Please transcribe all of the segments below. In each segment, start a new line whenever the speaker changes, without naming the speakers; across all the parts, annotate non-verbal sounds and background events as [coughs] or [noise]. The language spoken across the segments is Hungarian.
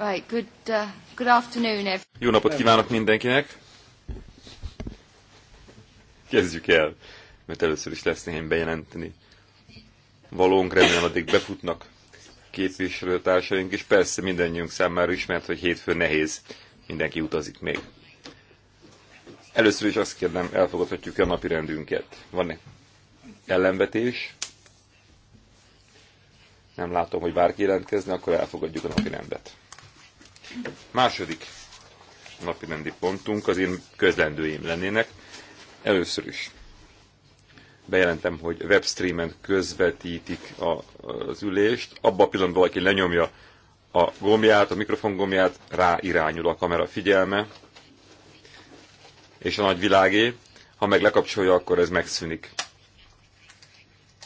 Right, good, uh, good afternoon. Jó napot kívánok
mindenkinek! Kezdjük el, mert először is lesz néhány bejelenteni. Valónk remélem addig befutnak képviselőtársaink, és persze mindannyiunk számára ismert, hogy hétfő nehéz, mindenki utazik még. Először is azt kérdem, elfogadhatjuk-e a napi rendünket? Van-e ellenvetés? nem látom, hogy bárki jelentkezne, akkor elfogadjuk a napi rendet. Második napi rendi pontunk az én közlendőim lennének. Először is bejelentem, hogy webstreamen közvetítik a, az ülést. Abba a pillanatban valaki lenyomja a gombját, a mikrofon gombját, rá irányul a kamera figyelme, és a nagy világé. Ha meg lekapcsolja, akkor ez megszűnik.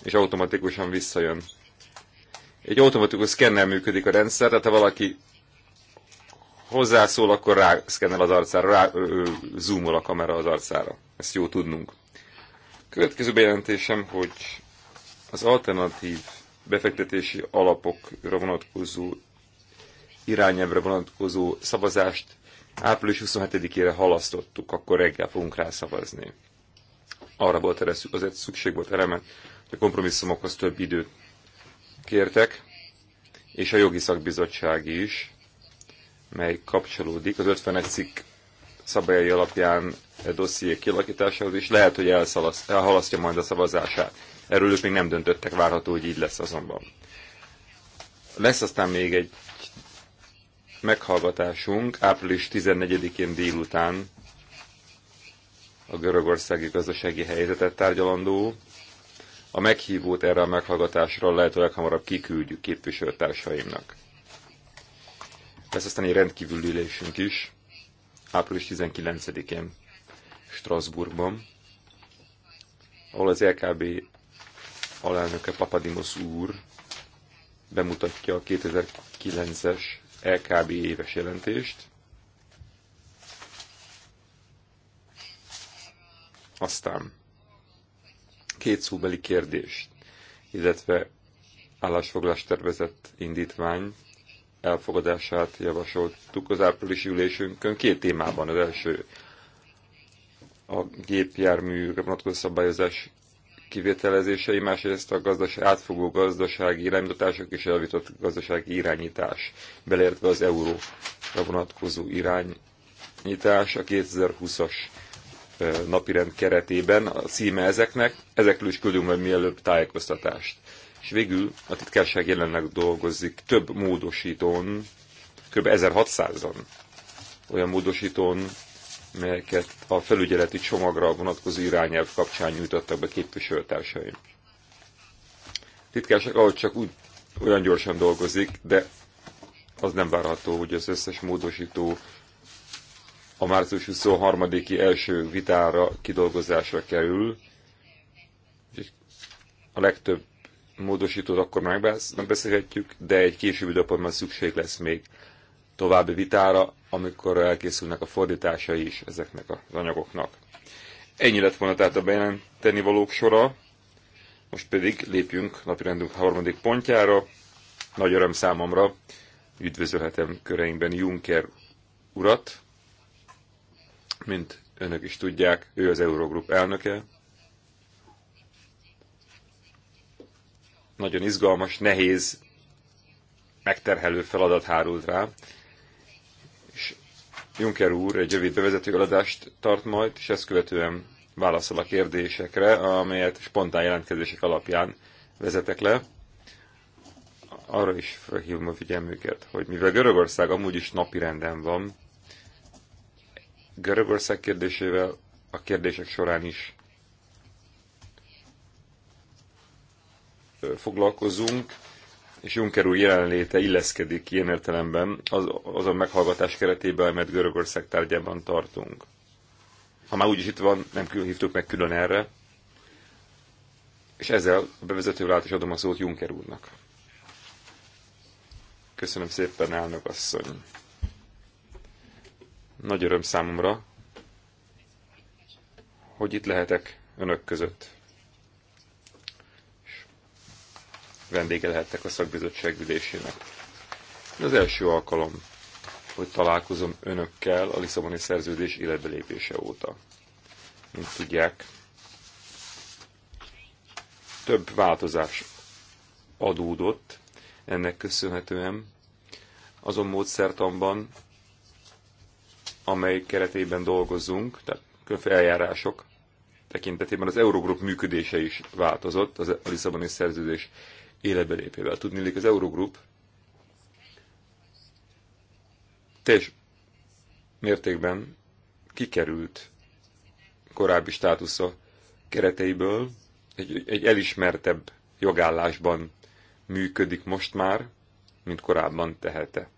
És automatikusan visszajön. Egy automatikus szkennel működik a rendszer, tehát ha valaki hozzászól, akkor szkennel az arcára, rá, ö, zoomol a kamera az arcára. Ezt jó tudnunk. Következő bejelentésem, hogy az alternatív befektetési alapokra vonatkozó irányelvre vonatkozó szavazást április 27-ére halasztottuk, akkor reggel fogunk rá szavazni. Arra volt erre, azért szükség volt erre, mert a kompromisszumokhoz több időt kértek, és a jogi szakbizottság is mely kapcsolódik az 51 cikk szabályai alapján e dosszié kialakításához, és lehet, hogy elhalasztja majd a szavazását. Erről ők még nem döntöttek, várható, hogy így lesz azonban. Lesz aztán még egy meghallgatásunk április 14-én délután a görögországi gazdasági helyzetet tárgyalandó. A meghívót erre a meghallgatásra lehetőleg hamarabb kiküldjük képviselőtársaimnak. Lesz aztán egy rendkívül ülésünk is, április 19-én Strasbourgban, ahol az LKB alelnöke Papadimos úr bemutatja a 2009-es LKB éves jelentést. Aztán két szóbeli kérdést, illetve állásfoglás tervezett indítvány elfogadását javasoltuk az áprilisi ülésünkön. Két témában az első a gépjárműre vonatkozó szabályozás kivételezései, másrészt a gazdaság, átfogó gazdasági irányítások és elvitott gazdasági irányítás, beleértve az euróra vonatkozó irányítás a 2020-as napirend keretében. A címe ezeknek, ezekről is küldünk majd mielőbb tájékoztatást. És végül a titkárság jelenleg dolgozik több módosítón, kb. 1600-an olyan módosítón, melyeket a felügyeleti csomagra vonatkozó irányelv kapcsán nyújtottak be képviselőtársaim. Titkárság ahogy csak úgy olyan gyorsan dolgozik, de az nem várható, hogy az összes módosító a március 23-i első vitára kidolgozásra kerül. A legtöbb módosítót akkor megbeszélhetjük, de egy később időpontban szükség lesz még további vitára, amikor elkészülnek a fordításai is ezeknek az anyagoknak. Ennyi lett volna tehát a bejelenteni valók sora, most pedig lépjünk napirendünk harmadik pontjára. Nagy öröm számomra, üdvözölhetem köreinkben Juncker urat, mint önök is tudják, ő az Eurogroup elnöke, nagyon izgalmas, nehéz, megterhelő feladat hárult rá, és Juncker úr egy rövid bevezető eladást tart majd, és ezt követően válaszol a kérdésekre, amelyet spontán jelentkezések alapján vezetek le. Arra is felhívom a figyelmüket, hogy mivel Görögország amúgy is napi renden van, Görögország kérdésével a kérdések során is foglalkozunk, és Juncker úr jelenléte illeszkedik ilyen értelemben az, azon meghallgatás keretében, amelyet Görögország tárgyában tartunk. Ha már úgyis itt van, nem hívtuk meg külön erre, és ezzel a bevezetővel át is adom a szót Juncker úrnak. Köszönöm szépen, elnök asszony. Nagy öröm számomra, hogy itt lehetek önök között. vendége lehettek a szakbizottság ülésének. Ez az első alkalom, hogy találkozom önökkel a Lisszaboni szerződés életbelépése óta. Mint tudják, több változás adódott ennek köszönhetően azon módszertanban, amely keretében dolgozunk, tehát különféle eljárások tekintetében az Eurogroup működése is változott az Lisszaboni szerződés életbe lépével. Tudnélik az Eurogroup teljes mértékben kikerült korábbi státusza kereteiből, egy, egy elismertebb jogállásban működik most már, mint korábban tehette.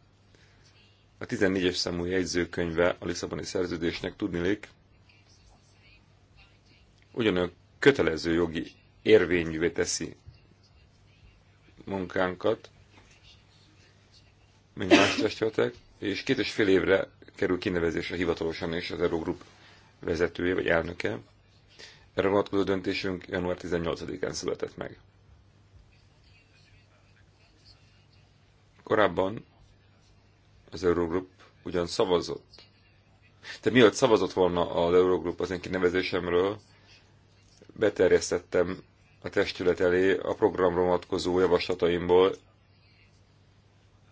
A 14-es számú jegyzőkönyve a Lisszaboni szerződésnek tudnilik ugyanolyan kötelező jogi érvényűvé teszi munkánkat, mint más testületek, és két és fél évre kerül kinevezésre hivatalosan is az Eurogroup vezetője vagy elnöke. Erre vonatkozó döntésünk január 18-án született meg. Korábban az Eurogroup ugyan szavazott. De mielőtt szavazott volna az Eurogroup az én kinevezésemről, beterjesztettem a testület elé a programra vonatkozó javaslataimból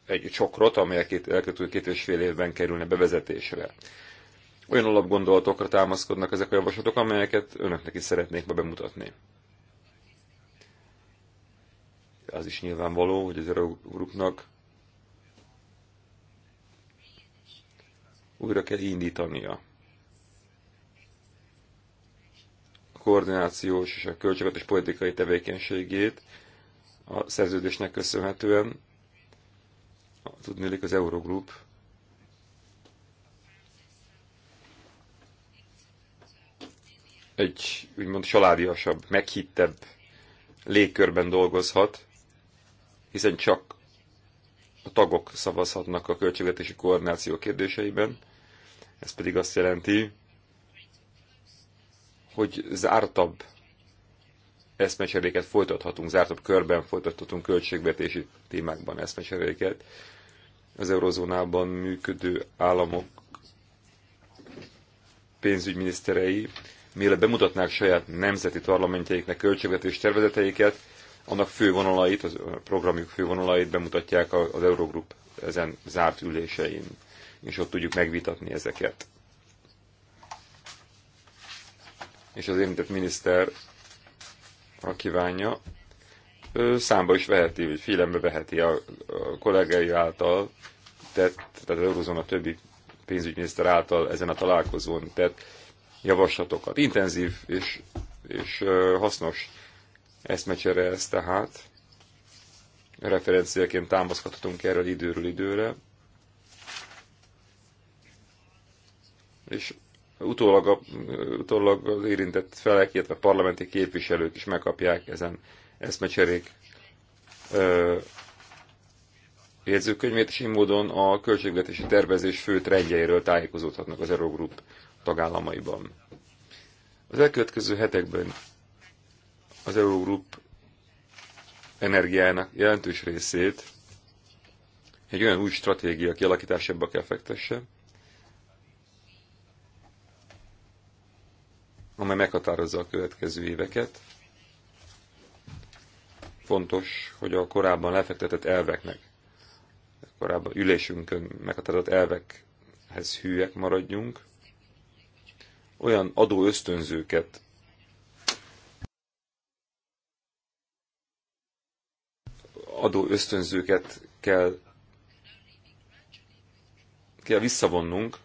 egy csokrot, amely két, elkötő két és fél évben kerülne bevezetésre. Olyan alapgondolatokra támaszkodnak ezek a javaslatok, amelyeket önöknek is szeretnék be bemutatni. Az is nyilvánvaló, hogy az Eurogroupnak újra kell indítania koordinációs és a költségvetés politikai tevékenységét a szerződésnek köszönhetően. Tudnélik az Eurogroup egy úgymond saládiasabb, meghittebb légkörben dolgozhat, hiszen csak a tagok szavazhatnak a költségvetési koordináció kérdéseiben. Ez pedig azt jelenti, hogy zártabb eszmecseréket folytathatunk, zártabb körben folytathatunk költségvetési témákban eszmecseréket. Az eurozónában működő államok pénzügyminiszterei, mire bemutatnák saját nemzeti parlamentjeiknek költségvetés tervezeteiket, annak fővonalait, az programjuk fővonalait bemutatják az Eurogroup ezen zárt ülésein, és ott tudjuk megvitatni ezeket. és az érintett miniszter, ha kívánja, számba is veheti, vagy félembe veheti a, a által, tett, tehát az a többi pénzügyminiszter által ezen a találkozón tett javaslatokat. Intenzív és, és hasznos eszmecsere ez tehát. Referenciaként támaszkodhatunk erről időről időre. És utólag, a, utólag az érintett felek, illetve a parlamenti képviselők is megkapják ezen eszmecserék jegyzőkönyvét, és így módon a költségvetési tervezés fő trendjeiről tájékozódhatnak az Eurogroup tagállamaiban. Az elkövetkező hetekben az Eurogroup energiájának jelentős részét egy olyan új stratégia kialakításába kell fektesse, amely meghatározza a következő éveket. Fontos, hogy a korábban lefektetett elveknek, a korábban ülésünkön meghatározott elvekhez hűek maradjunk. Olyan adó ösztönzőket, adó ösztönzőket kell, kell visszavonnunk,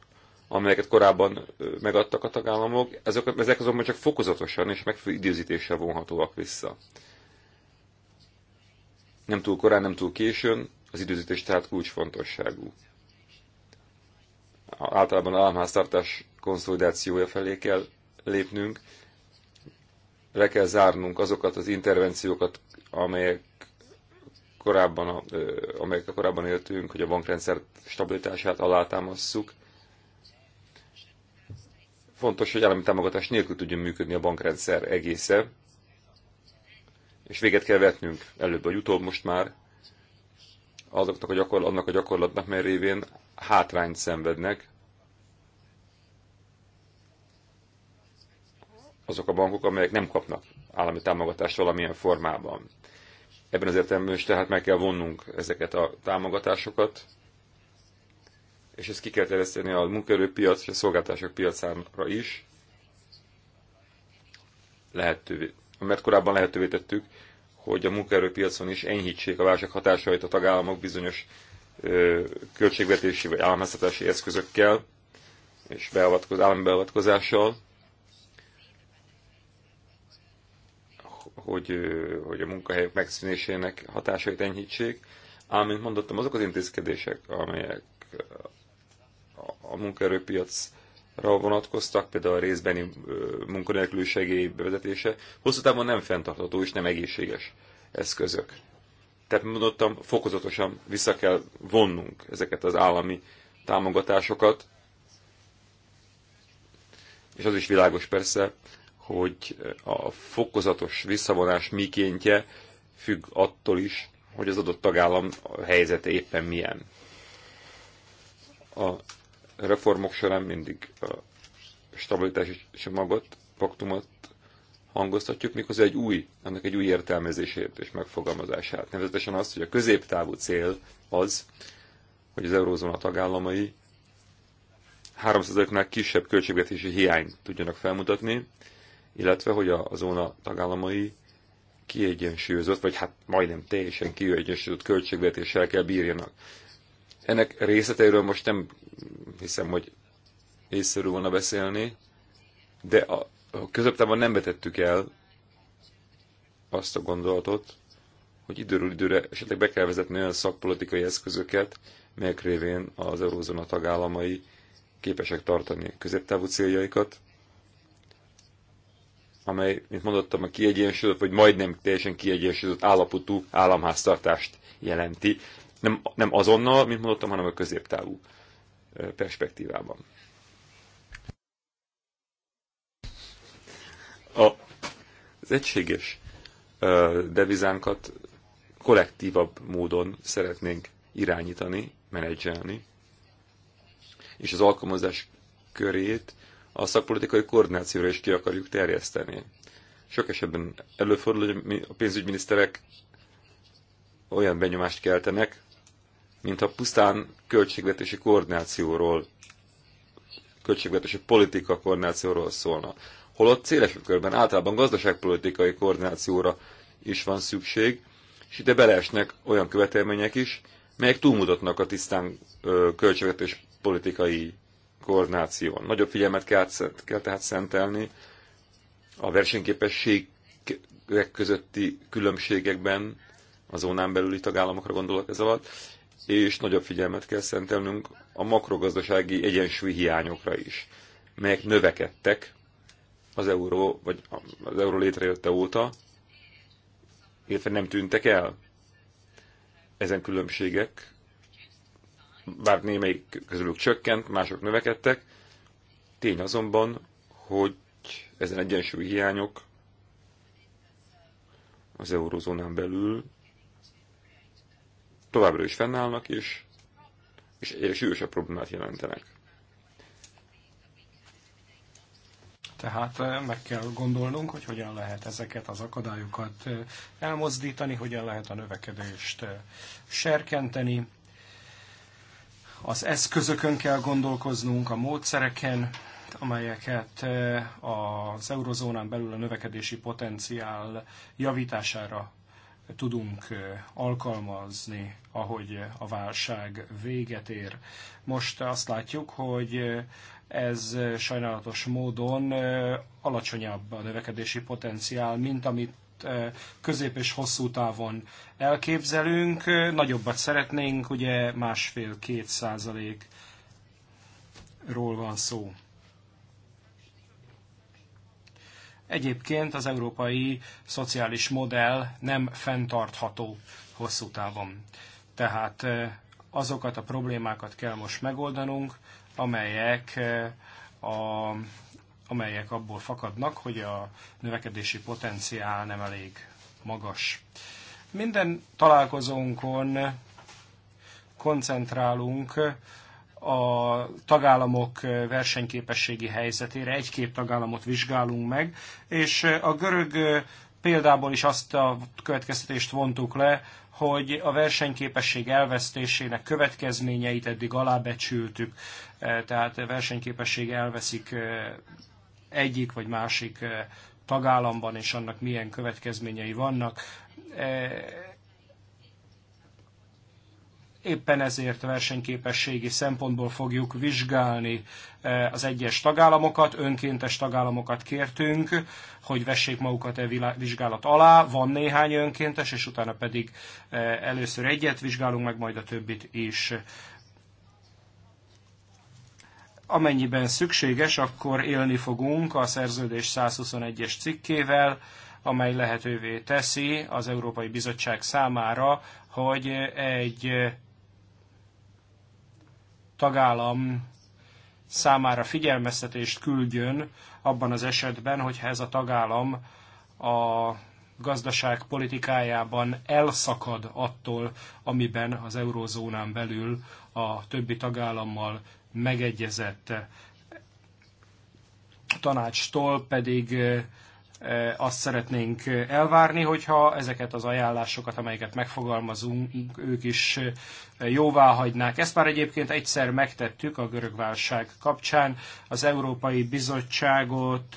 amelyeket korábban megadtak a tagállamok, ezek, ezek azonban csak fokozatosan és megfelelő időzítéssel vonhatóak vissza. Nem túl korán, nem túl későn, az időzítés tehát kulcsfontosságú. Általában államháztartás konszolidációja felé kell lépnünk, le kell zárnunk azokat az intervenciókat, amelyek korábban, a, a korábban éltünk, hogy a bankrendszer stabilitását alátámasszuk, Fontos, hogy állami támogatás nélkül tudjon működni a bankrendszer egésze, és véget kell vetnünk előbb vagy utóbb most már azoknak a gyakorlat, annak a gyakorlatnak, mert révén hátrányt szenvednek azok a bankok, amelyek nem kapnak állami támogatást valamilyen formában. Ebben az értelemben is tehát meg kell vonnunk ezeket a támogatásokat, és ezt ki kell terjeszteni a munkaerőpiac és a szolgáltások piacára is. Lehetővé. Mert korábban lehetővé tettük, hogy a munkaerőpiacon is enyhítsék a válság hatásait a tagállamok bizonyos ö, költségvetési vagy államháztatási eszközökkel és beavatkoz, állami beavatkozással, hogy, ö, hogy a munkahelyek megszűnésének hatásait enyhítsék. Ám, mint mondottam, azok az intézkedések, amelyek a munkaerőpiacra vonatkoztak, például a részbeni munkanélküliségi segély bevezetése, hosszú távon nem fenntartható és nem egészséges eszközök. Tehát, mondottam, fokozatosan vissza kell vonnunk ezeket az állami támogatásokat, és az is világos persze, hogy a fokozatos visszavonás mikéntje függ attól is, hogy az adott tagállam helyzete éppen milyen. A reformok során mindig a stabilitási csomagot, paktumot hangoztatjuk, miközben egy új, ennek egy új értelmezését és megfogalmazását. Nevezetesen azt, hogy a középtávú cél az, hogy az eurózóna tagállamai 300 nál kisebb költségvetési hiányt tudjanak felmutatni, illetve hogy a, a zóna tagállamai kiegyensúlyozott, vagy hát majdnem teljesen kiegyensúlyozott költségvetéssel kell bírjanak. Ennek részleteiről most nem hiszem, hogy észszerű volna beszélni, de a, a közöptában nem vetettük el azt a gondolatot, hogy időről időre esetleg be kell vezetni olyan szakpolitikai eszközöket, melyek révén az eurózona tagállamai képesek tartani középtávú céljaikat, amely, mint mondottam, a kiegyensúlyozott, vagy majdnem teljesen kiegyensúlyozott állapotú államháztartást jelenti, nem, nem azonnal, mint mondottam, hanem a középtávú perspektívában. A, az egységes devizánkat kollektívabb módon szeretnénk irányítani, menedzselni, és az alkalmazás körét a szakpolitikai koordinációra is ki akarjuk terjeszteni. Sok esetben előfordul, hogy a pénzügyminiszterek olyan benyomást keltenek, mintha pusztán költségvetési koordinációról, költségvetési politika koordinációról szólna. Holott szélesebb körben általában gazdaságpolitikai koordinációra is van szükség, és ide beleesnek olyan követelmények is, melyek túlmutatnak a tisztán költségvetés politikai koordináción. Nagyobb figyelmet kell, kell tehát szentelni a versenyképességek közötti különbségekben, a zónán belüli tagállamokra gondolok ez alatt, és nagyobb figyelmet kell szentelnünk a makrogazdasági egyensúly hiányokra is, melyek növekedtek az euró, vagy az euró létrejötte óta, illetve nem tűntek el ezen különbségek, bár némelyik közülük csökkent, mások növekedtek. Tény azonban, hogy ezen egyensúly hiányok az eurozónán belül továbbra is fennállnak, és, és egyre súlyosabb problémát jelentenek.
Tehát meg kell gondolnunk, hogy hogyan lehet ezeket az akadályokat elmozdítani, hogyan lehet a növekedést serkenteni. Az eszközökön kell gondolkoznunk, a módszereken, amelyeket az eurozónán belül a növekedési potenciál javítására tudunk alkalmazni, ahogy a válság véget ér. Most azt látjuk, hogy ez sajnálatos módon alacsonyabb a növekedési potenciál, mint amit közép és hosszú távon elképzelünk. Nagyobbat szeretnénk, ugye másfél-két százalékról van szó. Egyébként az európai szociális modell nem fenntartható hosszú távon. Tehát azokat a problémákat kell most megoldanunk, amelyek, a, amelyek abból fakadnak, hogy a növekedési potenciál nem elég magas. Minden találkozónkon koncentrálunk a tagállamok versenyképességi helyzetére. Egy-két tagállamot vizsgálunk meg, és a görög példából is azt a következtetést vontuk le, hogy a versenyképesség elvesztésének következményeit eddig alábecsültük, tehát a versenyképesség elveszik egyik vagy másik tagállamban, és annak milyen következményei vannak Éppen ezért versenyképességi szempontból fogjuk vizsgálni eh, az egyes tagállamokat, önkéntes tagállamokat kértünk, hogy vessék magukat e vizsgálat alá. Van néhány önkéntes, és utána pedig eh, először egyet vizsgálunk, meg majd a többit is amennyiben szükséges, akkor élni fogunk a szerződés 121-es cikkével, amely lehetővé teszi az Európai Bizottság számára, hogy egy tagállam számára figyelmeztetést küldjön abban az esetben, hogyha ez a tagállam a gazdaság politikájában elszakad attól, amiben az eurózónán belül a többi tagállammal megegyezett. tanácstól pedig azt szeretnénk elvárni, hogyha ezeket az ajánlásokat, amelyeket megfogalmazunk, ők is jóvá hagynák. Ezt már egyébként egyszer megtettük a görög válság kapcsán. Az Európai Bizottságot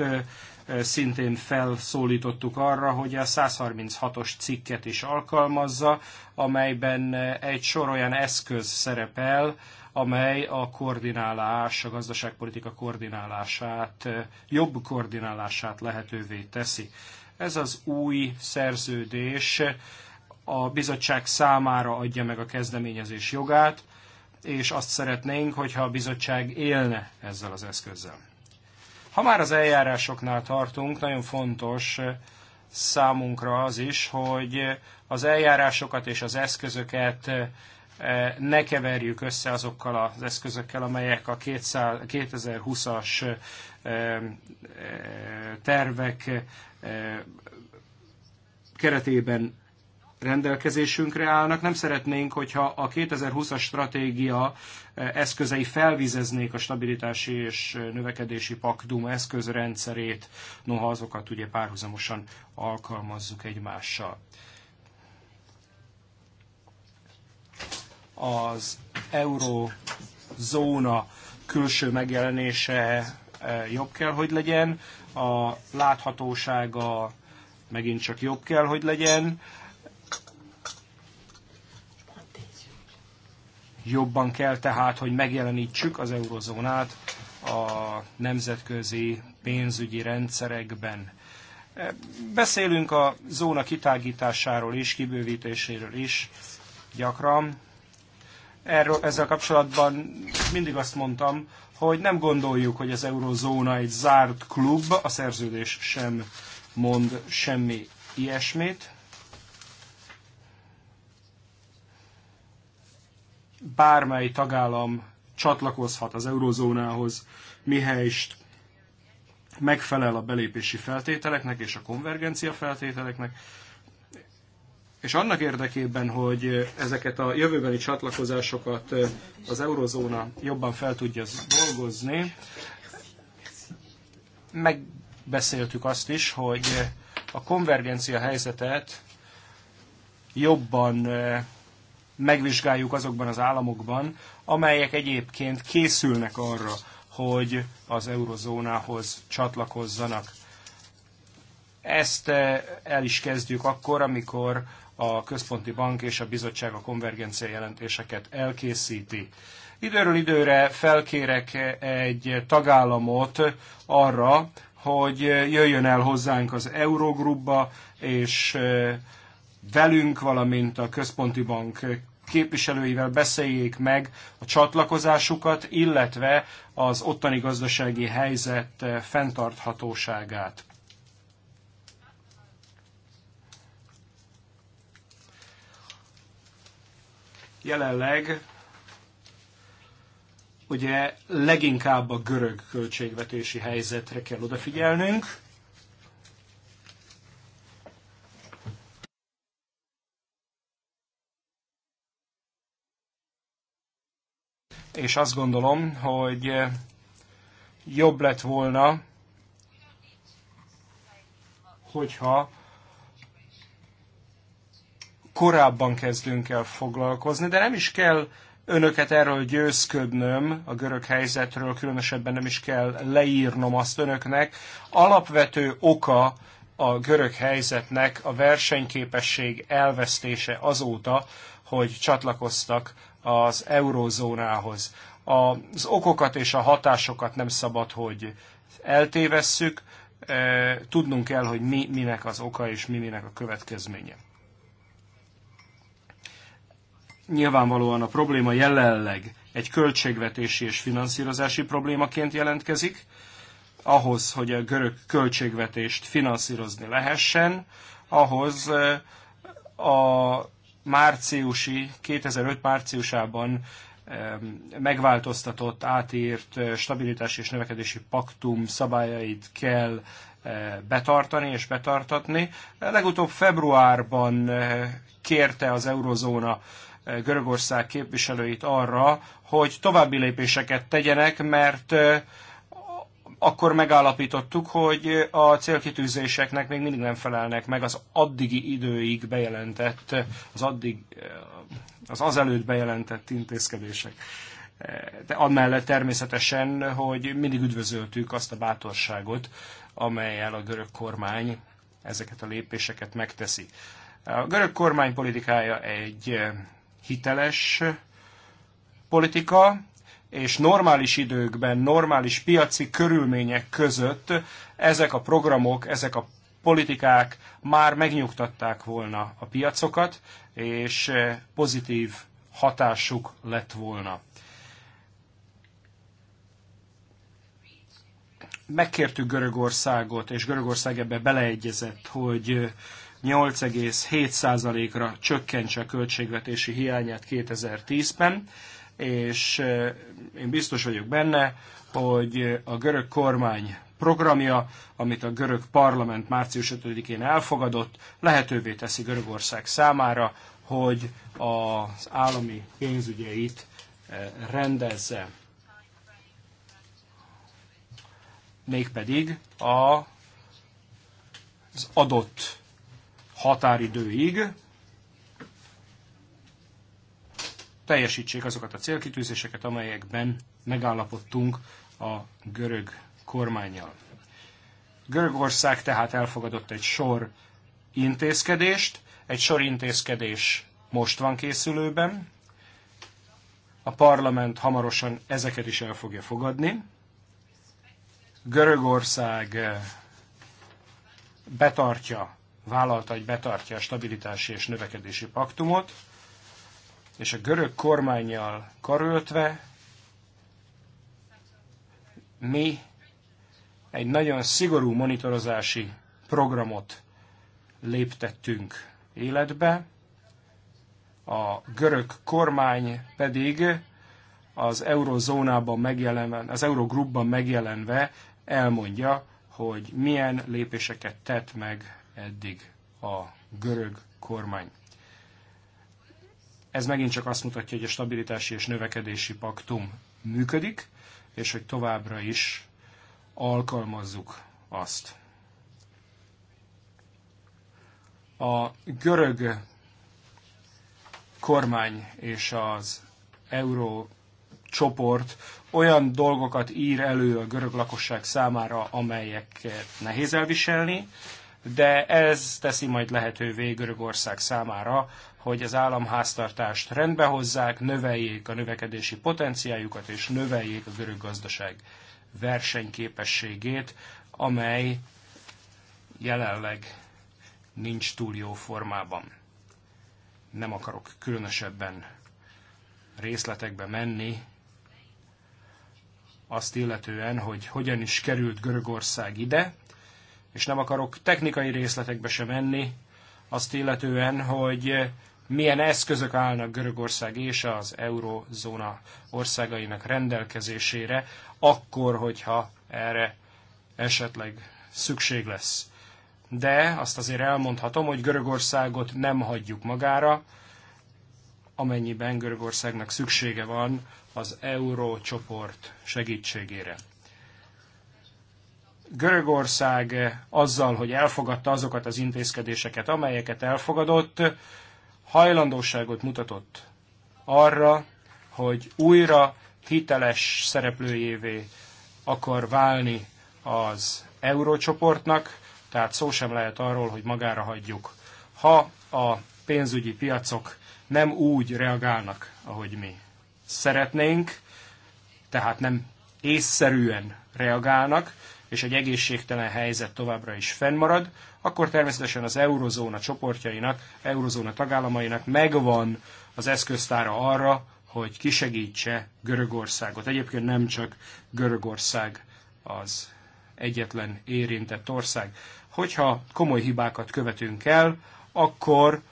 szintén felszólítottuk arra, hogy a 136-os cikket is alkalmazza, amelyben egy sor olyan eszköz szerepel, amely a koordinálás, a gazdaságpolitika koordinálását, jobb koordinálását lehetővé teszi. Ez az új szerződés a bizottság számára adja meg a kezdeményezés jogát, és azt szeretnénk, hogyha a bizottság élne ezzel az eszközzel. Ha már az eljárásoknál tartunk, nagyon fontos számunkra az is, hogy az eljárásokat és az eszközöket Eh, ne keverjük össze azokkal az eszközökkel, amelyek a 2020-as eh, eh, tervek keretében rendelkezésünkre állnak. Nem szeretnénk, hogyha a 2020-as stratégia eszközei felvizeznék a stabilitási és növekedési paktum eszközrendszerét, noha azokat ugye párhuzamosan alkalmazzuk egymással. az eurozóna külső megjelenése eh, jobb kell, hogy legyen, a láthatósága megint csak jobb kell, hogy legyen, jobban kell tehát, hogy megjelenítsük az eurozónát a nemzetközi pénzügyi rendszerekben. Eh, beszélünk a zóna kitágításáról is, kibővítéséről is gyakran erről, ezzel kapcsolatban mindig azt mondtam, hogy nem gondoljuk, hogy az eurozóna egy zárt klub, a szerződés sem mond semmi ilyesmit. Bármely tagállam csatlakozhat az eurozónához, mihelyst megfelel a belépési feltételeknek és a konvergencia feltételeknek, és annak érdekében, hogy ezeket a jövőbeli csatlakozásokat az eurozóna jobban fel tudja dolgozni, megbeszéltük azt is, hogy a konvergencia helyzetet jobban megvizsgáljuk azokban az államokban, amelyek egyébként készülnek arra, hogy az eurozónához csatlakozzanak. Ezt el is kezdjük akkor, amikor a Központi Bank és a Bizottság a konvergencia jelentéseket elkészíti. Időről időre felkérek egy tagállamot arra, hogy jöjjön el hozzánk az Eurogrupba, és eh, velünk, valamint a Központi Bank képviselőivel beszéljék meg a csatlakozásukat, illetve az ottani gazdasági helyzet eh, fenntarthatóságát. Jelenleg ugye leginkább a görög költségvetési helyzetre kell odafigyelnünk. És azt gondolom, hogy jobb lett volna, hogyha korábban kezdünk el foglalkozni, de nem is kell önöket erről győzködnöm, a görög helyzetről különösebben nem is kell leírnom azt önöknek. Alapvető oka a görög helyzetnek a versenyképesség elvesztése azóta, hogy csatlakoztak az eurózónához. Az okokat és a hatásokat nem szabad, hogy eltévesszük, tudnunk kell, hogy mi minek az oka és mi minek a következménye. Nyilvánvalóan a probléma jelenleg egy költségvetési és finanszírozási problémaként jelentkezik. Ahhoz, hogy a görög költségvetést finanszírozni lehessen, ahhoz a márciusi, 2005 márciusában megváltoztatott, átírt stabilitási és növekedési paktum szabályait kell betartani és betartatni. Legutóbb februárban kérte az eurozóna Görögország képviselőit arra, hogy további lépéseket tegyenek, mert akkor megállapítottuk, hogy a célkitűzéseknek még mindig nem felelnek meg az addigi időig bejelentett, az addig, az azelőtt bejelentett intézkedések. De amellett természetesen, hogy mindig üdvözöltük azt a bátorságot, amelyel a görög kormány ezeket a lépéseket megteszi. A görög kormány politikája egy hiteles politika, és normális időkben, normális piaci körülmények között ezek a programok, ezek a politikák már megnyugtatták volna a piacokat, és pozitív hatásuk lett volna. Megkértük Görögországot, és Görögország ebbe beleegyezett, hogy 8,7%-ra csökkentse a költségvetési hiányát 2010-ben, és én biztos vagyok benne, hogy a görög kormány programja, amit a görög parlament március 5-én elfogadott, lehetővé teszi Görögország számára, hogy az állami pénzügyeit rendezze. Mégpedig a, az adott határidőig teljesítsék azokat a célkitűzéseket, amelyekben megállapodtunk a görög kormányjal. Görögország tehát elfogadott egy sor intézkedést, egy sor intézkedés most van készülőben, a parlament hamarosan ezeket is el fogja fogadni. Görögország betartja vállalta, hogy betartja a stabilitási és növekedési paktumot, és a görög kormányjal karöltve mi egy nagyon szigorú monitorozási programot léptettünk életbe, a görög kormány pedig az eurozónában megjelenve, az eurogrupban megjelenve elmondja, hogy milyen lépéseket tett meg eddig a görög kormány. Ez megint csak azt mutatja, hogy a stabilitási és növekedési paktum működik, és hogy továbbra is alkalmazzuk azt. A görög kormány és az euró csoport olyan dolgokat ír elő a görög lakosság számára, amelyeket nehéz elviselni, de ez teszi majd lehetővé Görögország számára, hogy az államháztartást rendbe hozzák, növeljék a növekedési potenciájukat, és növeljék a görög gazdaság versenyképességét, amely jelenleg nincs túl jó formában. Nem akarok különösebben részletekbe menni, azt illetően, hogy hogyan is került Görögország ide, és nem akarok technikai részletekbe sem menni, azt illetően, hogy milyen eszközök állnak Görögország és az eurozóna országainak rendelkezésére, akkor, hogyha erre esetleg szükség lesz. De azt azért elmondhatom, hogy Görögországot nem hagyjuk magára, amennyiben Görögországnak szüksége van az eurócsoport segítségére. Görögország eh, azzal, hogy elfogadta azokat az intézkedéseket, amelyeket elfogadott, hajlandóságot mutatott arra, hogy újra hiteles szereplőjévé akar válni az eurócsoportnak, tehát szó sem lehet arról, hogy magára hagyjuk. Ha a pénzügyi piacok nem úgy reagálnak, ahogy mi szeretnénk, tehát nem észszerűen reagálnak, és egy egészségtelen helyzet továbbra is fennmarad, akkor természetesen az eurozóna csoportjainak, eurozóna tagállamainak megvan az eszköztára arra, hogy kisegítse Görögországot. Egyébként nem csak Görögország az egyetlen érintett ország. Hogyha komoly hibákat követünk el, akkor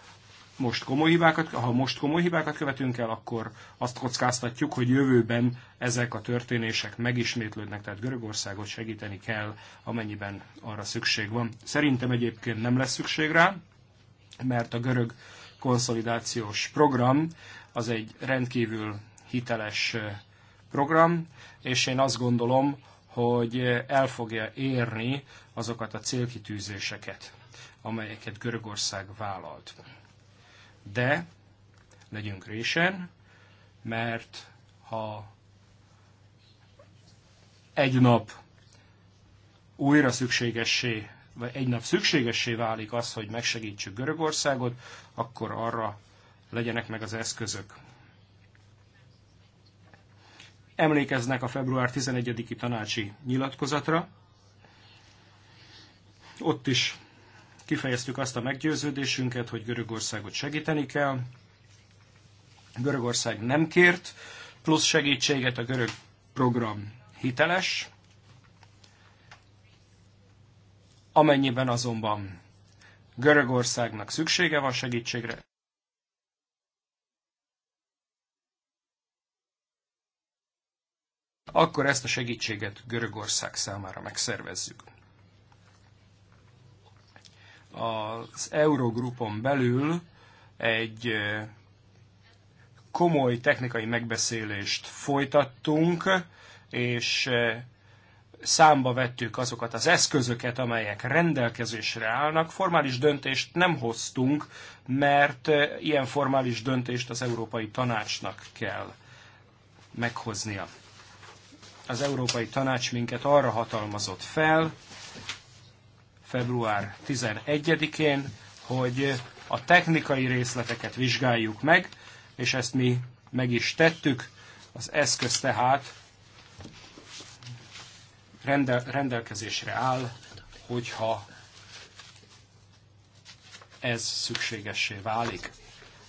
most komoly hibákat, ha most komoly hibákat követünk el, akkor azt kockáztatjuk, hogy jövőben ezek a történések megismétlődnek, tehát Görögországot segíteni kell, amennyiben arra szükség van. Szerintem egyébként nem lesz szükség rá, mert a görög konszolidációs program az egy rendkívül hiteles program, és én azt gondolom, hogy el fogja érni azokat a célkitűzéseket, amelyeket Görögország vállalt de legyünk résen, mert ha egy nap újra szükségessé, vagy egy nap szükségessé válik az, hogy megsegítsük Görögországot, akkor arra legyenek meg az eszközök. Emlékeznek a február 11-i tanácsi nyilatkozatra. Ott is Kifejeztük azt a meggyőződésünket, hogy Görögországot segíteni kell. Görögország nem kért plusz segítséget, a görög program hiteles. Amennyiben azonban Görögországnak szüksége van segítségre, akkor ezt a segítséget Görögország számára megszervezzük az Eurogrupon belül egy komoly technikai megbeszélést folytattunk, és számba vettük azokat az eszközöket, amelyek rendelkezésre állnak. Formális döntést nem hoztunk, mert ilyen formális döntést az Európai Tanácsnak kell meghoznia. Az Európai Tanács minket arra hatalmazott fel, február 11-én, hogy a technikai részleteket vizsgáljuk meg, és ezt mi meg is tettük. Az eszköz tehát rendel, rendelkezésre áll, hogyha ez szükségessé válik.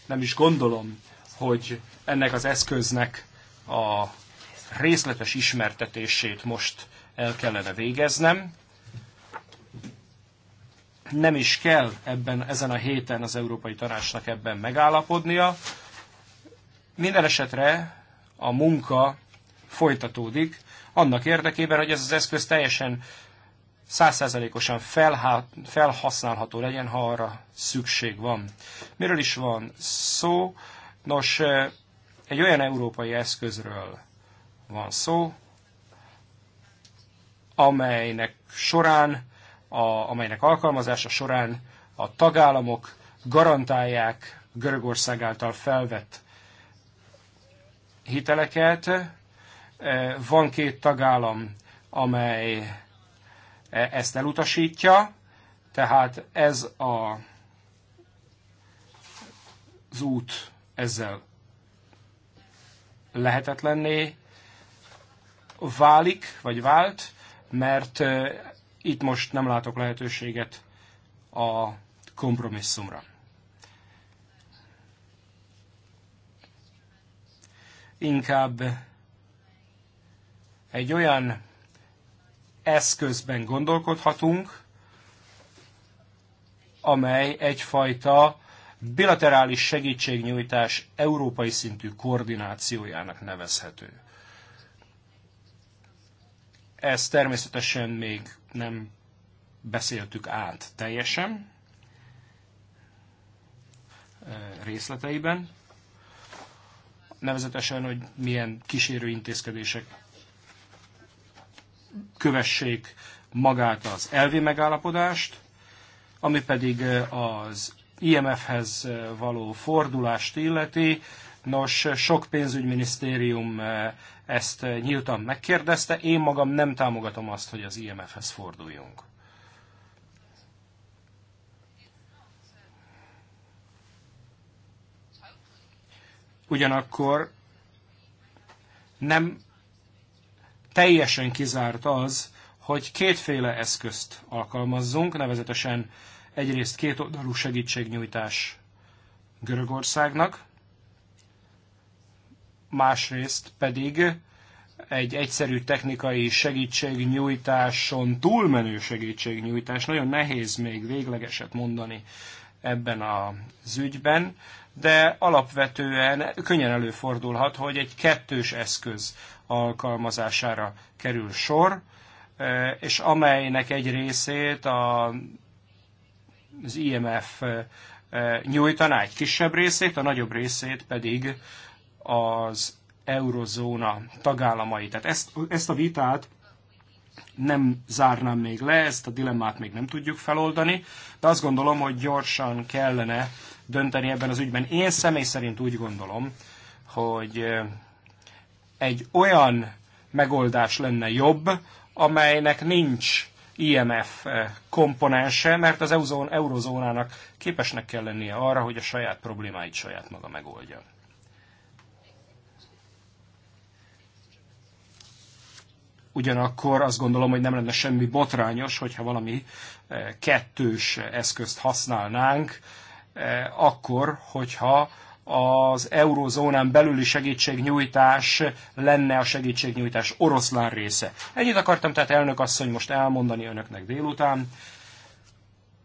Nem is gondolom, hogy ennek az eszköznek a részletes ismertetését most el kellene végeznem, nem is kell ebben, ezen a héten az Európai Tanácsnak ebben megállapodnia. Minden esetre a munka folytatódik, annak érdekében, hogy ez az eszköz teljesen százszerzelékosan felhasználható legyen, ha arra szükség van. Miről is van szó? Nos, eh, egy olyan európai eszközről van szó, amelynek során a, amelynek alkalmazása során a tagállamok garantálják Görögország által felvett hiteleket. E, van két tagállam, amely e, ezt elutasítja, tehát ez a, az út ezzel lehetetlenné válik, vagy vált, mert e, itt most nem látok lehetőséget a kompromisszumra. Inkább egy olyan eszközben gondolkodhatunk, amely egyfajta bilaterális segítségnyújtás európai szintű koordinációjának nevezhető. Ez természetesen még nem beszéltük át teljesen eh, részleteiben, nevezetesen, hogy milyen kísérő intézkedések kövessék magát az elvi megállapodást, ami pedig eh, az IMF-hez eh, való fordulást illeti, Nos, sok pénzügyminisztérium eh, ezt eh, nyíltan megkérdezte. Én magam nem támogatom azt, hogy az IMF-hez forduljunk. Ugyanakkor nem teljesen kizárt az, hogy kétféle eszközt alkalmazzunk, nevezetesen egyrészt kétoldalú segítségnyújtás Görögországnak, másrészt pedig egy egyszerű technikai segítségnyújtáson túlmenő segítségnyújtás. Nagyon nehéz még véglegeset mondani ebben az ügyben, de alapvetően könnyen előfordulhat, hogy egy kettős eszköz alkalmazására kerül sor, és amelynek egy részét a, az IMF eh, nyújtaná, egy kisebb részét, a nagyobb részét pedig az eurozóna tagállamai. Tehát ezt, ezt a vitát nem zárnám még le, ezt a dilemmát még nem tudjuk feloldani, de azt gondolom, hogy gyorsan kellene dönteni ebben az ügyben. Én személy szerint úgy gondolom, hogy egy olyan megoldás lenne jobb, amelynek nincs IMF komponense, mert az eurozónának képesnek kell lennie arra, hogy a saját problémáit saját maga megoldja. Ugyanakkor azt gondolom, hogy nem lenne semmi botrányos, hogyha valami eh, kettős eszközt használnánk, eh, akkor, hogyha az eurozónán belüli segítségnyújtás lenne a segítségnyújtás oroszlán része. Ennyit akartam tehát elnök asszony most elmondani önöknek délután,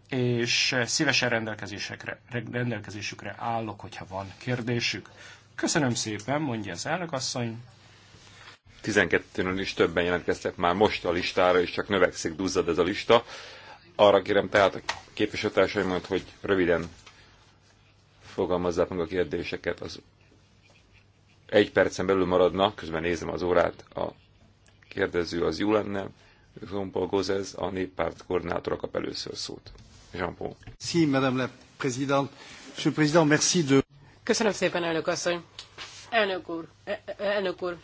és szívesen rendelkezésekre, rendelkezésükre állok, hogyha van kérdésük. Köszönöm szépen, mondja az elnök asszony.
12-nél is többen jelentkeztek már most a listára, és csak növekszik, duzzad ez a lista. Arra kérem tehát a képviselőtársaimat, hogy röviden fogalmazzák meg a kérdéseket. Az egy percen belül maradna, közben nézem az órát, a kérdező az jó lenne. Jean-Paul Gozes, a néppárt koordinátora kap először
szót. Jean-Paul.
Si, madame la présidente. Monsieur le président, merci de...
Köszönöm szépen, elnök asszony. Elnök úr, e- e- elnök úr,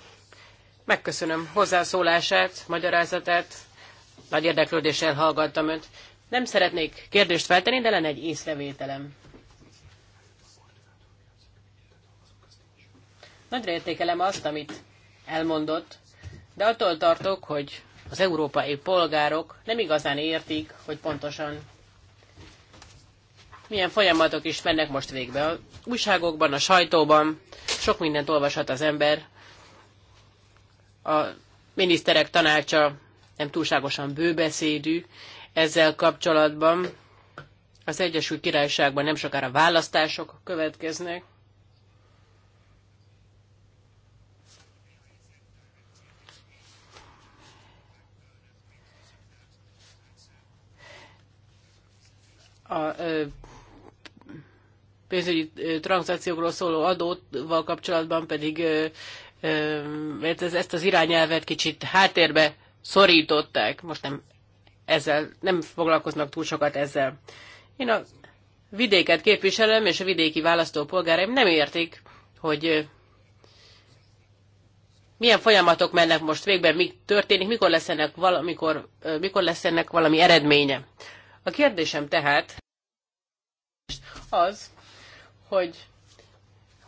Megköszönöm hozzászólását, magyarázatát. Nagy érdeklődéssel hallgattam önt. Nem szeretnék kérdést feltenni, de lenne egy észrevételem. Nagyra értékelem azt, amit elmondott, de attól tartok, hogy az európai polgárok nem igazán értik, hogy pontosan milyen folyamatok is mennek most végbe. A újságokban, a sajtóban sok mindent olvashat az ember, a miniszterek tanácsa nem túlságosan bőbeszédű ezzel kapcsolatban. Az Egyesült Királyságban nem sokára választások következnek. a pénzügyi tranzakciókról szóló adóval kapcsolatban pedig mert hát ez, ezt az irányelvet kicsit háttérbe szorították. Most nem ezzel, nem foglalkoznak túl sokat ezzel. Én a vidéket képviselem, és a vidéki választópolgáraim nem értik, hogy milyen folyamatok mennek most végben, mi történik, mikor lesz ennek, valamikor, mikor lesz ennek valami eredménye. A kérdésem tehát az, hogy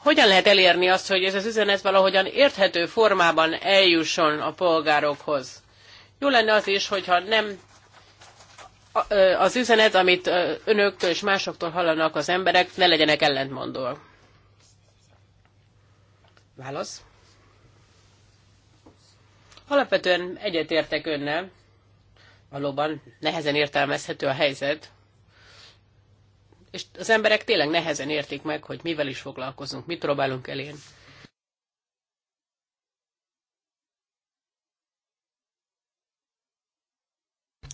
hogyan lehet elérni azt, hogy ez az üzenet valahogyan érthető formában eljusson a polgárokhoz? Jó lenne az is, hogyha nem az üzenet, amit önöktől és másoktól hallanak az emberek, ne legyenek ellentmondóak. Válasz? Alapvetően egyetértek önnel. Valóban nehezen értelmezhető a helyzet és az emberek tényleg nehezen értik meg, hogy mivel is foglalkozunk, mit próbálunk elérni.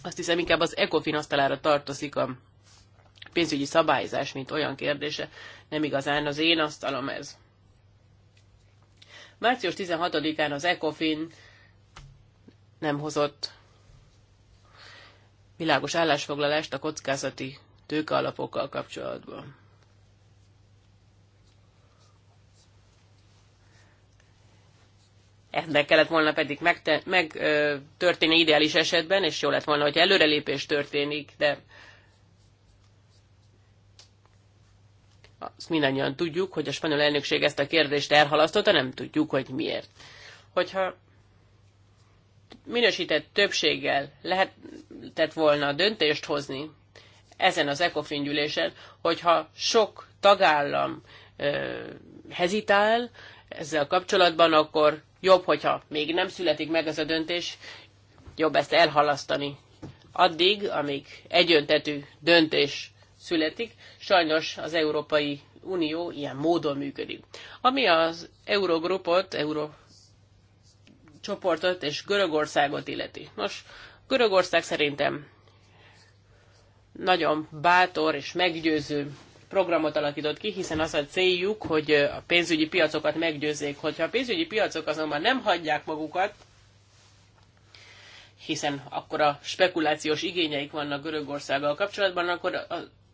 Azt hiszem, inkább az ECOFIN asztalára tartozik a pénzügyi szabályzás, mint olyan kérdése. Nem igazán az én asztalom ez. Március 16-án az ECOFIN nem hozott világos állásfoglalást a kockázati tőkealapokkal kapcsolatban. Ennek kellett volna pedig megtörténni meg, ideális esetben, és jó lett volna, hogy előrelépés történik, de azt mindannyian tudjuk, hogy a spanyol elnökség ezt a kérdést elhalasztotta, nem tudjuk, hogy miért. Hogyha minősített többséggel lehetett volna döntést hozni ezen az ECOFIN gyűlésen, hogyha sok tagállam ö, hezitál ezzel kapcsolatban, akkor jobb, hogyha még nem születik meg ez a döntés, jobb ezt elhalasztani addig, amíg egyöntetű döntés születik. Sajnos az Európai Unió ilyen módon működik. Ami az Eurogrupot, Euro csoportot és Görögországot illeti. Nos, Görögország szerintem nagyon bátor és meggyőző programot alakított ki, hiszen az a céljuk, hogy a pénzügyi piacokat meggyőzzék. Hogyha a pénzügyi piacok azonban nem hagyják magukat, hiszen akkor a spekulációs igényeik vannak Görögországgal kapcsolatban, akkor, a,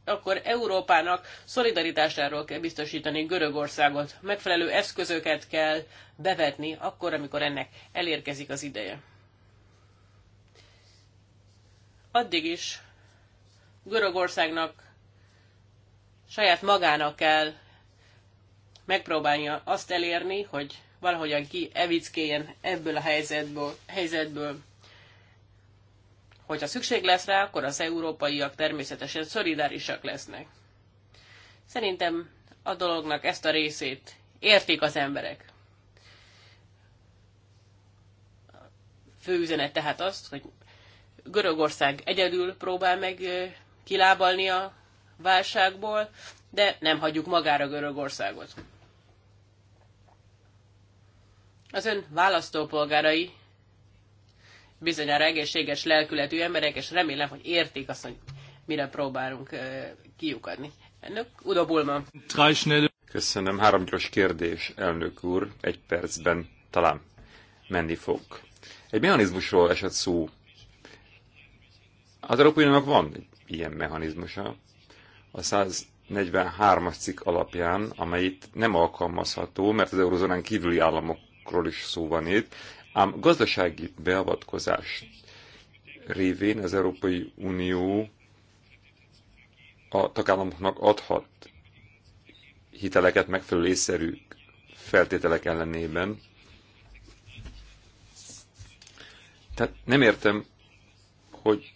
akkor Európának szolidaritásáról kell biztosítani Görögországot. Megfelelő eszközöket kell bevetni akkor, amikor ennek elérkezik az ideje. Addig is Görögországnak saját magának kell megpróbálnia azt elérni, hogy valahogyan ki evickéjen ebből a helyzetből, helyzetből. Hogyha szükség lesz rá, akkor az európaiak természetesen szolidárisak lesznek. Szerintem a dolognak ezt a részét értik az emberek. Főüzenet tehát azt, hogy Görögország egyedül próbál meg kilábalni a válságból, de nem hagyjuk magára Görögországot. Az ön választópolgárai bizonyára egészséges lelkületű emberek, és remélem, hogy értik azt, hogy mire próbálunk kiukadni. Önök, Udo Bulma.
Köszönöm. Három gyors kérdés, elnök úr. Egy percben talán menni fog. Egy mechanizmusról esett szó. Az Európai Uniónak van egy ilyen mechanizmusa. A 143-as cikk alapján, amely itt nem alkalmazható, mert az eurozónán kívüli államokról is szó van itt, ám gazdasági beavatkozás révén az Európai Unió a tagállamoknak adhat hiteleket megfelelő észszerű feltételek ellenében. Tehát nem értem, hogy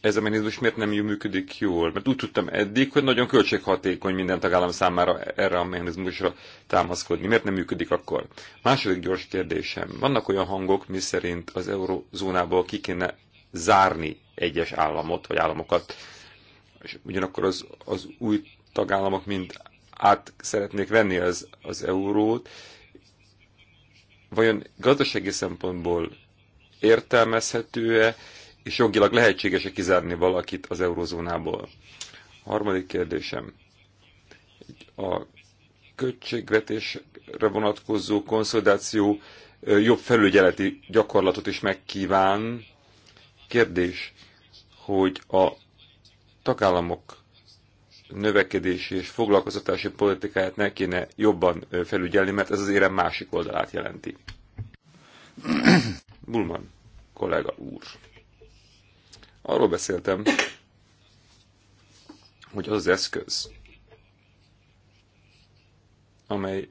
ez a mechanizmus miért nem jól működik jól? Mert úgy tudtam eddig, hogy nagyon költséghatékony minden tagállam számára erre a mechanizmusra támaszkodni. Miért nem működik akkor? Második gyors kérdésem. Vannak olyan hangok, mi szerint az eurozónából ki kéne zárni egyes államot, vagy államokat, és ugyanakkor az, az új tagállamok mind át szeretnék venni az, az eurót. Vajon gazdasági szempontból értelmezhető-e, és jogilag lehetséges-e kizárni valakit az eurozónából? A harmadik kérdésem. A költségvetésre vonatkozó konszolidáció jobb felügyeleti gyakorlatot is megkíván. Kérdés, hogy a tagállamok növekedési és foglalkoztatási politikáját ne kéne jobban felügyelni, mert ez az érem másik oldalát jelenti. [coughs] Bulman kollega úr. Arról beszéltem, hogy az az eszköz, amely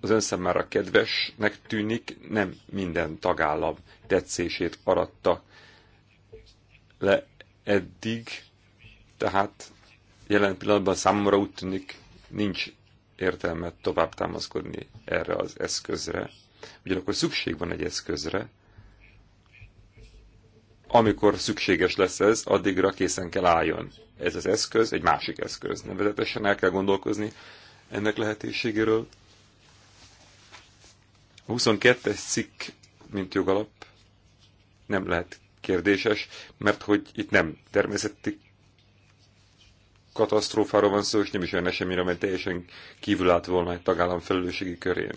az ön számára kedvesnek tűnik, nem minden tagállam tetszését aratta le eddig, tehát jelen pillanatban számomra úgy tűnik, nincs értelme tovább támaszkodni erre az eszközre. Ugyanakkor szükség van egy eszközre, amikor szükséges lesz ez, addigra készen kell álljon. Ez az eszköz, egy másik eszköz. Nevezetesen el kell gondolkozni ennek lehetőségéről. A 22-es cikk, mint jogalap, nem lehet kérdéses, mert hogy itt nem természeti katasztrófáról van szó, és nem is olyan eseményre, amely teljesen kívül állt volna egy tagállam felelősségi körén.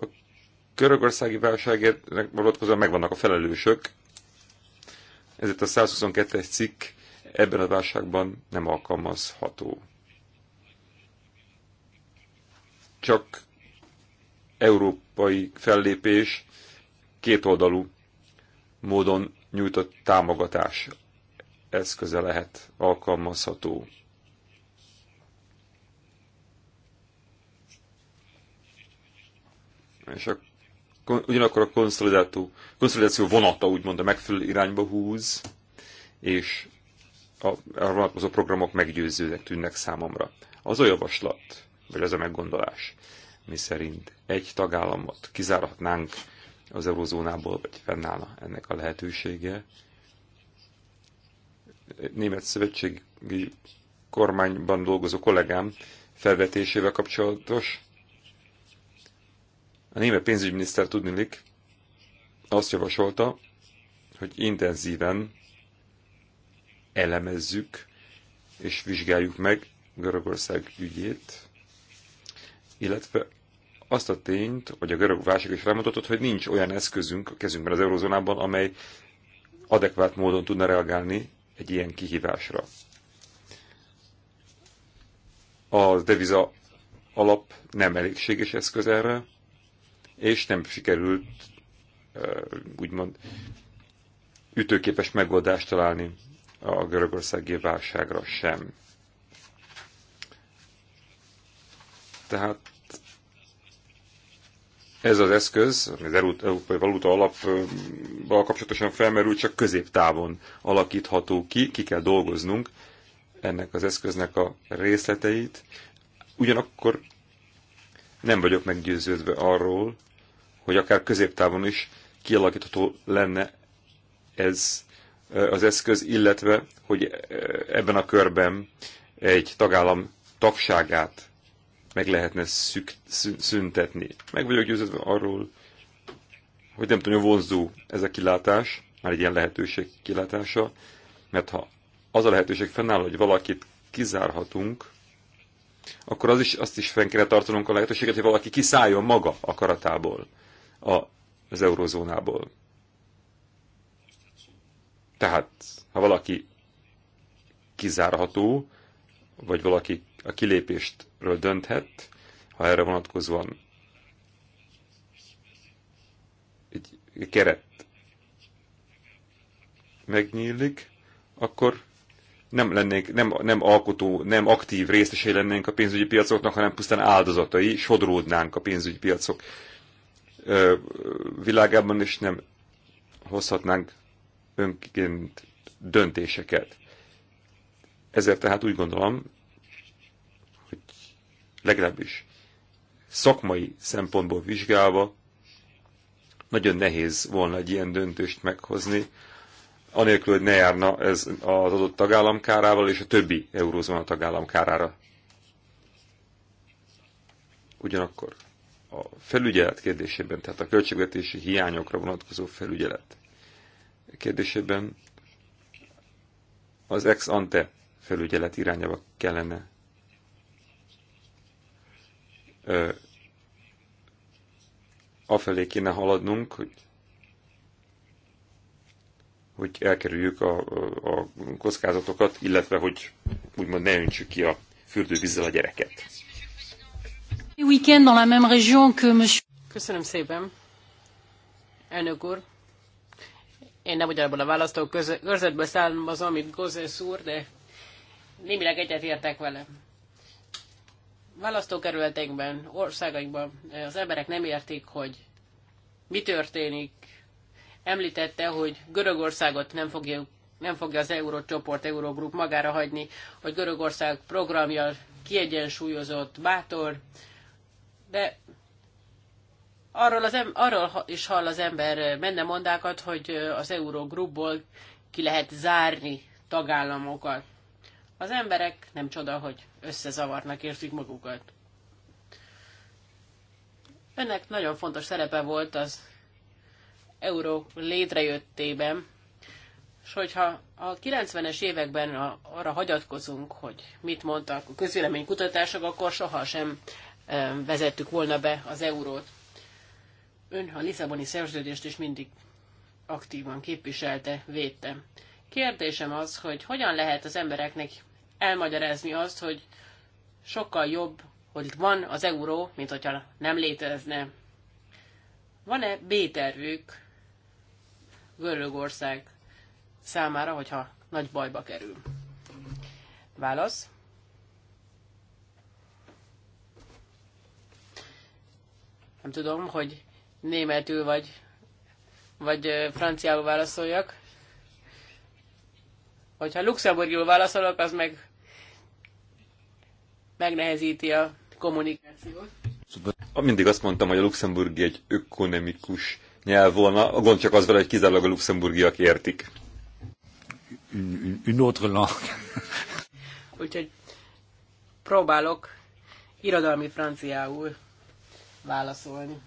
A körögországi válságért vonatkozóan megvannak a felelősök, ezért a 122-es cikk ebben a válságban nem alkalmazható. Csak európai fellépés kétoldalú módon nyújtott támogatás eszköze lehet alkalmazható. És akkor ugyanakkor a konszolidáció, konszolidáció vonata úgymond a megfelelő irányba húz, és a, a vonatkozó programok meggyőzőnek tűnnek számomra. Az a javaslat, vagy az a meggondolás, mi szerint egy tagállamot kizárhatnánk az eurozónából, vagy fennállna ennek a lehetősége. Német szövetségi kormányban dolgozó kollégám felvetésével kapcsolatos a német pénzügyminiszter tudnilik azt javasolta, hogy intenzíven elemezzük és vizsgáljuk meg Görögország ügyét, illetve azt a tényt, hogy a görög válság is rámutatott, hogy nincs olyan eszközünk a kezünkben az eurozónában, amely adekvát módon tudna reagálni egy ilyen kihívásra. A deviza alap nem elégséges eszköz erre, és nem sikerült úgymond ütőképes megoldást találni a görögországi válságra sem. Tehát ez az eszköz, az Európai Valuta Alapval kapcsolatosan felmerült, csak középtávon alakítható ki, ki kell dolgoznunk ennek az eszköznek a részleteit. Ugyanakkor nem vagyok meggyőződve arról, hogy akár középtávon is kialakítható lenne ez az eszköz, illetve hogy ebben a körben egy tagállam tagságát meg lehetne szük, szüntetni. Meg vagyok győződve arról, hogy nem tudom, vonzó ez a kilátás, már egy ilyen lehetőség kilátása, mert ha az a lehetőség fennáll, hogy valakit kizárhatunk, akkor az is, azt is fenn kéne tartanunk a lehetőséget, hogy valaki kiszálljon maga akaratából a, az eurozónából. Tehát, ha valaki kizárható, vagy valaki a kilépéstről dönthet, ha erre vonatkozóan egy keret megnyílik, akkor nem, lennénk, nem, nem alkotó, nem aktív részesei lennénk a pénzügyi piacoknak, hanem pusztán áldozatai, sodródnánk a pénzügyi piacok ö, világában, és nem hozhatnánk önként döntéseket. Ezért tehát úgy gondolom, hogy legalábbis szakmai szempontból vizsgálva nagyon nehéz volna egy ilyen döntést meghozni, anélkül, hogy ne járna ez az adott tagállam kárával és a többi eurózóna tagállam kárára. Ugyanakkor a felügyelet kérdésében, tehát a költségvetési hiányokra vonatkozó felügyelet kérdésében az ex ante felügyelet irányába kellene ö, afelé kéne haladnunk, hogy hogy elkerüljük a, a kockázatokat, illetve hogy úgymond ne öntsük ki a fürdővízzel
a gyereket. Köszönöm szépen, elnök úr. Én nem ugyanabban a választó választókörzetből származom, amit Gozes úr, de némileg egyet értek vele. Választókerületekben, országainkban az emberek nem értik, hogy mi történik Említette, hogy Görögországot nem fogja, nem fogja az Eurócsoport, Eurogrup magára hagyni, hogy Görögország programja kiegyensúlyozott, bátor, de arról, az em- arról is hall az ember menne mondákat, hogy az Eurogrupból ki lehet zárni tagállamokat. Az emberek nem csoda, hogy összezavarnak érzik magukat. Önnek nagyon fontos szerepe volt az euró létrejöttében, és hogyha a 90-es években arra hagyatkozunk, hogy mit mondtak a közvéleménykutatások, akkor soha sem vezettük volna be az eurót. Ön a Lisszaboni szerződést is mindig aktívan képviselte, védte. Kérdésem az, hogy hogyan lehet az embereknek elmagyarázni azt, hogy sokkal jobb, hogy van az euró, mint hogyha nem létezne. Van-e B-tervük Görögország számára, hogyha nagy bajba kerül? Válasz. Nem tudom, hogy németül vagy, vagy franciául válaszoljak. Hogyha luxemburgiul válaszolok, az meg megnehezíti a kommunikációt.
Mindig azt mondtam, hogy a Luxemburg egy ökonomikus nyelv volna. A gond csak az vele, hogy kizárólag a luxemburgiak értik. Une autre langue.
Úgyhogy próbálok irodalmi franciául válaszolni.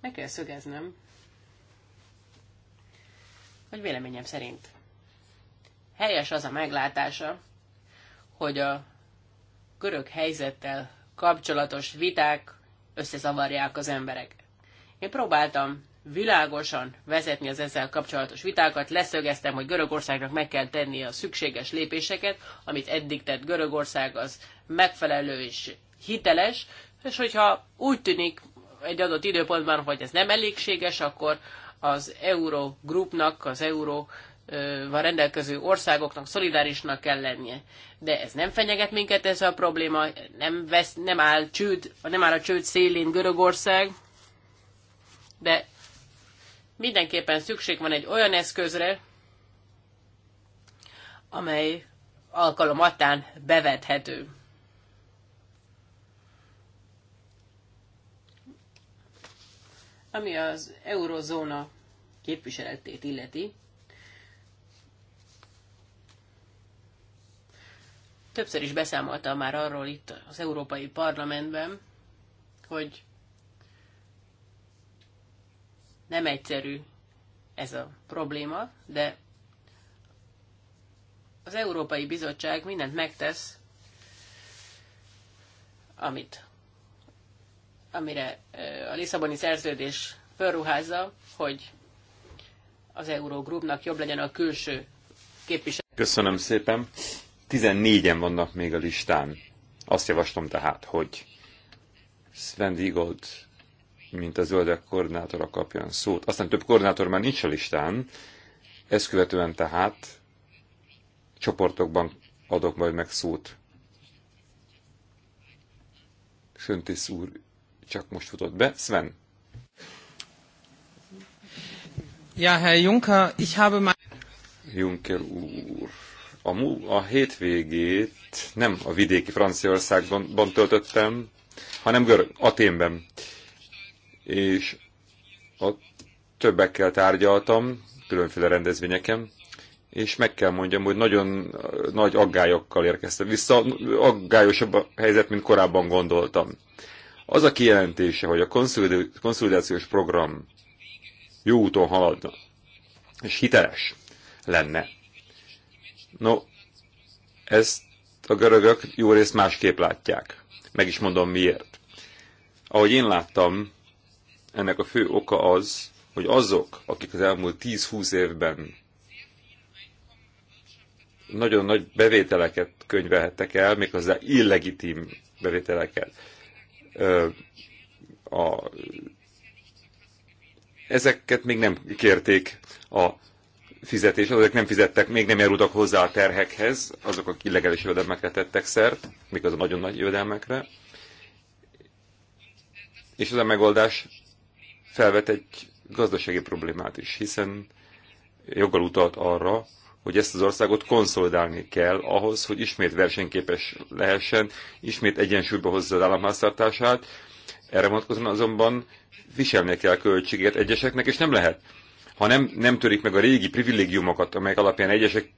Meg kell szögeznem, hogy véleményem szerint helyes az a meglátása, hogy a görög helyzettel kapcsolatos viták összezavarják az embereket. Én próbáltam világosan vezetni az ezzel kapcsolatos vitákat, leszögeztem, hogy Görögországnak meg kell tennie a szükséges lépéseket, amit eddig tett Görögország, az megfelelő és hiteles, és hogyha úgy tűnik egy adott időpontban, hogy ez nem elégséges, akkor az Eurogroupnak az Euró van rendelkező országoknak szolidárisnak kell lennie. De ez nem fenyeget minket ez a probléma, nem, vesz, nem, áll, csőd, nem áll a csőd szélén Görögország, de mindenképpen szükség van egy olyan eszközre, amely alkalomattán bevethető. Ami az eurozóna képviseletét illeti, Többször is beszámoltam már arról itt az Európai Parlamentben, hogy nem egyszerű ez a probléma, de az Európai Bizottság mindent megtesz, amit, amire a Lisszaboni szerződés felruházza, hogy az Eurogroupnak jobb legyen a külső képviselő.
Köszönöm szépen. 14-en vannak még a listán. Azt javaslom tehát, hogy Sven Diegold, mint a zöldek koordinátora kapjon szót. Aztán több koordinátor már nincs a listán, ezt követően tehát csoportokban adok majd meg szót. Söntész úr csak most futott be. Sven.
Ja, Herr Juncker, ich habe mein...
Juncker úr, a, mú, a hétvégét nem a vidéki Franciaországban töltöttem, hanem Görög, Aténben. És a többekkel tárgyaltam, különféle rendezvényeken, és meg kell mondjam, hogy nagyon nagy aggályokkal érkeztem vissza, aggályosabb a helyzet, mint korábban gondoltam. Az a kijelentése, hogy a konszolidációs program jó úton haladna, és hiteles lenne, No, ezt a görögök jó részt másképp látják. Meg is mondom miért. Ahogy én láttam, ennek a fő oka az, hogy azok, akik az elmúlt 10-20 évben nagyon nagy bevételeket könyvelhettek el, méghozzá illegitim bevételeket. a, ezeket még nem kérték a fizetés, azok nem fizettek, még nem járultak hozzá a terhekhez, azok, akik illegális jövedelmekre tettek szert, még az a nagyon nagy jövedelmekre. És ez a megoldás felvet egy gazdasági problémát is, hiszen joggal utalt arra, hogy ezt az országot konszolidálni kell ahhoz, hogy ismét versenyképes lehessen, ismét egyensúlyba hozza az államháztartását. Erre vonatkozóan azonban viselnie kell a költséget egyeseknek, és nem lehet ha nem, nem törik meg a régi privilégiumokat, amelyek alapján egyesek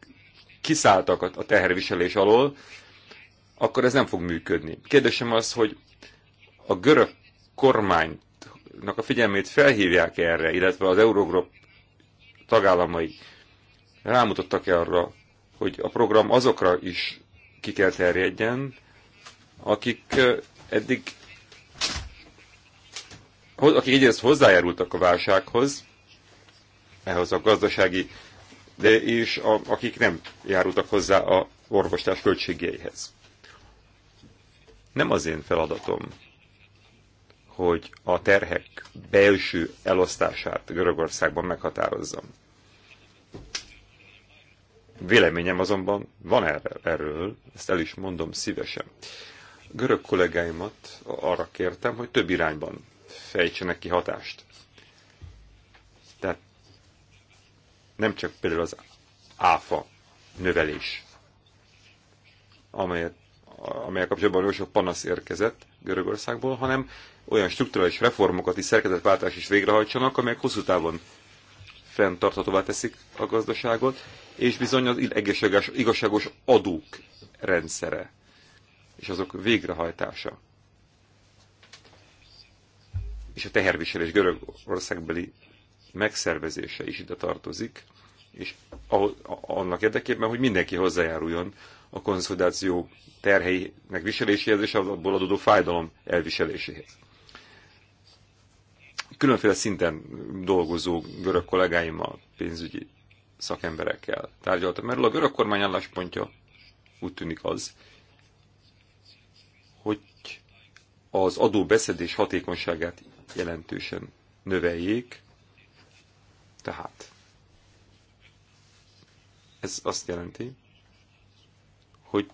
kiszálltak a teherviselés alól, akkor ez nem fog működni. Kérdésem az, hogy a görög kormánynak a figyelmét felhívják erre, illetve az Eurogrop tagállamai rámutattak-e arra, hogy a program azokra is ki kell terjedjen, akik eddig akik egyrészt hozzájárultak a válsághoz, ehhez a gazdasági, de és a, akik nem járultak hozzá a orvostás költségeihez. Nem az én feladatom, hogy a terhek belső elosztását Görögországban meghatározzam. Véleményem azonban van erre, erről, ezt el is mondom szívesen. Görög kollégáimat arra kértem, hogy több irányban fejtsenek ki hatást. nem csak például az áfa növelés, amelyet, amelyek kapcsolatban nagyon sok panasz érkezett Görögországból, hanem olyan strukturális reformokat és szerkezetváltás is végrehajtsanak, amelyek hosszú távon fenntarthatóvá teszik a gazdaságot, és bizony az igazságos, igazságos adók rendszere és azok végrehajtása. És a teherviselés görögországbeli megszervezése is ide tartozik, és annak érdekében, hogy mindenki hozzájáruljon a konszolidáció terheinek viseléséhez és az abból adódó fájdalom elviseléséhez. Különféle szinten dolgozó görög kollégáimmal, pénzügyi szakemberekkel tárgyaltam Mert A görög kormány álláspontja úgy tűnik az, hogy az adóbeszedés hatékonyságát jelentősen növeljék, tehát ez azt jelenti, hogy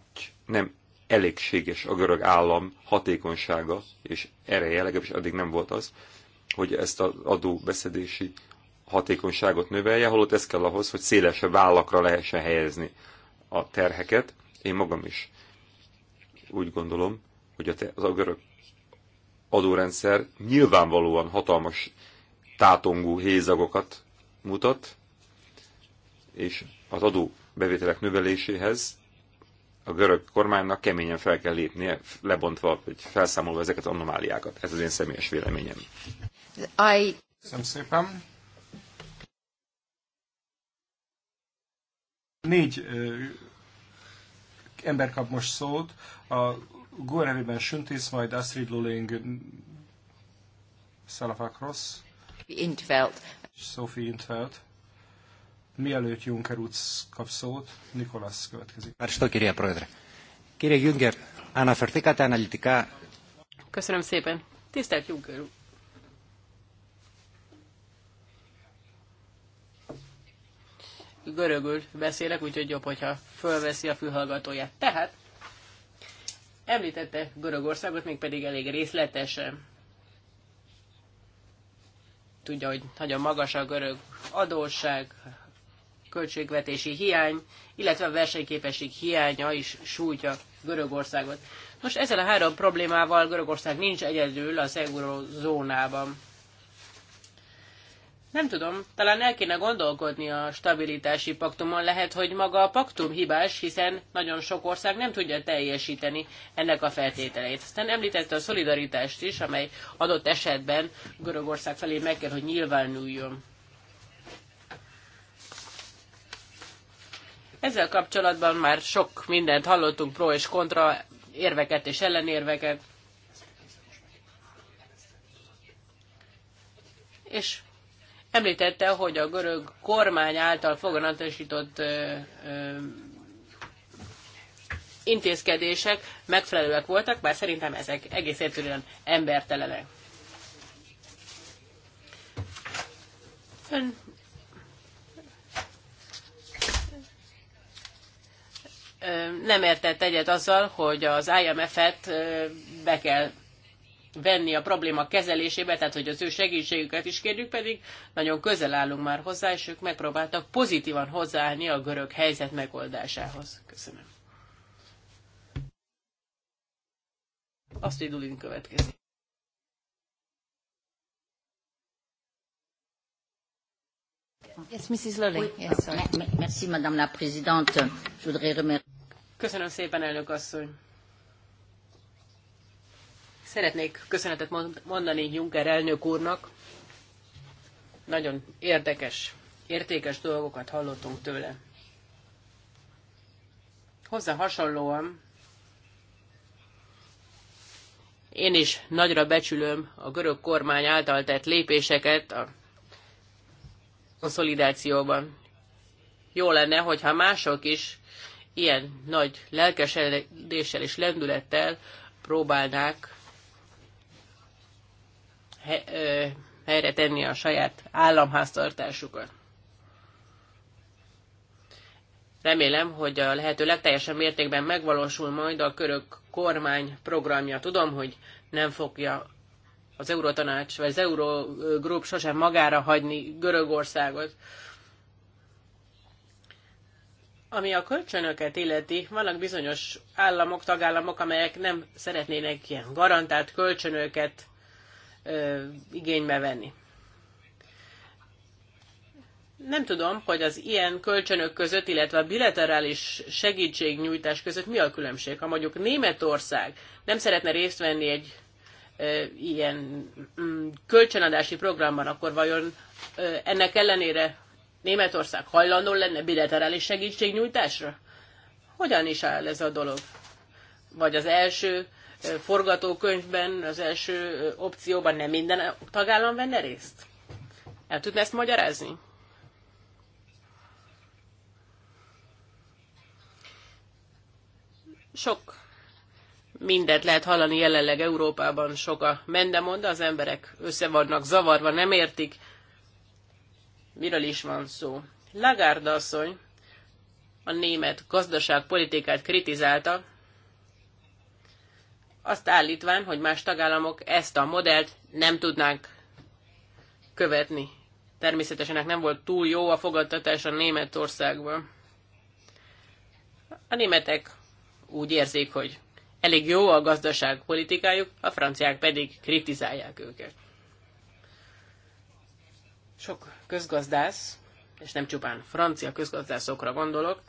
nem elégséges a görög állam hatékonysága és ereje, legalábbis addig nem volt az, hogy ezt az adóbeszedési hatékonyságot növelje, holott ez kell ahhoz, hogy szélesebb vállakra lehessen helyezni a terheket. Én magam is úgy gondolom, hogy a, te, az a görög adórendszer nyilvánvalóan hatalmas tátongó hézagokat mutat, és az adó bevételek növeléséhez a görög kormánynak keményen fel kell lépnie, lebontva, vagy felszámolva ezeket az anomáliákat. Ez az én személyes véleményem.
I... Köszönöm
szépen. Négy ö, ember kap most szót. A Guerrero-ben Süntis, majd Astrid Luling, Salafakros.
Intveld,
Sophie Intfeld. Mielőtt Juncker úr kap szót, Nikolász következik.
Ευχαριστώ, κυρία Πρόεδρε. Κύριε Juncker, αναφερθήκατε αναλυτικά...
Köszönöm szépen. Tisztelt Juncker úr. Görögül beszélek, úgyhogy jobb, hogyha fölveszi a fülhallgatóját. Tehát említette Görögországot, mégpedig elég részletesen tudja, hogy nagyon magas a görög adósság, költségvetési hiány, illetve a versenyképesség hiánya is sújtja Görögországot. Most ezzel a három problémával Görögország nincs egyedül az eurozónában. Nem tudom, talán el kéne gondolkodni a stabilitási paktumon. Lehet, hogy maga a paktum hibás, hiszen nagyon sok ország nem tudja teljesíteni ennek a feltételeit. Aztán említette a szolidaritást is, amely adott esetben Görögország felé meg kell, hogy nyilvánuljon. Ezzel kapcsolatban már sok mindent hallottunk, pro és kontra érveket és ellenérveket. És Említette, hogy a görög kormány által foganatosított intézkedések megfelelőek voltak, bár szerintem ezek egész egyszerűen embertelenek. Ön nem értett egyet azzal, hogy az IMF-et be kell venni a probléma kezelésébe, tehát hogy az ő segítségüket is kérjük, pedig nagyon közel állunk már hozzá, és ők megpróbáltak pozitívan hozzáállni a görög helyzet megoldásához. Köszönöm. Azt Dulin következik.
Yes, Mrs. Lolly. Yes, sorry. Merci, Madame la Présidente. Je voudrais remercier.
Köszönöm szépen, elnök asszony. Szeretnék köszönetet mondani Juncker elnök úrnak. Nagyon érdekes, értékes dolgokat hallottunk tőle. Hozzá hasonlóan én is nagyra becsülöm a görög kormány által tett lépéseket a konszolidációban. Jó lenne, hogyha mások is ilyen nagy lelkesedéssel és lendülettel próbálnák helyre tenni a saját államháztartásukat. Remélem, hogy a lehető legteljesebb mértékben megvalósul majd a körök kormány programja. Tudom, hogy nem fogja az Eurotanács vagy az Eurogroup sosem magára hagyni Görögországot. Ami a kölcsönöket illeti, vannak bizonyos államok, tagállamok, amelyek nem szeretnének ilyen garantált kölcsönöket igénybe venni. Nem tudom, hogy az ilyen kölcsönök között, illetve a bilaterális segítségnyújtás között mi a különbség. Ha mondjuk Németország nem szeretne részt venni egy ö, ilyen mm, kölcsönadási programban, akkor vajon ö, ennek ellenére Németország hajlandó lenne bilaterális segítségnyújtásra? Hogyan is áll ez a dolog? Vagy az első forgatókönyvben, az első opcióban nem minden tagállam venne részt? El tudná ezt magyarázni? Sok mindent lehet hallani jelenleg Európában, sok a mendemond, az emberek össze vannak zavarva, nem értik, miről is van szó. Lagarde asszony a német gazdaságpolitikát kritizálta, azt állítván, hogy más tagállamok ezt a modellt nem tudnánk követni. Természetesen hát nem volt túl jó a fogadtatás a Németországban. A németek úgy érzik, hogy elég jó a gazdaság politikájuk, a franciák pedig kritizálják őket. Sok közgazdász, és nem csupán francia közgazdászokra gondolok,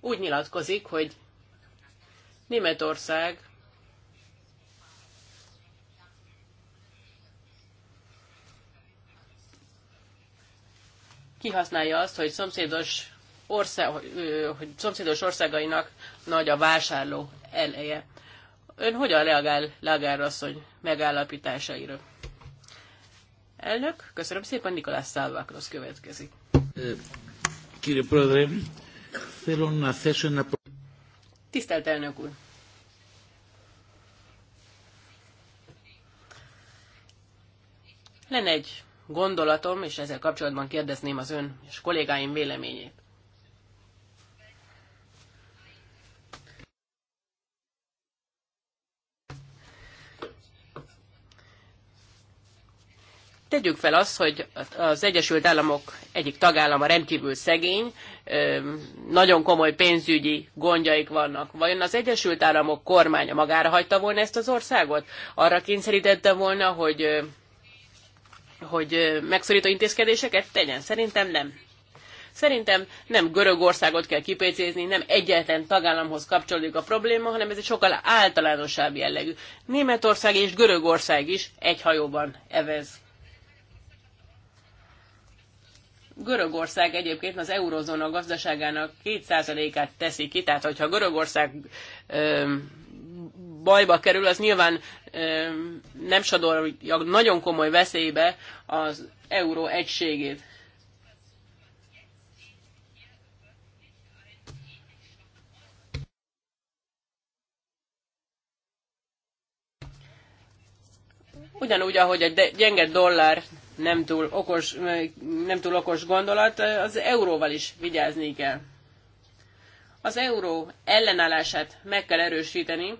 úgy nyilatkozik, hogy Németország kihasználja azt, hogy szomszédos, ország, hogy szomszédos országainak nagy a vásárló eleje. Ön hogyan reagál Lagár asszony megállapításaira? Elnök, köszönöm szépen, Nikolás Szálvákrosz következik.
Kire Prodre, θέλω
Tisztelt elnök úr! Lenne egy gondolatom, és ezzel kapcsolatban kérdezném az ön és kollégáim véleményét. Tegyük fel azt, hogy az Egyesült Államok egyik tagállama rendkívül szegény, nagyon komoly pénzügyi gondjaik vannak. Vajon az Egyesült Államok kormánya magára hagyta volna ezt az országot? Arra kényszerítette volna, hogy, hogy megszorító intézkedéseket tegyen? Szerintem nem. Szerintem nem Görögországot kell kipécézni, nem egyetlen tagállamhoz kapcsolódik a probléma, hanem ez egy sokkal általánosabb jellegű. Németország és Görögország is egy hajóban evez. Görögország egyébként az eurozóna gazdaságának 2%-át teszi ki, tehát hogyha Görögország ö, bajba kerül, az nyilván ö, nem sodorja nagyon komoly veszélybe az euró egységét. Ugyanúgy, ahogy a gyenge dollár nem túl okos, nem túl okos gondolat, az euróval is vigyázni kell. Az euró ellenállását meg kell erősíteni,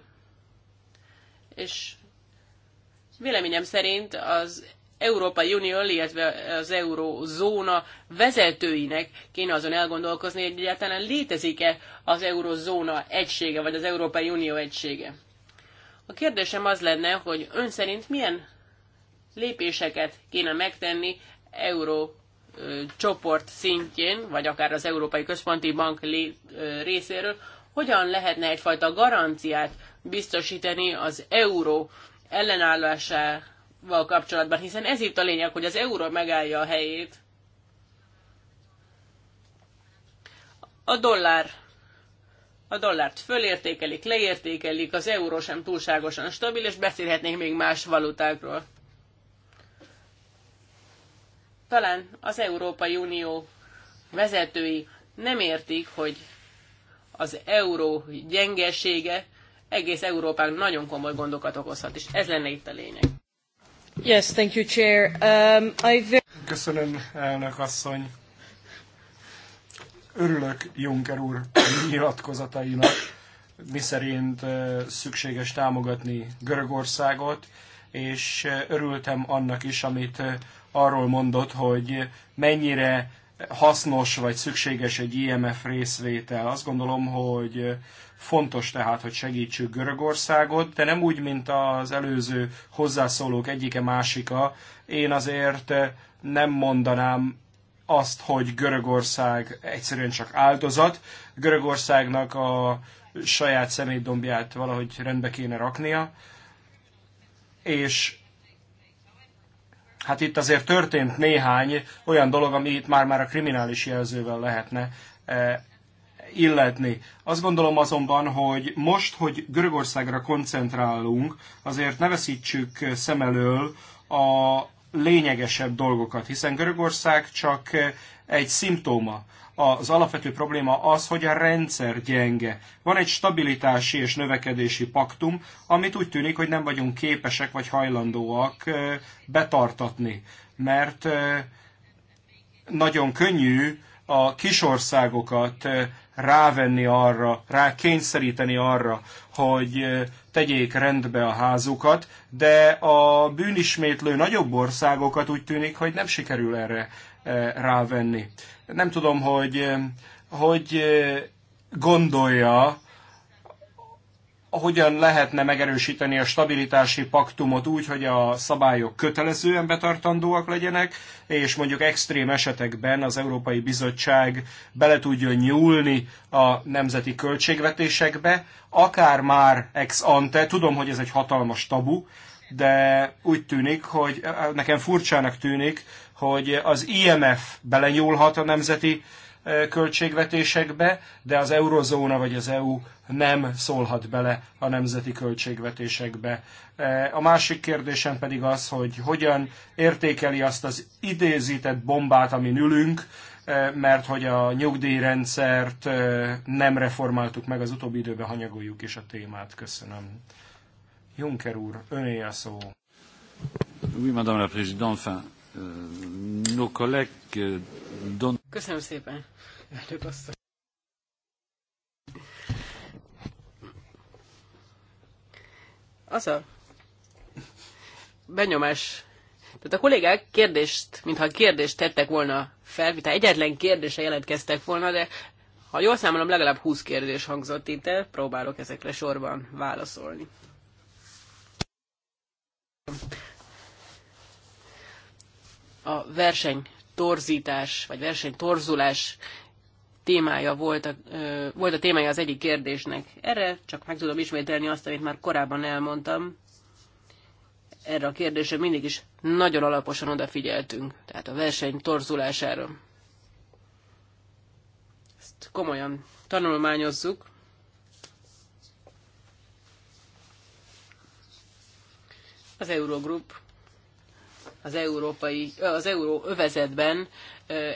és véleményem szerint az Európai Unió, illetve az eurozóna vezetőinek kéne azon elgondolkozni, hogy egyáltalán létezik-e az eurozóna egysége, vagy az Európai Unió egysége. A kérdésem az lenne, hogy ön szerint milyen lépéseket kéne megtenni euró csoport szintjén, vagy akár az Európai Központi Bank részéről, hogyan lehetne egyfajta garanciát biztosítani az euró ellenállásával kapcsolatban, hiszen ez itt a lényeg, hogy az euró megállja a helyét. A dollár a dollárt fölértékelik, leértékelik, az euró sem túlságosan stabil, és beszélhetnék még más valutákról talán az Európai Unió vezetői nem értik, hogy az euró gyengesége egész Európán nagyon komoly gondokat okozhat, és ez lenne itt a lényeg. Yes, thank you,
Chair. Um, I... Köszönöm, elnök asszony. Örülök Juncker úr nyilatkozatainak, miszerint szükséges támogatni Görögországot, és eh, örültem annak is, amit eh, arról mondott, hogy mennyire hasznos vagy szükséges egy IMF részvétel. Azt gondolom, hogy eh, fontos tehát, hogy segítsük Görögországot, de nem úgy, mint az előző hozzászólók egyike másika. Én azért nem mondanám azt, hogy Görögország egyszerűen csak áldozat. Görögországnak a saját szemétdombját valahogy rendbe kéne raknia és hát itt azért történt néhány olyan dolog, ami itt már-már a kriminális jelzővel lehetne e, illetni. Azt gondolom azonban, hogy most, hogy Görögországra koncentrálunk, azért ne veszítsük szem elől a lényegesebb dolgokat, hiszen Görögország csak egy szimptóma az alapvető probléma az, hogy a rendszer gyenge. Van egy stabilitási és növekedési paktum, amit úgy tűnik, hogy nem vagyunk képesek vagy hajlandóak betartatni, mert nagyon könnyű a kisországokat eh, rávenni arra, rá kényszeríteni arra, hogy eh, tegyék rendbe a házukat, de a bűnismétlő nagyobb országokat úgy tűnik, hogy nem sikerül erre eh, rávenni. Nem tudom, hogy hogy gondolja hogyan lehetne megerősíteni a stabilitási paktumot úgy, hogy a szabályok kötelezően betartandóak legyenek, és mondjuk extrém esetekben az Európai Bizottság bele tudjon nyúlni a nemzeti költségvetésekbe, akár már ex ante, tudom, hogy ez egy hatalmas tabu, de úgy tűnik, hogy nekem furcsának tűnik, hogy az IMF belenyúlhat a nemzeti költségvetésekbe, de az eurozóna vagy az EU nem szólhat bele a nemzeti költségvetésekbe. A másik kérdésem pedig az, hogy hogyan értékeli azt az idézített bombát, amin ülünk, mert hogy a nyugdíjrendszert nem reformáltuk meg, az utóbbi időben hanyagoljuk is a témát. Köszönöm. Juncker úr, öné a szó.
Oui, madame la présidente, enfin, euh, nos collègues euh, Don...
Köszönöm szépen, elnök asszony. Az a benyomás. Tehát a kollégák kérdést, mintha kérdést tettek volna fel, mintha egyetlen kérdése jelentkeztek volna, de ha jól számolom, legalább 20 kérdés hangzott itt el, próbálok ezekre sorban válaszolni. A verseny versenytorzítás, vagy versenytorzulás témája volt a, ö, volt a témája az egyik kérdésnek. Erre csak meg tudom ismételni azt, amit már korábban elmondtam. Erre a kérdésre mindig is nagyon alaposan odafigyeltünk, tehát a verseny torzulására. Ezt komolyan tanulmányozzuk. Az Eurogroup az európai, az euró övezetben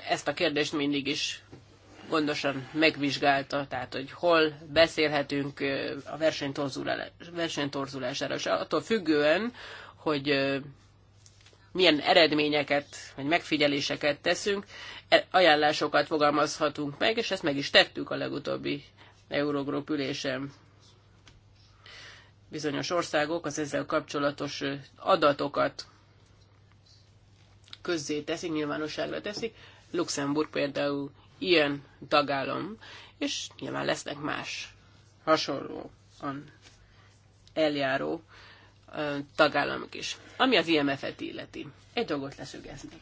ezt a kérdést mindig is gondosan megvizsgálta, tehát hogy hol beszélhetünk a versenytorzulására, és attól függően, hogy milyen eredményeket, vagy megfigyeléseket teszünk, e, ajánlásokat fogalmazhatunk meg, és ezt meg is tettük a legutóbbi Eurogrup ülésen. Bizonyos országok az ezzel kapcsolatos adatokat közzé teszik, nyilvánosságra teszik. Luxemburg például ilyen tagállam, és nyilván lesznek más hasonlóan eljáró tagállamok is. Ami az IMF-et illeti. Egy dolgot leszögezni.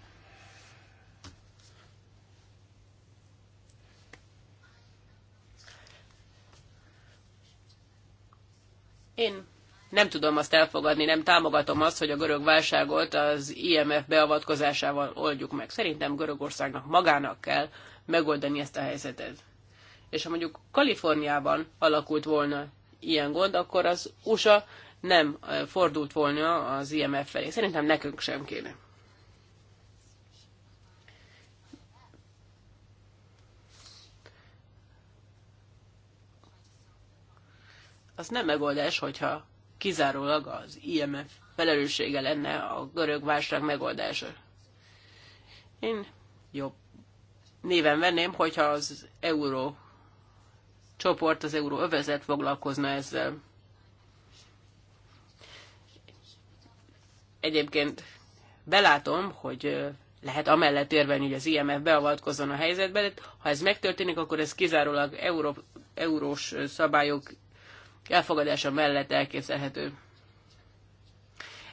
Én nem tudom azt elfogadni, nem támogatom azt, hogy a görög válságot az IMF beavatkozásával oldjuk meg. Szerintem Görögországnak magának kell megoldani ezt a helyzetet. És ha mondjuk Kaliforniában alakult volna ilyen gond, akkor az USA nem fordult volna az IMF felé. Szerintem nekünk sem kéne. az nem megoldás, hogyha kizárólag az IMF felelőssége lenne a görög válság megoldása. Én jobb néven venném, hogyha az euró csoport, az euró övezet foglalkozna ezzel. Egyébként belátom, hogy lehet amellett érvelni, hogy az IMF beavatkozzon a helyzetbe, de ha ez megtörténik, akkor ez kizárólag euró, eurós szabályok elfogadása mellett elképzelhető.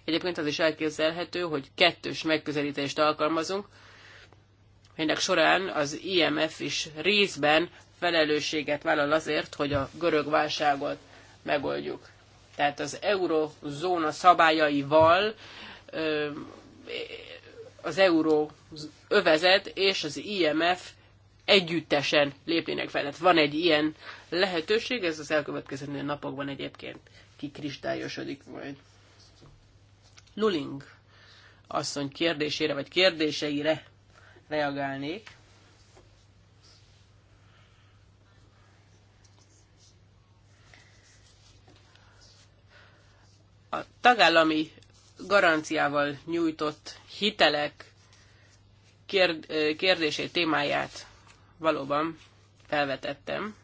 Egyébként az is elképzelhető, hogy kettős megközelítést alkalmazunk, ennek során az IMF is részben felelősséget vállal azért, hogy a görög válságot megoldjuk. Tehát az eurozóna szabályaival az euró övezet és az IMF együttesen lépnének fel. Tehát van egy ilyen lehetőség, ez az elkövetkező napokban egyébként kikristályosodik majd. Luling asszony kérdésére, vagy kérdéseire reagálnék. A tagállami garanciával nyújtott hitelek kérdését, témáját valóban felvetettem.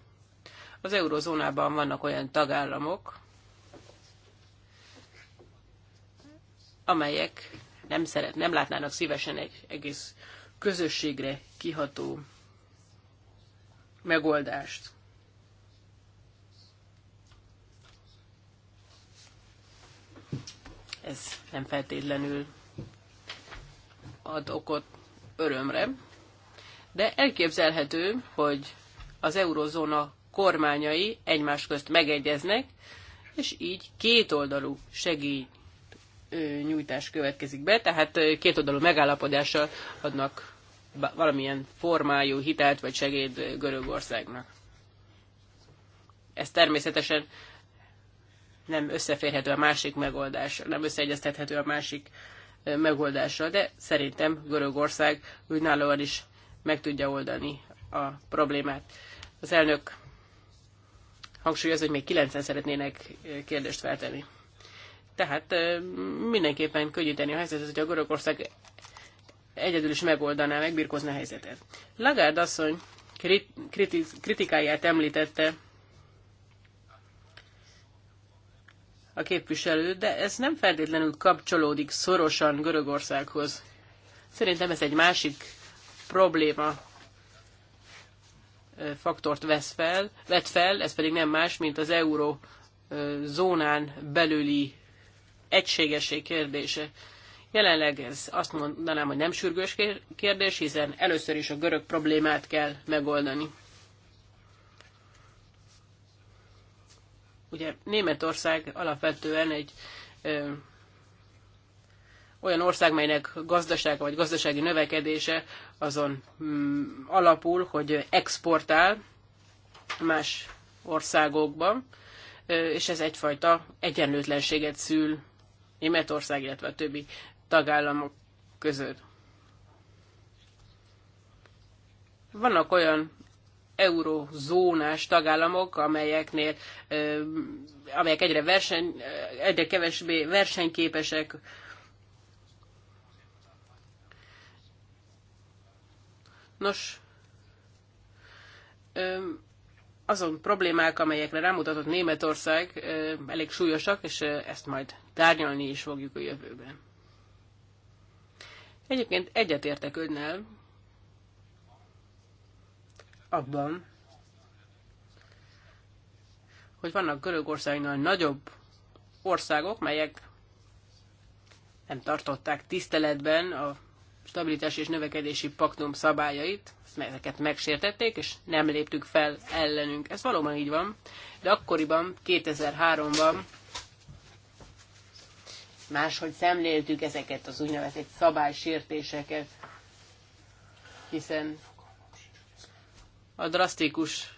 Az eurozónában vannak olyan tagállamok, amelyek nem, szeret, nem látnának szívesen egy egész közösségre kiható megoldást. Ez nem feltétlenül ad okot örömre, de elképzelhető, hogy az eurozóna kormányai egymás közt megegyeznek, és így kétoldalú segély nyújtás következik be, tehát kétoldalú megállapodással adnak valamilyen formájú hitelt vagy segéd Görögországnak. Ez természetesen nem összeférhető a másik megoldással, nem összeegyeztethető a másik megoldással, de szerintem Görögország önállóan is meg tudja oldani a problémát. Az elnök hangsúlyozza, hogy még kilencen szeretnének kérdést feltenni. Tehát mindenképpen könnyíteni a helyzetet, hogy a Görögország egyedül is megoldaná, megbirkozna a helyzetet. Lagarde asszony krit, kritikáját említette a képviselő, de ez nem feltétlenül kapcsolódik szorosan Görögországhoz. Szerintem ez egy másik probléma, faktort vesz fel, vet fel, ez pedig nem más, mint az euró zónán belüli egységesség kérdése. Jelenleg ez azt mondanám, hogy nem sürgős kérdés, hiszen először is a görög problémát kell megoldani. Ugye Németország alapvetően egy olyan ország, melynek gazdasága vagy gazdasági növekedése azon mm, alapul, hogy exportál más országokba, és ez egyfajta egyenlőtlenséget szül Németország, illetve a többi tagállamok között. Vannak olyan eurozónás tagállamok, amelyeknél, amelyek egyre, verseny, egyre kevesbé versenyképesek, Nos, azon problémák, amelyekre rámutatott Németország, elég súlyosak, és ezt majd tárgyalni is fogjuk a jövőben. Egyébként egyetértek önnel abban, hogy vannak Görögországnál nagyobb országok, melyek nem tartották tiszteletben a stabilitási és növekedési paktum szabályait, ezeket megsértették, és nem léptük fel ellenünk. Ez valóban így van, de akkoriban, 2003-ban máshogy szemléltük ezeket az úgynevezett szabálysértéseket, hiszen a drasztikus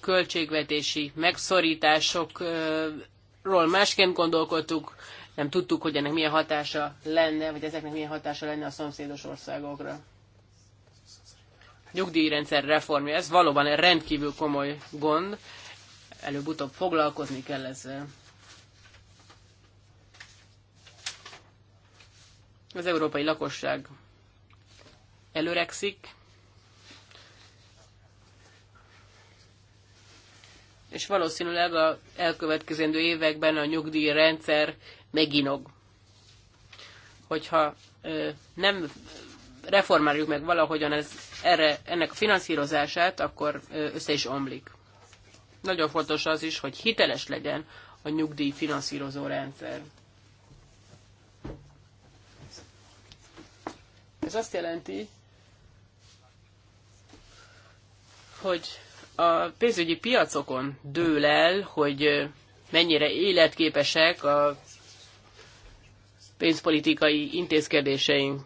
költségvetési megszorításokról másként gondolkodtuk, nem tudtuk, hogy ennek milyen hatása lenne, vagy ezeknek milyen hatása lenne a szomszédos országokra. Nyugdíjrendszer reformja, ez valóban egy rendkívül komoly gond, előbb-utóbb foglalkozni kell ezzel. Az európai lakosság előrekszik, és valószínűleg a elkövetkezendő években a nyugdíjrendszer meginog. Hogyha nem reformáljuk meg valahogyan ez, erre, ennek a finanszírozását, akkor össze is omlik. Nagyon fontos az is, hogy hiteles legyen a nyugdíj finanszírozó rendszer. Ez azt jelenti, hogy a pénzügyi piacokon dől el, hogy mennyire életképesek a pénzpolitikai intézkedéseink.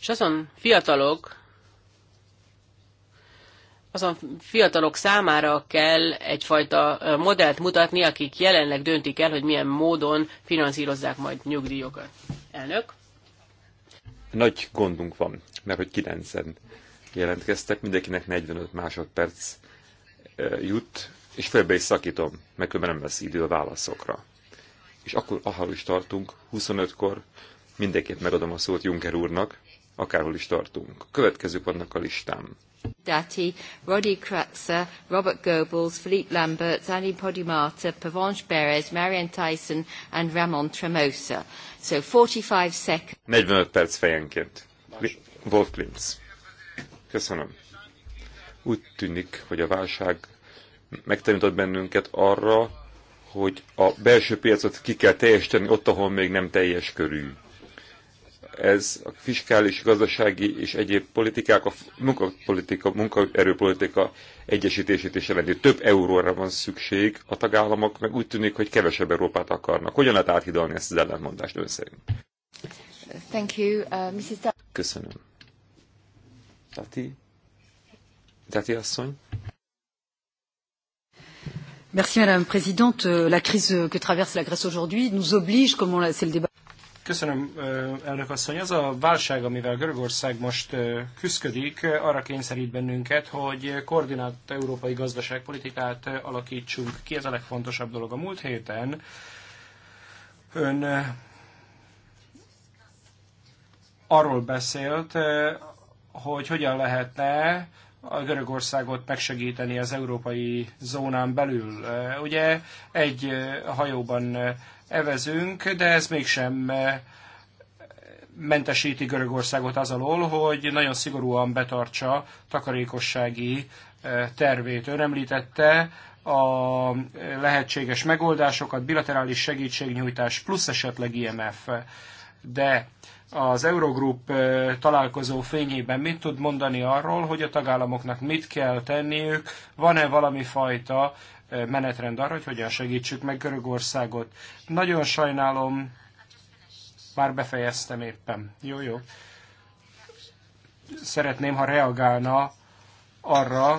És azon fiatalok, azon fiatalok számára kell egyfajta modellt mutatni, akik jelenleg döntik el, hogy milyen módon finanszírozzák majd nyugdíjokat. Elnök?
Nagy gondunk van, mert hogy kilencen jelentkeztek, mindenkinek 45 másodperc jut, és félbe is szakítom, mert különben nem lesz idő a válaszokra és akkor ahol is tartunk, 25-kor mindenképp megadom a szót Juncker úrnak, akárhol is tartunk. Következők vannak a listám.
Dati, Roddy Kratzer, Robert Goebbels, Philippe Lambert, Annie Podimata, Pavanche Beres, Marian Tyson and Ramon Tremosa. So 45 seconds.
45 perc fejenként. Wolf Klintz. Köszönöm. Úgy tűnik, hogy a válság megtanított bennünket arra, hogy a belső piacot ki kell teljesíteni ott, ahol még nem teljes körű. Ez a fiskális, gazdasági és egyéb politikák, a munkapolitika, munkaerőpolitika egyesítését is jelenti. Több euróra van szükség, a tagállamok meg úgy tűnik, hogy kevesebb Európát akarnak. Hogyan lehet áthidalni ezt az ellentmondást ön szerint?
Thank you, uh, Mrs.
Köszönöm. Tati? Tati asszony?
Madame la Présidente. Euh, la crise que traverse la Grèce aujourd'hui nous oblige, comme c'est le débat.
Köszönöm, euh, elnök asszony. Az a válság, amivel Görögország most euh, küzdik, arra kényszerít bennünket, hogy koordinált európai gazdaságpolitikát alakítsunk ki. Ez a legfontosabb dolog. A múlt héten ön arról beszélt, hogy hogyan lehetne a Görögországot megsegíteni az európai zónán belül. Ugye egy hajóban evezünk, de ez mégsem mentesíti Görögországot az alól, hogy nagyon szigorúan betartsa takarékossági tervét. Ön említette a lehetséges megoldásokat, bilaterális segítségnyújtás plusz esetleg IMF. De az Eurogroup találkozó fényében mit tud mondani arról, hogy a tagállamoknak mit kell tenniük, van-e valami fajta menetrend arra, hogy hogyan segítsük meg Görögországot. Nagyon sajnálom, már befejeztem éppen. Jó, jó. Szeretném, ha reagálna arra,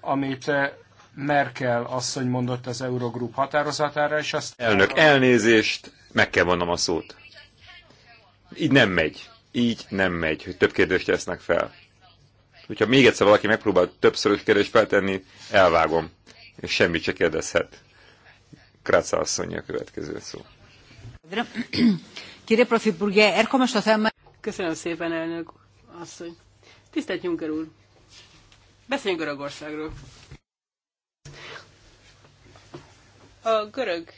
amit Merkel asszony mondott az Eurogroup határozatára, és azt...
Elnök, elnézést, meg kell vannom a szót így nem megy. Így nem megy, hogy több kérdést tesznek fel. Hogyha még egyszer valaki megpróbál többszörös kérdést feltenni, elvágom, és semmit se kérdezhet. Kráca asszonyja a következő szó.
Köszönöm szépen, elnök asszony. Tisztelt Juncker úr! Beszéljünk Görögországról. A görög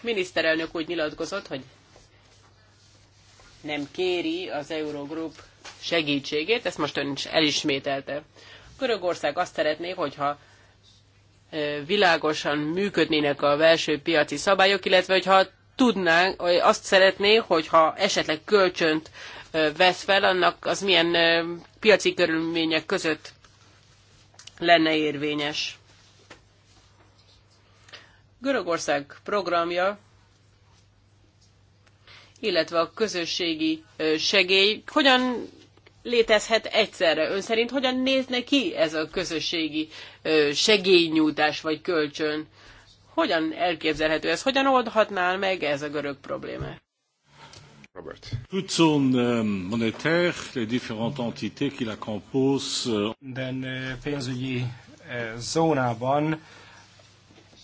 miniszterelnök úgy nyilatkozott, hogy nem kéri az Eurogroup segítségét, ezt most ön is elismételte. Görögország azt szeretné, hogyha világosan működnének a belső piaci szabályok, illetve hogyha tudnánk, hogy azt szeretné, hogyha esetleg kölcsönt vesz fel, annak az milyen piaci körülmények között lenne érvényes. Görögország programja illetve a közösségi segély hogyan létezhet egyszerre? Ön szerint hogyan nézne ki ez a közösségi segélynyújtás vagy kölcsön? Hogyan elképzelhető ez? Hogyan oldhatnál meg ez a görög problémát? Robert.
Toute zone euh, monétaire, les différentes entités qui la
composent.
Minden euh, euh, pénzügyi zónában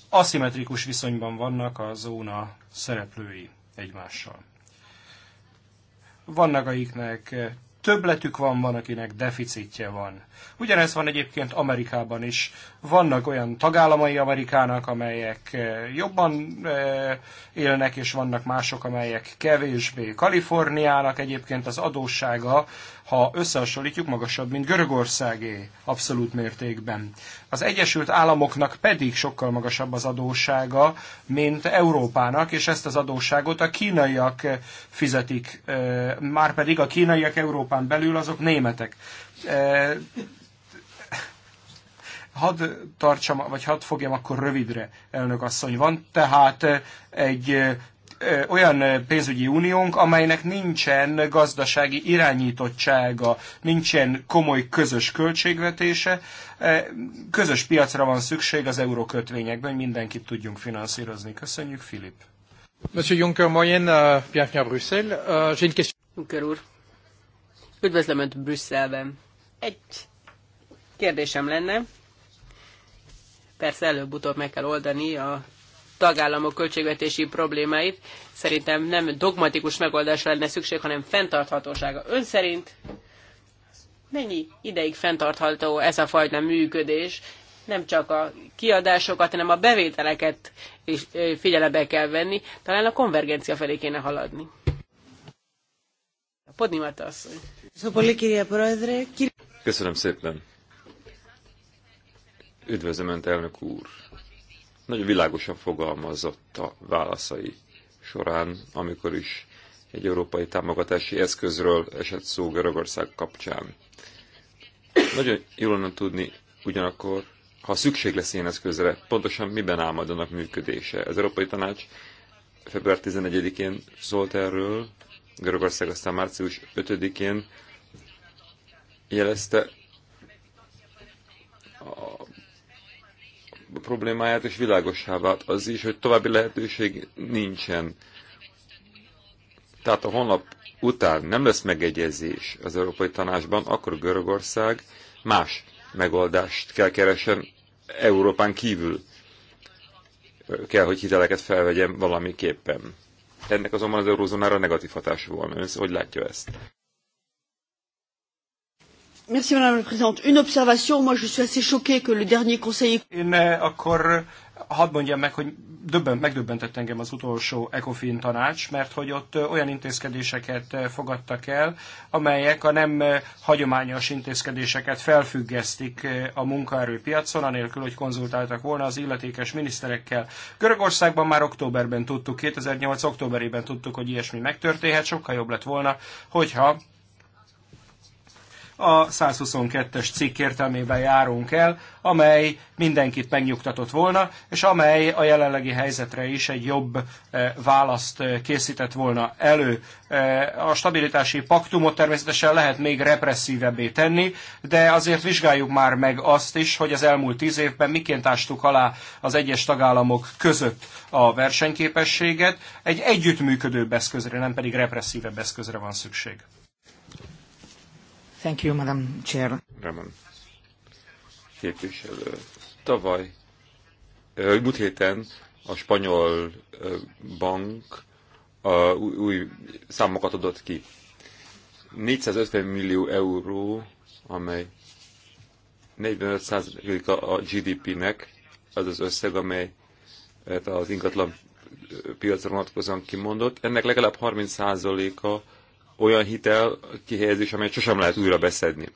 aszimmetrikus viszonyban vannak a zóna szereplői egymással. Vannak, akiknek többletük van, van, akinek deficitje van. Ugyanez van egyébként Amerikában is. Vannak olyan tagállamai Amerikának, amelyek eh, jobban eh, élnek, és vannak mások, amelyek kevésbé. Kaliforniának egyébként az adóssága, ha összehasonlítjuk, magasabb, mint Görögországé abszolút mértékben. Az Egyesült Államoknak pedig sokkal magasabb az adóssága, mint Európának, és ezt az adósságot a kínaiak eh, fizetik. Márpedig a kínaiak Európának Európán belül, azok németek. E, hadd tartsam, vagy hadd fogjam akkor rövidre, elnök asszony. Van tehát egy e, olyan pénzügyi uniónk, amelynek nincsen gazdasági irányítottsága, nincsen komoly közös költségvetése, e, közös piacra van szükség az eurókötvényekben, hogy mindenkit tudjunk finanszírozni. Köszönjük, Filip. Monsieur Juncker, moyen, euh, bienvenue
à Bruxelles. Uh, J'ai une question. Juncker úr, Üdvözlöm Önt Brüsszelben. Egy kérdésem lenne. Persze előbb-utóbb meg kell oldani a tagállamok költségvetési problémáit. Szerintem nem dogmatikus megoldásra lenne szükség, hanem fenntarthatósága. Ön szerint mennyi ideig fenntartható ez a fajta működés? Nem csak a kiadásokat, hanem a bevételeket is figyelembe kell venni. Talán a konvergencia felé kéne haladni. Podnimata asszony.
Köszönöm szépen. Üdvözlöm Önt, elnök úr. Nagyon világosan fogalmazott a válaszai során, amikor is egy európai támogatási eszközről esett szó Görögország kapcsán. Nagyon jól lenne tudni ugyanakkor, ha szükség lesz ilyen eszközre, pontosan miben áll majd annak működése. Az Európai Tanács február 11-én szólt erről, Görögország aztán március 5-én jelezte a problémáját, és világossá vált az is, hogy további lehetőség nincsen. Tehát a honlap után nem lesz megegyezés az Európai Tanácsban, akkor Görögország más megoldást kell keresen Európán kívül kell, hogy hiteleket felvegyem valamiképpen. Ennek azonban az eurózónára negatív hatása volna. Ön hogy látja ezt?
madame la présidente une observation moi je suis assez choquée que le dernier conseil. én eh, akkor eh,
hadd mondjam meg, hogy döbben, megdöbbentett engem az utolsó ECOFIN tanács, mert hogy ott eh, olyan intézkedéseket fogadtak el, amelyek a nem hagyományos intézkedéseket felfüggesztik a munkaerőpiacon, anélkül, hogy konzultáltak volna az illetékes miniszterekkel. Görögországban már októberben tudtuk, 2008. októberében tudtuk, hogy ilyesmi megtörténhet, sokkal jobb lett volna, hogyha a 122-es cikk értelmében járunk el, amely mindenkit megnyugtatott volna, és amely a jelenlegi helyzetre is egy jobb eh, választ eh, készített volna elő. Eh, a stabilitási paktumot természetesen lehet még represszívebbé tenni, de azért vizsgáljuk már meg azt is, hogy az elmúlt tíz évben miként ástuk alá az egyes tagállamok között a versenyképességet. Egy együttműködő eszközre, nem pedig represszívebb eszközre van szükség.
Thank you, Madam Chair.
Ramon. Képviselő. Tavaly, múlt héten a spanyol bank a új számokat adott ki. 450 millió euró, amely 45%-a a, a GDP-nek, az az összeg, amely az ingatlan piacra vonatkozóan kimondott. Ennek legalább 30%-a olyan hitel kihelyezés, amelyet sosem lehet újra beszedni.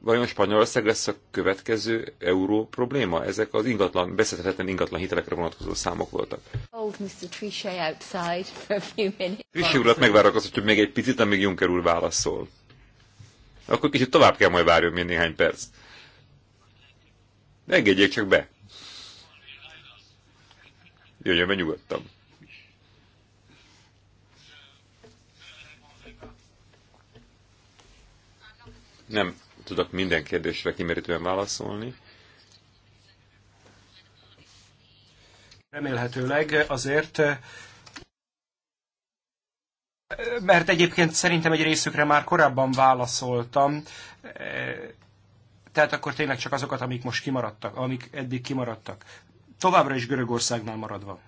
Vajon Spanyolország lesz a következő euró probléma? Ezek az ingatlan, beszedhetetlen ingatlan hitelekre vonatkozó számok voltak.
Old Mr. Trichet outside for a few minutes. Trichet urat
megvárakozhatjuk még egy picit, amíg Juncker úr válaszol. Akkor kicsit tovább kell majd várjon még néhány perc. Engedjék csak be. Jöjjön mert nyugodtam. Nem tudok minden kérdésre kimerítően válaszolni.
Remélhetőleg azért, mert egyébként szerintem egy részükre már korábban válaszoltam, tehát akkor tényleg csak azokat, amik most kimaradtak, amik eddig kimaradtak. Továbbra is Görögországnál maradva.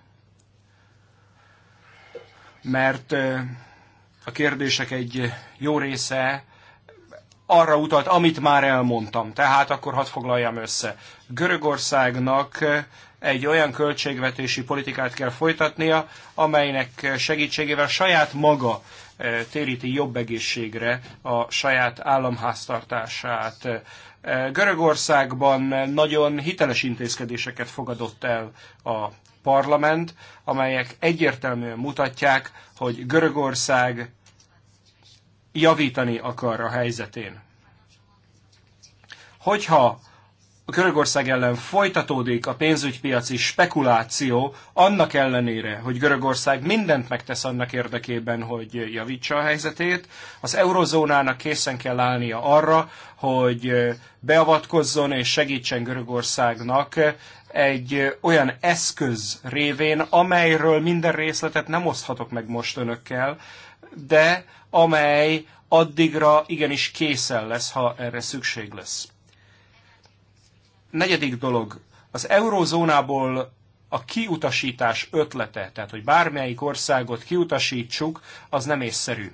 Mert eh, a kérdések egy jó része arra utalt, amit már elmondtam. Tehát akkor hadd foglaljam össze. Görögországnak eh, egy olyan költségvetési politikát kell folytatnia, amelynek segítségével saját maga eh, téríti jobb egészségre a saját államháztartását. Eh, Görögországban nagyon hiteles intézkedéseket fogadott el a parlament, amelyek egyértelműen mutatják, hogy Görögország javítani akar a helyzetén. Hogyha a Görögország ellen folytatódik a pénzügypiaci spekuláció, annak ellenére, hogy Görögország mindent megtesz annak érdekében, hogy javítsa a helyzetét, az eurozónának készen kell állnia arra, hogy beavatkozzon és segítsen Görögországnak egy olyan eszköz révén, amelyről minden részletet nem oszthatok meg most önökkel, de amely addigra igenis készen lesz, ha erre szükség lesz. Negyedik dolog, az eurózónából a kiutasítás ötlete, tehát hogy bármelyik országot kiutasítsuk, az nem észszerű.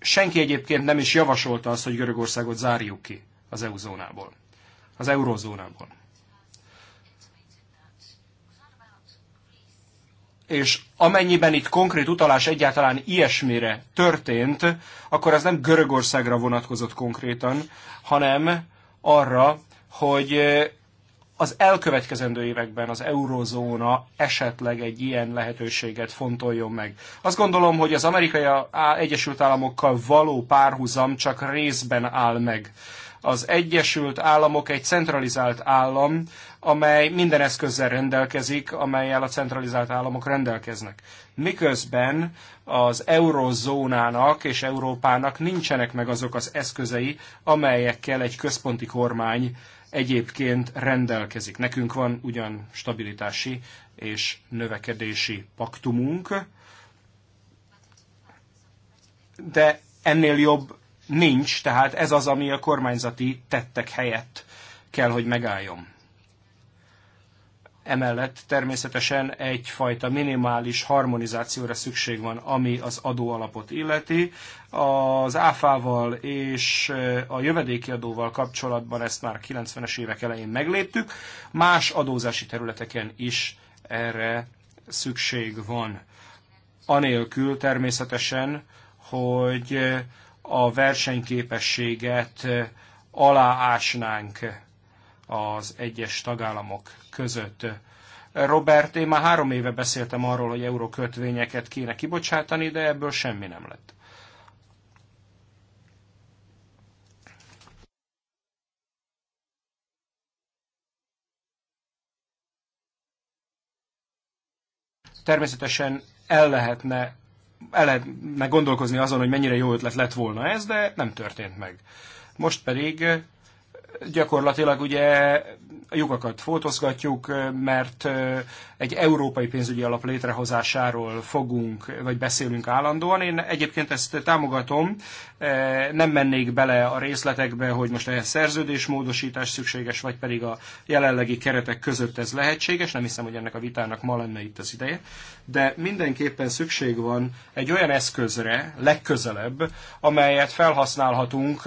Senki egyébként nem is javasolta azt, hogy Görögországot zárjuk ki az EU-zónából, az eurózónából. és amennyiben itt konkrét utalás egyáltalán ilyesmire történt, akkor az nem Görögországra vonatkozott konkrétan, hanem arra, hogy az elkövetkezendő években az eurozóna esetleg egy ilyen lehetőséget fontoljon meg. Azt gondolom, hogy az amerikai Egyesült Államokkal való párhuzam csak részben áll meg. Az Egyesült Államok egy centralizált állam, amely minden eszközzel rendelkezik, amelyel a centralizált államok rendelkeznek. Miközben az eurozónának és Európának nincsenek meg azok az eszközei, amelyekkel egy központi kormány egyébként rendelkezik. Nekünk van ugyan stabilitási és növekedési paktumunk, de ennél jobb nincs, tehát ez az, ami a kormányzati tettek helyett kell, hogy megálljon. Emellett természetesen egyfajta minimális harmonizációra szükség van, ami az adóalapot illeti. Az áfával és eh, a jövedéki adóval kapcsolatban ezt már 90-es évek elején megléptük. Más adózási területeken is erre szükség van. Anélkül természetesen, hogy eh, a versenyképességet eh, aláásnánk az egyes tagállamok között. Robert, én már három éve beszéltem arról, hogy eurókötvényeket kéne kibocsátani, de ebből semmi nem lett. Természetesen el lehetne, el lehetne gondolkozni azon, hogy mennyire jó ötlet lett volna ez, de nem történt meg. Most pedig gyakorlatilag ugye a lyukakat fotózgatjuk, mert egy európai pénzügyi alap létrehozásáról fogunk, vagy beszélünk állandóan. Én egyébként ezt támogatom, nem mennék bele a részletekbe, hogy most ehhez szerződésmódosítás szükséges, vagy pedig a jelenlegi keretek között ez lehetséges. Nem hiszem, hogy ennek a vitának ma lenne itt az ideje. De mindenképpen szükség van egy olyan eszközre, legközelebb, amelyet felhasználhatunk,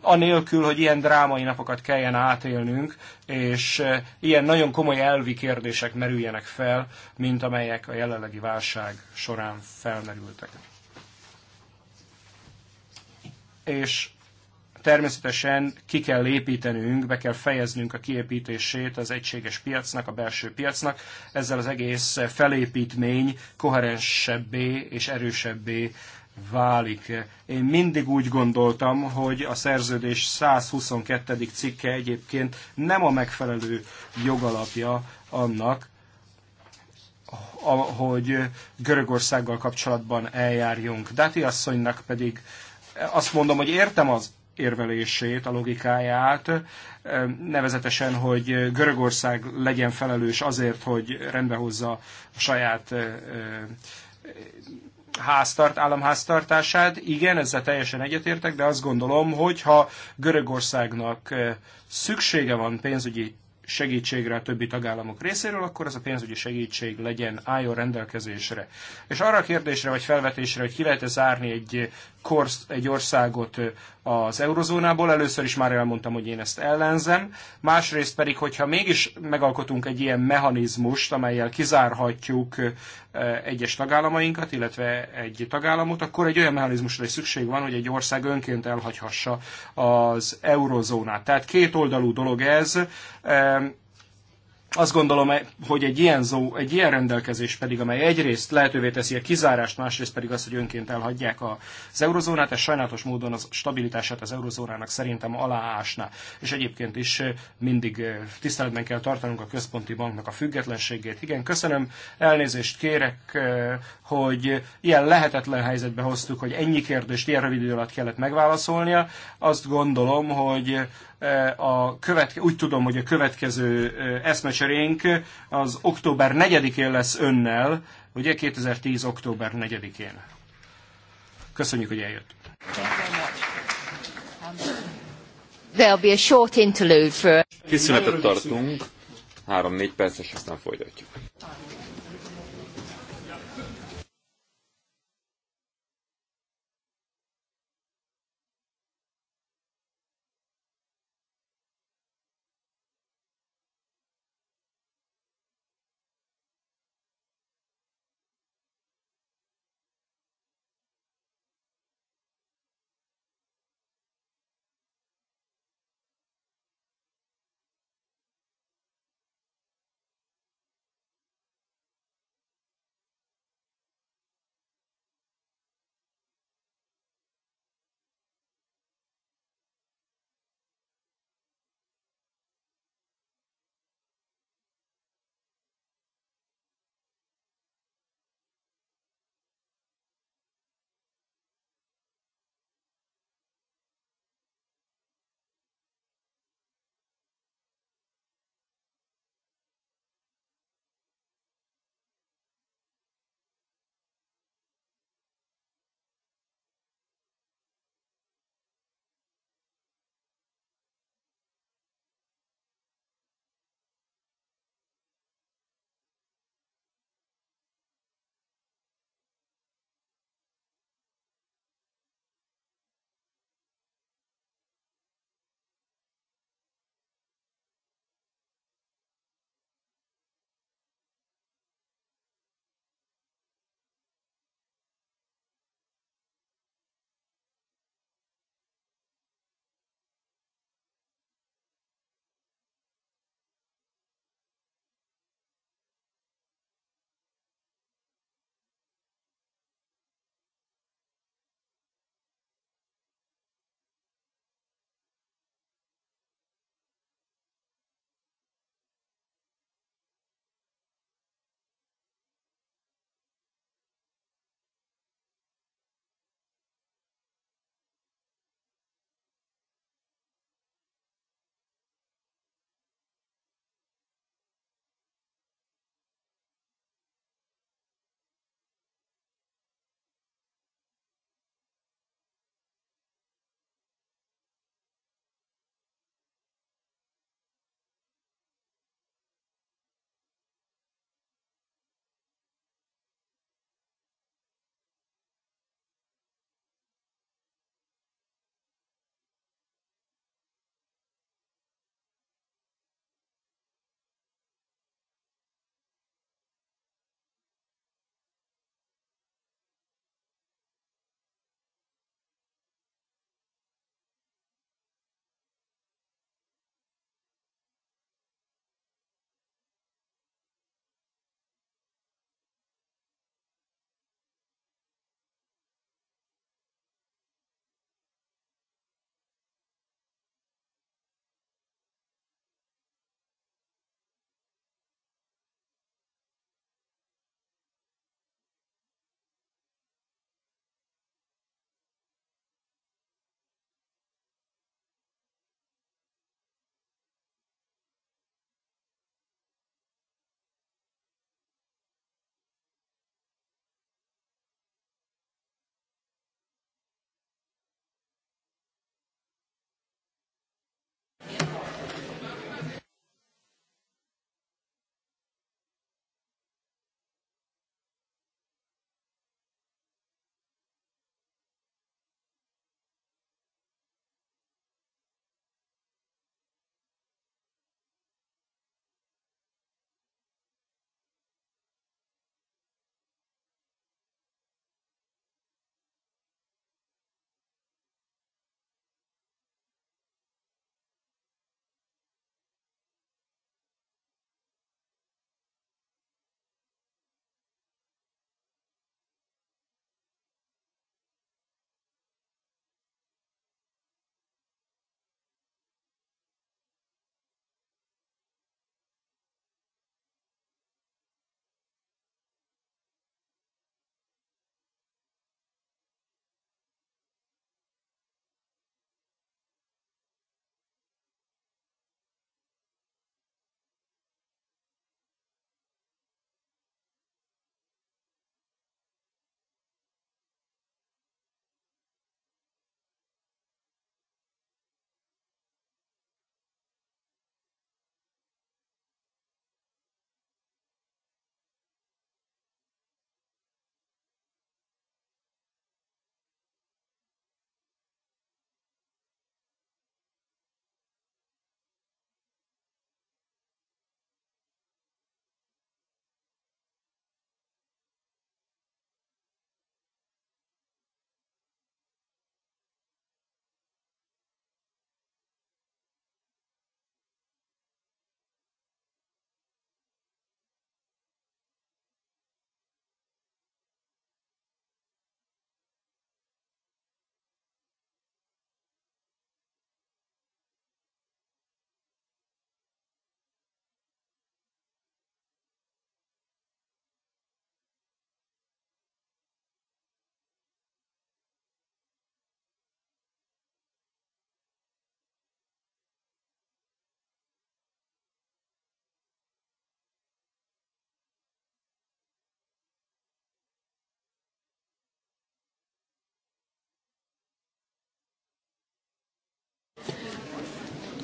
anélkül, hogy ilyen drámai napokat kelljen átélnünk, és eh, ilyen nagyon komoly elvi kérdések merüljenek fel, mint amelyek a jelenlegi válság során felmerültek. És természetesen ki kell építenünk, be kell fejeznünk a kiépítését az egységes piacnak, a belső piacnak, ezzel az egész felépítmény koherensebbé és erősebbé válik. Én mindig úgy gondoltam, hogy a szerződés 122. cikke egyébként nem a megfelelő jogalapja annak, hogy Görögországgal kapcsolatban eljárjunk. Dati asszonynak pedig azt mondom, hogy értem az érvelését, a logikáját, nevezetesen, hogy Görögország legyen felelős azért, hogy rendbehozza a saját háztart, államháztartását. Igen, ezzel teljesen egyetértek, de azt gondolom, hogy ha Görögországnak szüksége van pénzügyi segítségre a többi tagállamok részéről, akkor ez a pénzügyi segítség legyen, álljon rendelkezésre. És arra a kérdésre vagy felvetésre, hogy ki lehet -e zárni egy korsz, egy országot az eurozónából. Először is már elmondtam, hogy én ezt ellenzem. Másrészt pedig, hogyha mégis megalkotunk egy ilyen mechanizmust, amelyel kizárhatjuk egyes tagállamainkat, illetve egy tagállamot, akkor egy olyan mechanizmusra is szükség van, hogy egy ország önként elhagyhassa az eurozónát. Tehát két oldalú dolog ez azt gondolom, eh, hogy egy ilyen, zó, egy ilyen rendelkezés pedig, amely egyrészt lehetővé teszi a kizárást, másrészt pedig azt, hogy önként elhagyják az eurozónát, ez sajnálatos módon az stabilitását az eurozónának szerintem aláásná. És egyébként is eh, mindig eh, tiszteletben kell tartanunk a központi banknak a függetlenségét. Igen, köszönöm, elnézést kérek, hogy ilyen lehetetlen helyzetbe hoztuk, hogy ennyi kérdést ilyen rövid idő alatt kellett megválaszolnia. Azt gondolom, hogy Eh, a követke, úgy tudom, hogy a következő eh, eszmecserénk az október 4-én lesz önnel, ugye 2010. október 4-én.
Köszönjük, hogy eljött.
There'll be a short interlude for... Kis tartunk,
3-4 perces,
aztán folytatjuk.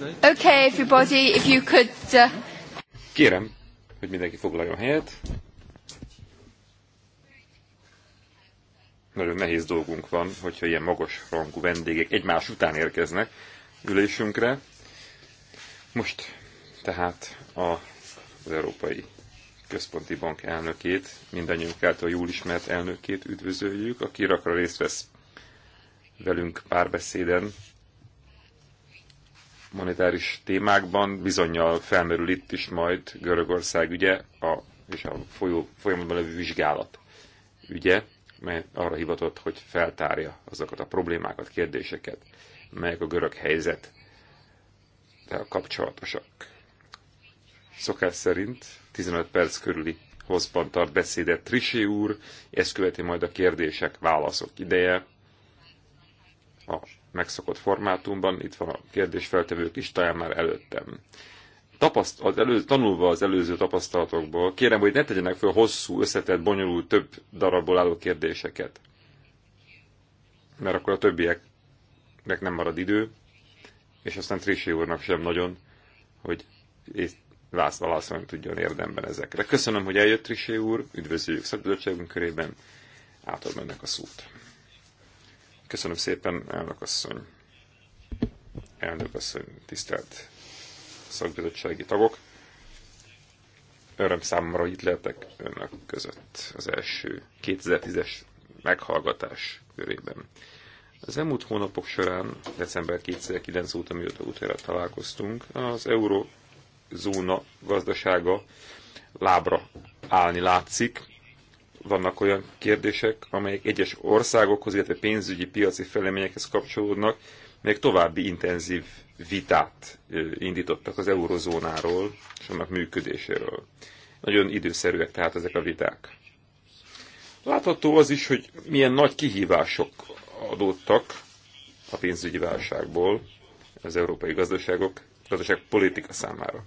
Okay, everybody, if you could... Uh...
Kérem, hogy mindenki foglaljon helyet. Nagyon nehéz dolgunk van, hogyha ilyen magas rangú vendégek egymás után érkeznek ülésünkre. Most tehát a, az Európai Központi Bank elnökét, mindannyiunk által jól ismert elnökét üdvözöljük, aki rakra részt vesz velünk párbeszéden monetáris témákban, bizonyal felmerül itt is majd Görögország ügye a, és a folyó, folyamatban levő vizsgálat ügye, mely arra hivatott, hogy feltárja azokat a problémákat, kérdéseket, melyek a görög helyzet kapcsolatosak. Szokás szerint 15 perc körüli hosszban tart beszédet Trisé úr, ezt követi majd a kérdések, válaszok ideje, a megszokott formátumban, itt van a kérdésfeltevők is talán már előttem. Tapaszt, az elő, tanulva az előző tapasztalatokból, kérem, hogy ne tegyenek fel hosszú, összetett, bonyolult, több darabból álló kérdéseket. Mert akkor a többieknek nem marad idő, és aztán Trisi úrnak sem nagyon, hogy válaszolni tudjon érdemben ezekre. Köszönöm, hogy eljött Trisi úr, üdvözlőjük szakbizottságunk körében, átadom ennek a szót. Köszönöm szépen, elnök asszony. Elnök asszony, tisztelt szakbizottsági tagok. Öröm számomra, hogy itt lehetek önök között az első 2010-es meghallgatás körében. Az elmúlt hónapok során, december 2009 óta, mióta utára találkoztunk, az Eurozóna gazdasága lábra állni látszik, vannak olyan kérdések, amelyek egyes országokhoz, illetve pénzügyi piaci feleményekhez kapcsolódnak, még további intenzív vitát indítottak az eurozónáról és annak működéséről. Nagyon időszerűek tehát ezek a viták. Látható az is, hogy milyen nagy kihívások adódtak a pénzügyi válságból az európai gazdaságok, gazdaság politika számára.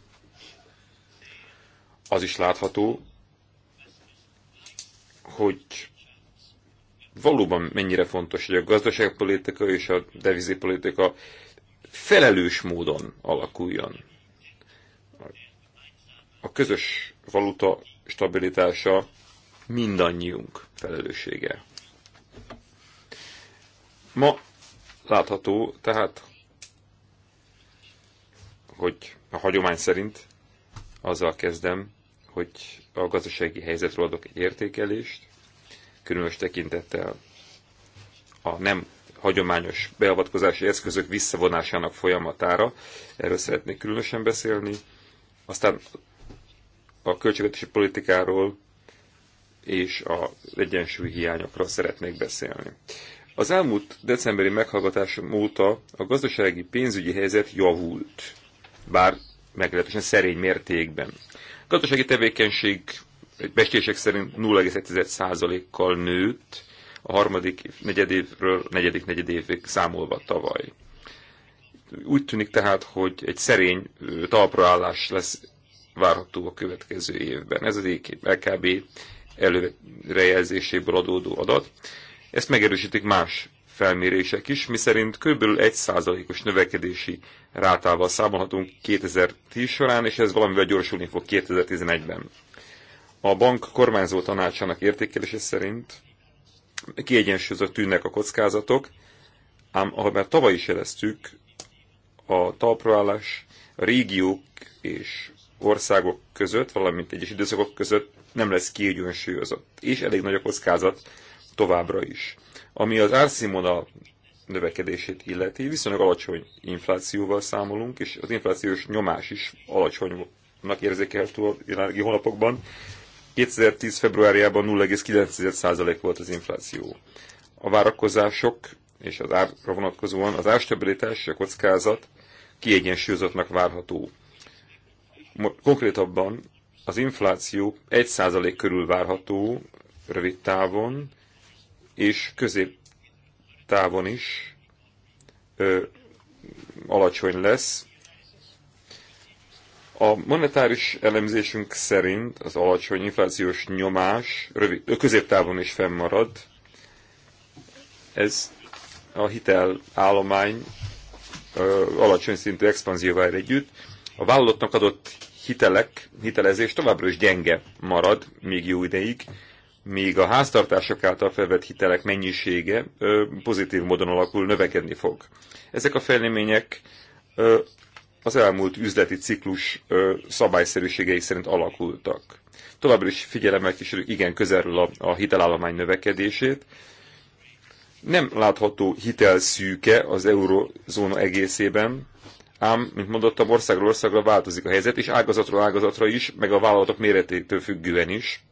Az is látható, hogy valóban mennyire fontos, hogy a gazdaságpolitika és a devizipolitika felelős módon alakuljon. A közös valuta stabilitása mindannyiunk felelőssége. Ma látható tehát, hogy a hagyomány szerint azzal kezdem, hogy a gazdasági helyzetről adok egy értékelést, különös tekintettel a nem hagyományos beavatkozási eszközök visszavonásának folyamatára. Erről szeretnék különösen beszélni. Aztán a költségvetési politikáról és az hiányokra szeretnék beszélni. Az elmúlt decemberi meghallgatásom óta a gazdasági pénzügyi helyzet javult, bár meglehetősen szerény mértékben. Gazdasági tevékenység bestések szerint 0,1%-kal nőtt a harmadik negyedévről negyedik negyedévig számolva tavaly. Úgy tűnik tehát, hogy egy szerény talpraállás lesz várható a következő évben. Ez az LKB előrejelzéséből adódó adat. Ezt megerősítik más felmérések is, miszerint kb. 1%-os növekedési rátával számolhatunk 2010 során, és ez valamivel gyorsulni fog 2011-ben. A bank kormányzó tanácsának értékelése szerint kiegyensúlyozott tűnnek a kockázatok, ám ahogy már tavaly is jeleztük, a talpraállás a régiók és országok között, valamint egyes időszakok között nem lesz kiegyensúlyozott, és elég nagy a kockázat továbbra is. Ami az árszínvonal növekedését illeti, viszonylag alacsony inflációval számolunk, és az inflációs nyomás is alacsonynak érzékelhető a jelenlegi hónapokban. 2010. februárjában 0,9% volt az infláció. A várakozások és az árra vonatkozóan az árstabilitás és a kockázat kiegyensúlyozottnak várható. Konkrétabban az infláció 1% körül várható rövid távon, és középtávon is ö, alacsony lesz. A monetáris elemzésünk szerint az alacsony inflációs nyomás rövid, ö, középtávon is fennmarad. Ez a hitelállomány ö, alacsony szintű expanzióval együtt. A vállalatnak adott hitelek, hitelezés továbbra is gyenge marad, még jó ideig, míg a háztartások által felvett hitelek mennyisége pozitív módon alakul, növekedni fog. Ezek a fejlemények az elmúlt üzleti ciklus szabályszerűségei szerint alakultak. Továbbra is figyelemmel kísérjük igen közelről a, a hitelállomány növekedését. Nem látható hitelszűke az eurozóna egészében, ám, mint mondottam, országról országra változik a helyzet, és ágazatról ágazatra is, meg a vállalatok méretétől függően is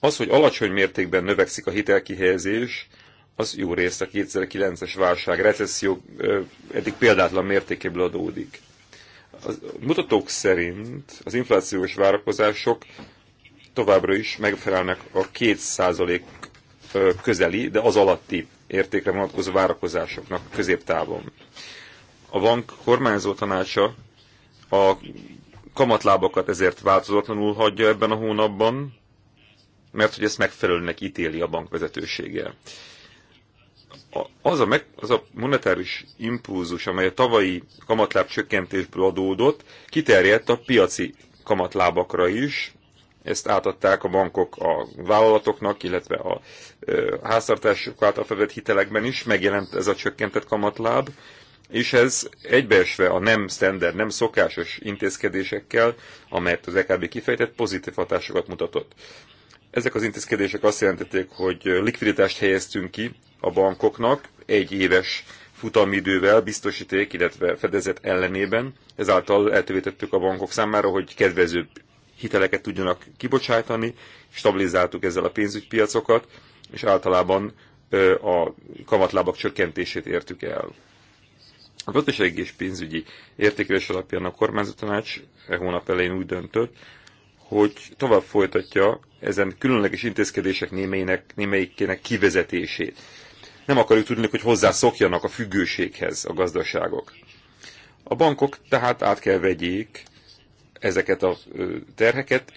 az, hogy alacsony mértékben növekszik a hitelkihelyezés, az jó részt a 2009-es válság recesszió eddig példátlan mértékéből adódik. A mutatók szerint az inflációs várakozások továbbra is megfelelnek a 2% közeli, de az alatti értékre vonatkozó várakozásoknak középtávon. A bank kormányzó tanácsa a kamatlábakat ezért változatlanul hagyja ebben a hónapban, mert hogy ezt megfelelőnek ítéli a bank vezetősége. Az a, meg, az a monetáris impulzus, amely a tavalyi kamatláb csökkentésből adódott, kiterjedt a piaci kamatlábakra is, ezt átadták a bankok a vállalatoknak, illetve a háztartások által felvett hitelekben is, megjelent ez a csökkentett kamatláb, és ez egybeesve a nem standard, nem szokásos intézkedésekkel, amelyet az EKB kifejtett, pozitív hatásokat mutatott. Ezek az intézkedések azt jelentették, hogy likviditást helyeztünk ki a bankoknak egy éves futamidővel biztosíték, illetve fedezet ellenében. Ezáltal eltövétettük a bankok számára, hogy kedvezőbb hiteleket tudjanak kibocsátani, stabilizáltuk ezzel a pénzügypiacokat, és általában a kamatlábak csökkentését értük el. A gazdasági és pénzügyi értékelés alapján a kormányzatanács tanács e hónap elején úgy döntött, hogy tovább folytatja ezen különleges intézkedések némelyik, némelyikének kivezetését. Nem akarjuk tudni, hogy hozzászokjanak a függőséghez a gazdaságok. A bankok tehát át kell vegyék ezeket a terheket,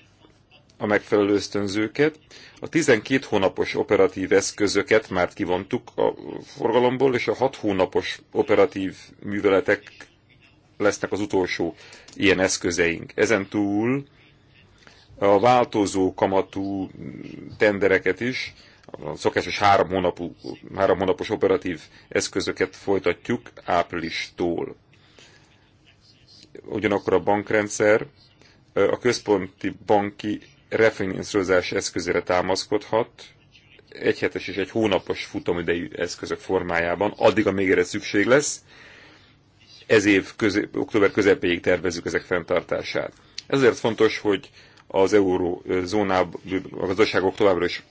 a megfelelő ösztönzőket. A 12 hónapos operatív eszközöket már kivontuk a forgalomból, és a 6 hónapos operatív műveletek lesznek az utolsó ilyen eszközeink. Ezen túl a változó kamatú tendereket is, a szokásos három, hónapú, három hónapos operatív eszközöket folytatjuk áprilistól. Ugyanakkor a bankrendszer a központi banki refinanszírozás eszközére támaszkodhat, egy hetes és egy hónapos futamidejű eszközök formájában, addig, amíg erre szükség lesz. Ez év közé, október közepéig tervezzük ezek fenntartását. Ezért fontos, hogy az eurózónában a gazdaságok továbbra is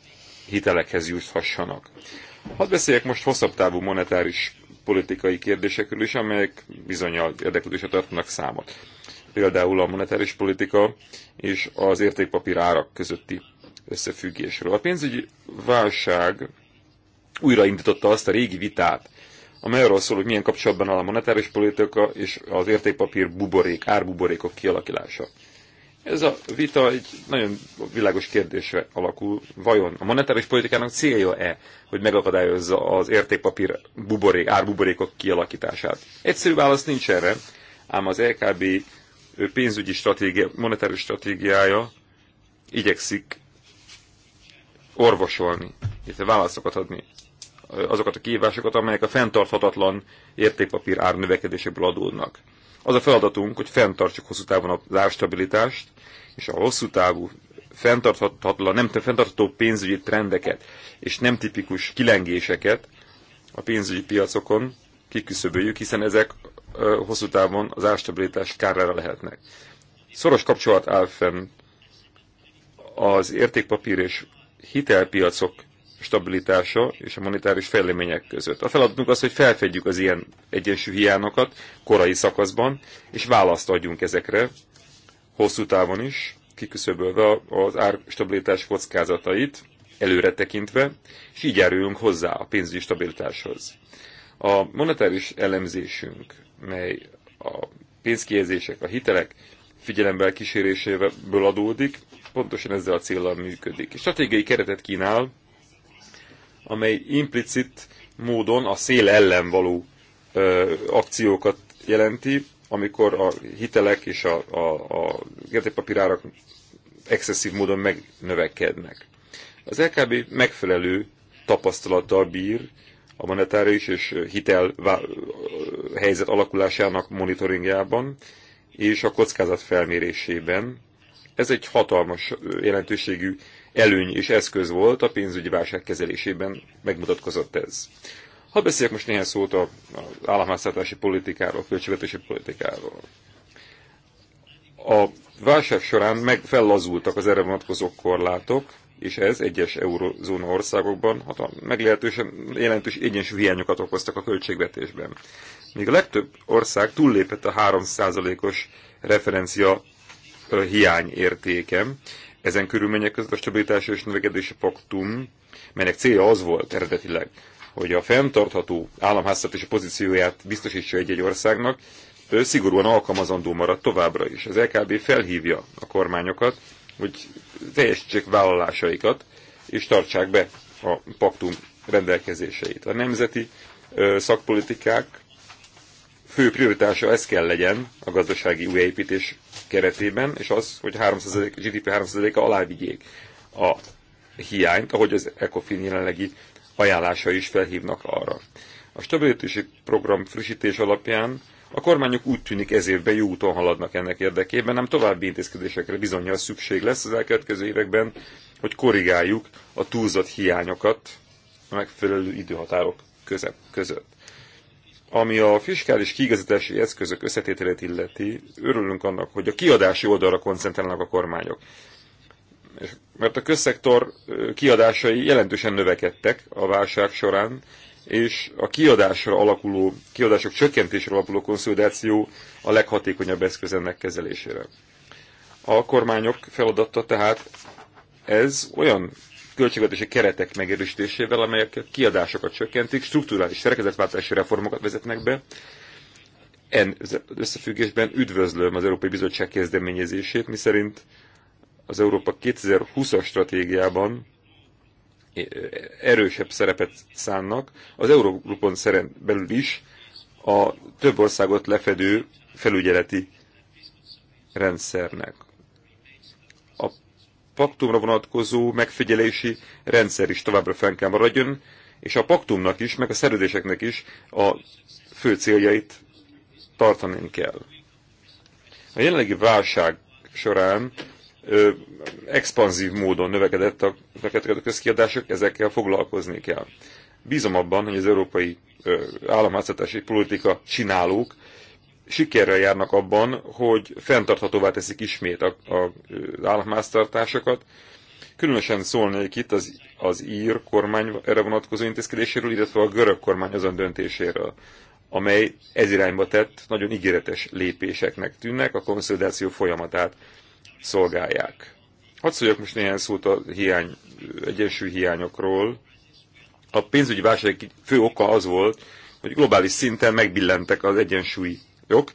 hitelekhez juthassanak. Hadd beszéljek most hosszabb távú monetáris politikai kérdésekről is, amelyek bizonyal érdeklődésre tartanak számot. Például a monetáris politika és az értékpapír árak közötti összefüggésről. A pénzügyi válság újraindította azt a régi vitát, amely arról szól, hogy milyen kapcsolatban áll a monetáris politika és az értékpapír buborék, árbuborékok kialakulása. Ez a vita egy nagyon világos kérdésre alakul. Vajon a monetáris politikának célja-e, hogy megakadályozza az értékpapír buborék, árbuborékok kialakítását? Egyszerű válasz nincs erre, ám az LKB pénzügyi stratégia, monetáris stratégiája igyekszik orvosolni, illetve válaszokat adni azokat a kihívásokat, amelyek a fenntarthatatlan értékpapír ár növekedéséből adódnak. Az a feladatunk, hogy fenntartsuk hosszú távon az árstabilitást, és a hosszú távú fenntarthatatlan, nem fenntartható pénzügyi trendeket és nem tipikus kilengéseket a pénzügyi piacokon kiküszöböljük, hiszen ezek ö, hosszú távon az árstabilitás kárára lehetnek. Szoros kapcsolat áll fenn az értékpapír és hitelpiacok stabilitása és a monetáris fejlemények között. A feladatunk az, hogy felfedjük az ilyen egyensúlyhiányokat korai szakaszban, és választ adjunk ezekre hosszú távon is, kiküszöbölve az árstabilitás kockázatait, előre tekintve, és így járuljunk hozzá a pénzügyi stabilitáshoz. A monetáris elemzésünk, mely a pénzkihelyezések, a hitelek figyelembe kíséréséből adódik, pontosan ezzel a célral működik. A stratégiai keretet kínál, amely implicit módon a szél ellen való ö, akciókat jelenti, amikor a hitelek és a, a, a értékpapírárak excesszív módon megnövekednek. Az LKB megfelelő tapasztalattal bír a monetáris és hitel helyzet alakulásának monitoringjában és a kockázat felmérésében. Ez egy hatalmas jelentőségű előny és eszköz volt, a pénzügyi válság kezelésében megmutatkozott ez. Ha beszéljek most néhány szót az államháztartási politikáról, költségvetési politikáról. A válság során megfellazultak az erre vonatkozó korlátok, és ez egyes eurozóna országokban a meglehetősen jelentős hiányokat okoztak a költségvetésben. Míg a legtöbb ország túllépett a 3%-os referencia hiány értékem, ezen körülmények között a stabilitás és növekedési paktum, melynek célja az volt eredetileg, hogy a fenntartható államháztartási pozícióját biztosítsa egy-egy országnak, szigorúan alkalmazandó marad továbbra is. Az LKB felhívja a kormányokat, hogy teljesítsék vállalásaikat, és tartsák be a paktum rendelkezéseit. A nemzeti szakpolitikák fő prioritása ez kell legyen a gazdasági újjáépítés keretében, és az, hogy 300, GDP 300 a alá vigyék a hiányt, ahogy az ECOFIN jelenlegi ajánlása is felhívnak arra. A stabilitási program frissítés alapján a kormányok úgy tűnik ez évben jó úton haladnak ennek érdekében, nem további intézkedésekre bizonyal szükség lesz az elkövetkező években, hogy korrigáljuk a túlzott hiányokat a megfelelő időhatárok közep, között. Ami a fiskális kiigazítási eszközök összetételét illeti, örülünk annak, hogy a kiadási oldalra koncentrálnak a kormányok mert a közszektor kiadásai jelentősen növekedtek a válság során, és a kiadásra alakuló, kiadások csökkentésre alapuló konszolidáció a leghatékonyabb eszköz ennek kezelésére. A kormányok feladata tehát ez olyan költségvetési keretek megerősítésével, amelyek kiadásokat csökkentik, strukturális szerkezetváltási reformokat vezetnek be. En összefüggésben üdvözlöm az Európai Bizottság kezdeményezését, miszerint az Európa 2020-as stratégiában erősebb szerepet szánnak, az Európon szeren belül is a több országot lefedő felügyeleti rendszernek. A paktumra vonatkozó megfigyelési rendszer is továbbra fenn kell maradjon, és a paktumnak is, meg a szerződéseknek is a fő céljait tartanunk kell. A jelenlegi válság során expanzív módon növekedett a, növekedett a közkiadások, ezekkel foglalkozni kell. Bízom abban, hogy az európai államháztartási politika csinálók sikerrel járnak abban, hogy fenntarthatóvá teszik ismét a, a, az államháztartásokat. Különösen szólnék itt az, az ír kormány erre vonatkozó intézkedéséről, illetve a görög kormány azon döntéséről, amely ez irányba tett, nagyon ígéretes lépéseknek tűnnek a konszolidáció folyamatát szolgálják. Hadd szóljak most néhány szót a hiány, egyensúly hiányokról. A pénzügyi válság fő oka az volt, hogy globális szinten megbillentek az egyensúlyok.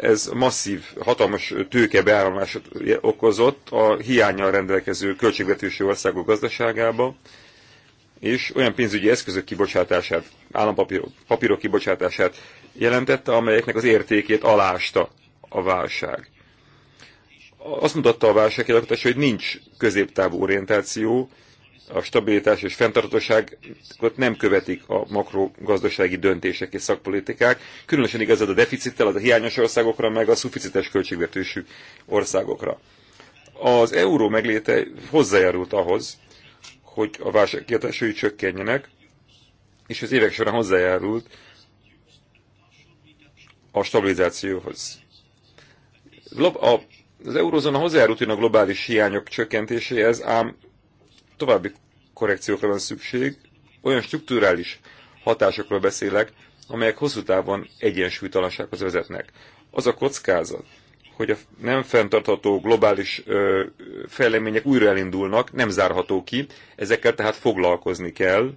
Ez masszív, hatalmas tőkebeáramlásot okozott a hiányal rendelkező költségvetésű országok gazdaságába, és olyan pénzügyi eszközök kibocsátását, állampapírok papírok kibocsátását jelentette, amelyeknek az értékét alásta a válság azt mutatta a válságkialakítás, hogy nincs középtávú orientáció, a stabilitás és fenntartatóságot nem követik a makrogazdasági döntések és szakpolitikák. Különösen igaz a deficittel, az a hiányos országokra, meg a szuficites költségvetésű országokra. Az euró megléte hozzájárult ahhoz, hogy a válságkiatásai csökkenjenek, és az évek során hozzájárult a stabilizációhoz. A az eurozóna hozzájárult a globális hiányok csökkentéséhez, ám további korrekciókra van szükség, olyan strukturális hatásokról beszélek, amelyek hosszú távon egyensúlytalansághoz vezetnek. Az a kockázat, hogy a nem fenntartható globális ö, fejlemények újra elindulnak, nem zárható ki, ezekkel tehát foglalkozni kell,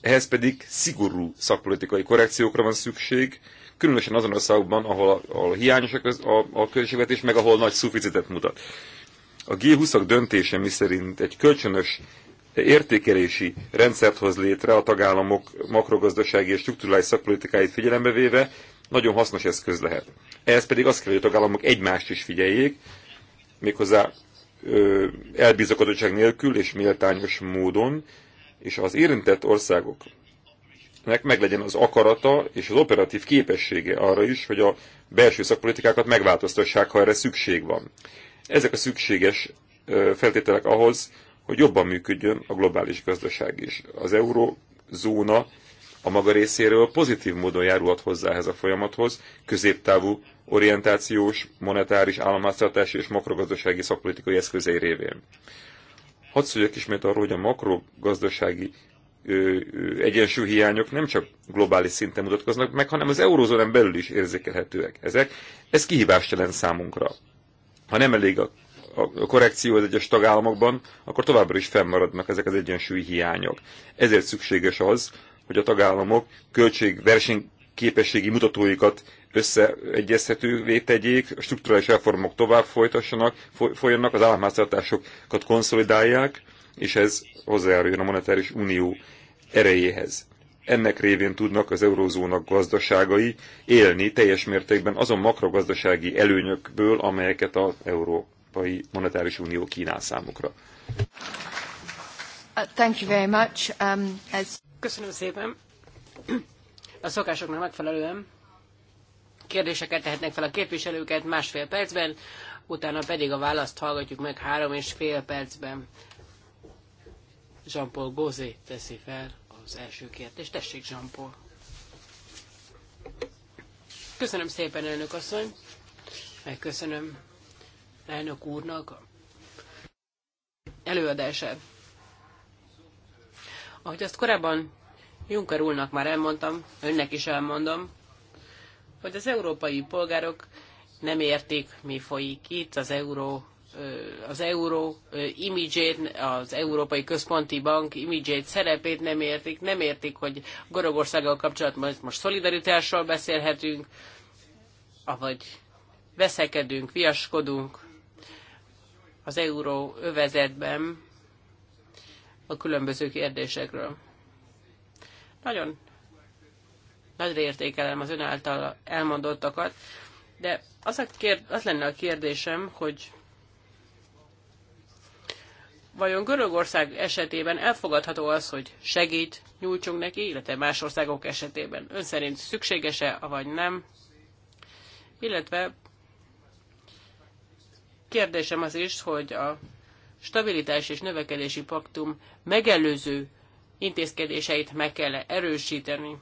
ehhez pedig szigorú szakpolitikai korrekciókra van szükség, különösen azon országokban, ahol, ahol hiányosak az, a, a költségvetés, meg ahol nagy szuficitet mutat. A G20-ak döntése szerint egy kölcsönös értékelési rendszert hoz létre a tagállamok makrogazdasági és struktúrális szakpolitikáit figyelembe véve, nagyon hasznos eszköz lehet. Ehhez pedig azt kell, hogy a tagállamok egymást is figyeljék, méghozzá ö, elbizakodottság nélkül és méltányos módon, és az érintett országok nek meglegyen az akarata és az operatív képessége arra is, hogy a belső szakpolitikákat megváltoztassák, ha erre szükség van. Ezek a szükséges feltételek ahhoz, hogy jobban működjön a globális gazdaság is. Az eurozóna a maga részéről pozitív módon járulhat hozzá ehhez a folyamathoz, középtávú orientációs, monetáris, államháztartási és makrogazdasági szakpolitikai eszközei révén. Hadd szóljak ismét arról, hogy a makrogazdasági egyensúlyhiányok nem csak globális szinten mutatkoznak meg, hanem az eurózónán belül is érzékelhetőek ezek. Ez kihívást jelent számunkra. Ha nem elég a, a korrekció az egyes tagállamokban, akkor továbbra is fennmaradnak ezek az egyensúlyi hiányok. Ezért szükséges az, hogy a tagállamok költségverseny képességi mutatóikat összeegyezhetővé tegyék, a strukturális reformok tovább folytassanak, folyanak, az államháztartásokat konszolidálják, és ez hozzájáruljon a monetáris unió erejéhez. Ennek révén tudnak az eurózónak gazdaságai élni teljes mértékben azon makrogazdasági előnyökből, amelyeket az Európai Monetáris Unió kínál számukra.
Uh, thank you very much. Um, as... Köszönöm
szépen. A szokásoknak megfelelően kérdéseket tehetnek fel a képviselőket másfél percben, utána pedig a választ hallgatjuk meg három és fél percben. Jean-Paul Gauzé teszi fel az első kérdést. Tessék, Jean-Paul! Köszönöm szépen, elnök asszony! Megköszönöm elnök úrnak előadását. Ahogy azt korábban Juncker úrnak már elmondtam, önnek is elmondom, hogy az európai polgárok nem értik, mi folyik itt, az euró az euró imidzsét, az Európai Központi Bank imidzsét, szerepét nem értik, nem értik, hogy Görögországgal kapcsolatban most szolidaritásról beszélhetünk, avagy veszekedünk, viaskodunk az euró övezetben a különböző kérdésekről. Nagyon nagyra értékelem az ön által elmondottakat, de az, a kérd az lenne a kérdésem, hogy Vajon Görögország esetében elfogadható az, hogy segít, nyújtsunk neki, illetve más országok esetében? Ön szerint szükséges-e, vagy nem? Illetve kérdésem az is, hogy a stabilitás és növekedési paktum megelőző intézkedéseit meg kell -e erősíteni.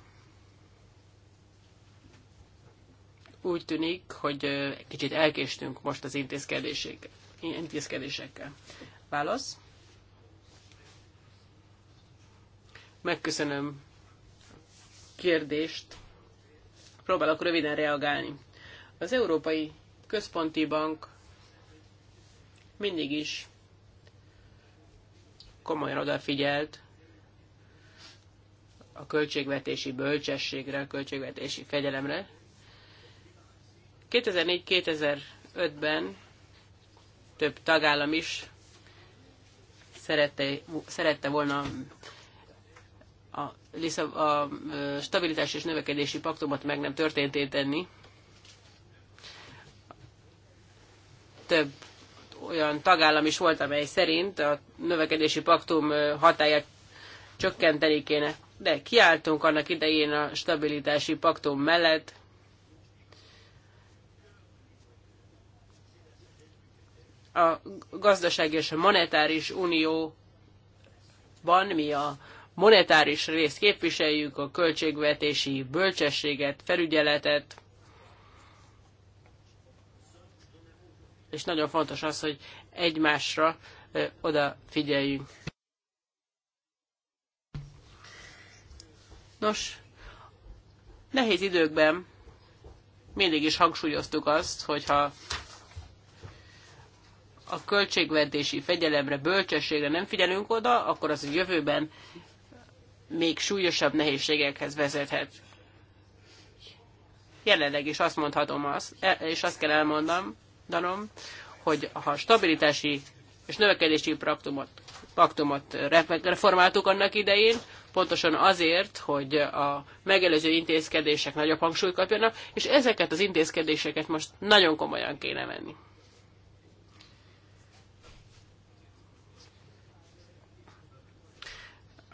Úgy tűnik, hogy kicsit elkéstünk most az intézkedésekkel. Válasz? Megköszönöm a kérdést. Próbálok röviden reagálni. Az Európai Központi Bank mindig is komolyan odafigyelt a költségvetési bölcsességre, a költségvetési fegyelemre. 2004-2005-ben több tagállam is szerette, szerette volna a, a, a stabilitás és növekedési paktumot meg nem történtét tenni. Több olyan tagállam is volt, amely szerint a növekedési paktum hatáját csökkenteni kéne. De kiálltunk annak idején a stabilitási paktum mellett. A gazdaság és a monetáris unióban mi a monetáris részt képviseljük, a költségvetési bölcsességet, felügyeletet, és nagyon fontos az, hogy egymásra odafigyeljünk. Nos, nehéz időkben mindig is hangsúlyoztuk azt, hogyha a költségvetési fegyelemre, bölcsességre nem figyelünk oda, akkor az a jövőben még súlyosabb nehézségekhez vezethet. Jelenleg is azt mondhatom azt, e, és azt kell elmondanom, hogy ha a stabilitási és növekedési paktumot, paktumot reformáltuk annak idején, pontosan azért, hogy a megelőző intézkedések nagyobb hangsúlyt kapjanak, és ezeket az intézkedéseket most nagyon komolyan kéne venni.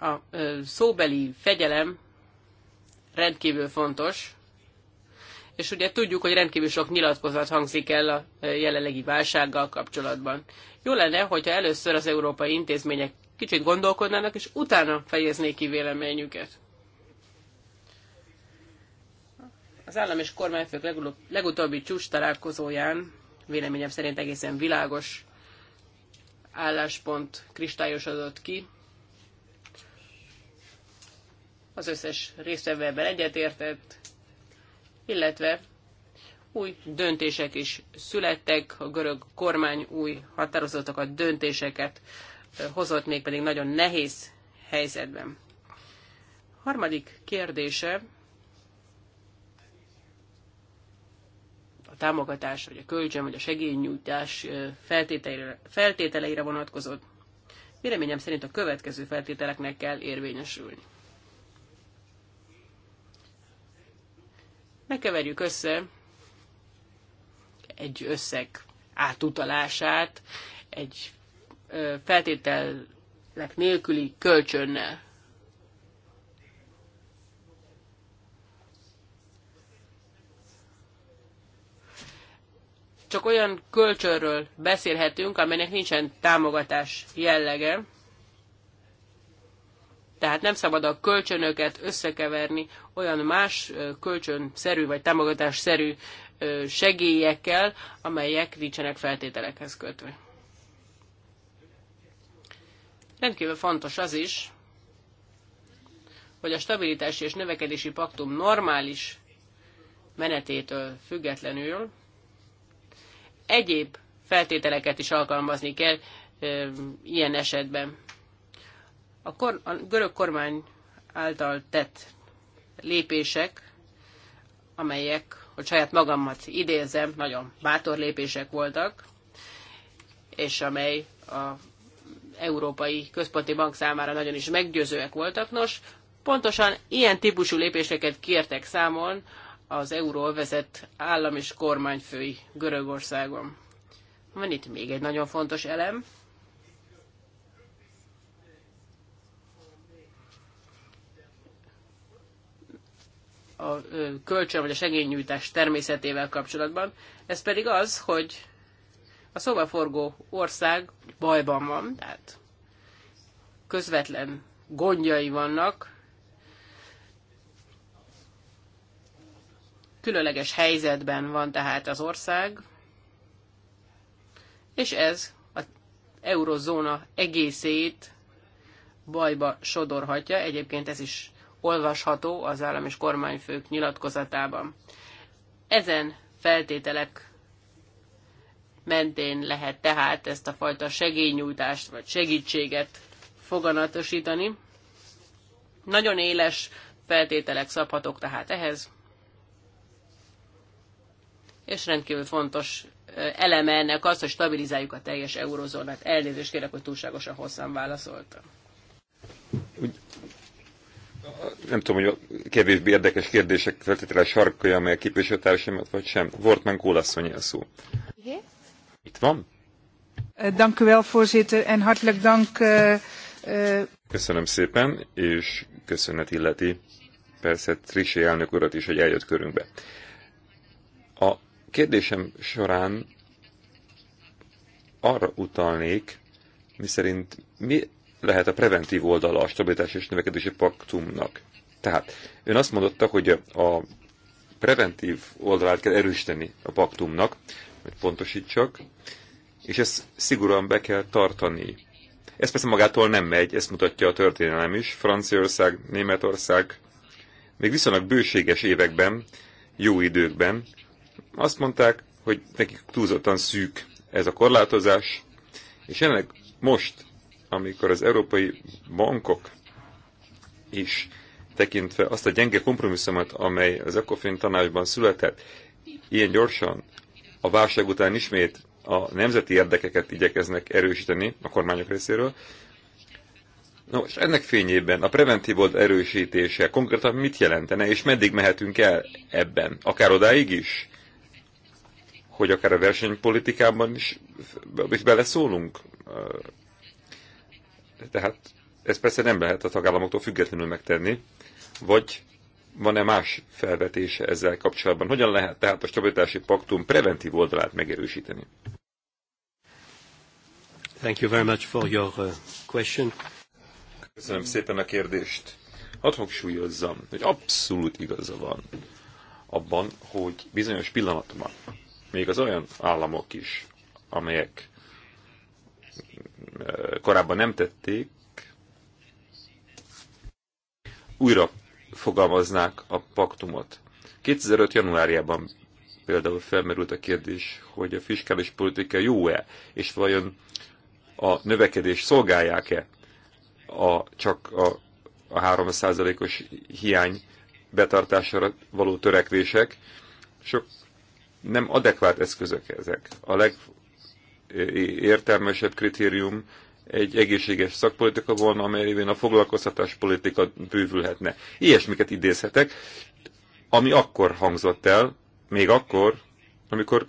a szóbeli fegyelem rendkívül fontos, és ugye tudjuk, hogy rendkívül sok nyilatkozat hangzik el a jelenlegi válsággal kapcsolatban. Jó lenne, hogyha először az európai intézmények kicsit gondolkodnának, és utána fejeznék ki véleményüket. Az állam és kormányfők legutóbbi csúcs találkozóján véleményem szerint egészen világos álláspont kristályosodott ki, az összes résztvevő egyetértett, illetve új döntések is születtek, a görög kormány új határozatokat, döntéseket hozott, még pedig nagyon nehéz helyzetben. A harmadik kérdése a támogatás, vagy a kölcsön, vagy a segélynyújtás feltételeire, feltételeire vonatkozott. Véleményem szerint a következő feltételeknek kell érvényesülni. Ne keverjük össze egy összeg átutalását egy feltételek nélküli kölcsönnel. Csak olyan kölcsönről beszélhetünk, amelynek nincsen támogatás jellege, tehát nem szabad a kölcsönöket összekeverni olyan más kölcsönszerű vagy támogatásszerű segélyekkel, amelyek nincsenek feltételekhez kötve. Rendkívül fontos az is, hogy a stabilitási és növekedési paktum normális menetétől függetlenül egyéb feltételeket is alkalmazni kell ilyen esetben. A, kor, a görög kormány által tett lépések, amelyek, hogy saját magamat idézem, nagyon bátor lépések voltak, és amely a Európai Központi Bank számára nagyon is meggyőzőek voltak. Nos, pontosan ilyen típusú lépéseket kértek számon az euróvezet állam és kormányfői Görögországon. Van itt még egy nagyon fontos elem, a kölcsön vagy a segényújtás természetével kapcsolatban. Ez pedig az, hogy a szobaforgó ország bajban van, tehát közvetlen gondjai vannak, különleges helyzetben van tehát az ország, és ez az eurozóna egészét bajba sodorhatja. Egyébként ez is olvasható az állam és kormányfők nyilatkozatában. Ezen feltételek mentén lehet tehát ezt a fajta segélynyújtást vagy segítséget foganatosítani. Nagyon éles feltételek szabhatok tehát ehhez, és rendkívül fontos eh, eleme ennek az, hogy stabilizáljuk a teljes eurozónát. Elnézést kérek, hogy túlságosan hosszan válaszoltam. Úgy,
nem tudom, hogy kevésbé érdekes kérdések feltétele sarkolja, amely a képviselőtársaimat, vagy sem. Wortmann Kólaszony a szó. Itt van? Eh, dank
u wel, voorzitter, en hartelijk dank. Eh, eh.
Köszönöm szépen, és köszönet illeti persze Trisi elnök urat is, hogy eljött körünkbe. A kérdésem során arra utalnék, miszerint mi lehet a preventív oldala a stabilitás és növekedési paktumnak. Tehát ön azt mondotta, hogy a preventív oldalát kell erősíteni a paktumnak, hogy pontosítsak, és ezt szigorúan be kell tartani. Ez persze magától nem megy, ezt mutatja a történelem is. Franciaország, Németország még viszonylag bőséges években, jó időkben azt mondták, hogy nekik túlzottan szűk ez a korlátozás, és ennek most amikor az európai bankok is tekintve azt a gyenge kompromisszumot, amely az ECOFIN tanácsban született, ilyen gyorsan a válság után ismét a nemzeti érdekeket igyekeznek erősíteni a kormányok részéről. No, és ennek fényében a preventív old erősítése konkrétan mit jelentene, és meddig mehetünk el ebben? Akár odáig is? Hogy akár a versenypolitikában is, is beleszólunk tehát ezt persze nem lehet a tagállamoktól függetlenül megtenni, vagy van-e más felvetése ezzel kapcsolatban? Hogyan lehet tehát a stabilitási paktum preventív oldalát megerősíteni?
Thank you very much for your uh, question.
Köszönöm szépen a kérdést. Hadd hangsúlyozzam, hogy abszolút igaza van abban, hogy bizonyos pillanatban még az olyan államok is, amelyek korábban nem tették, újra fogalmaznák a paktumot. 2005. januárjában például felmerült a kérdés, hogy a fiskális politika jó-e, és vajon a növekedés szolgálják-e a, csak a, a 3%-os hiány betartására való törekvések. Sok nem adekvát eszközök ezek. A leg, értelmesebb kritérium egy egészséges szakpolitika volna, amely révén a foglalkoztatáspolitika bővülhetne. Ilyesmiket idézhetek, ami akkor hangzott el, még akkor, amikor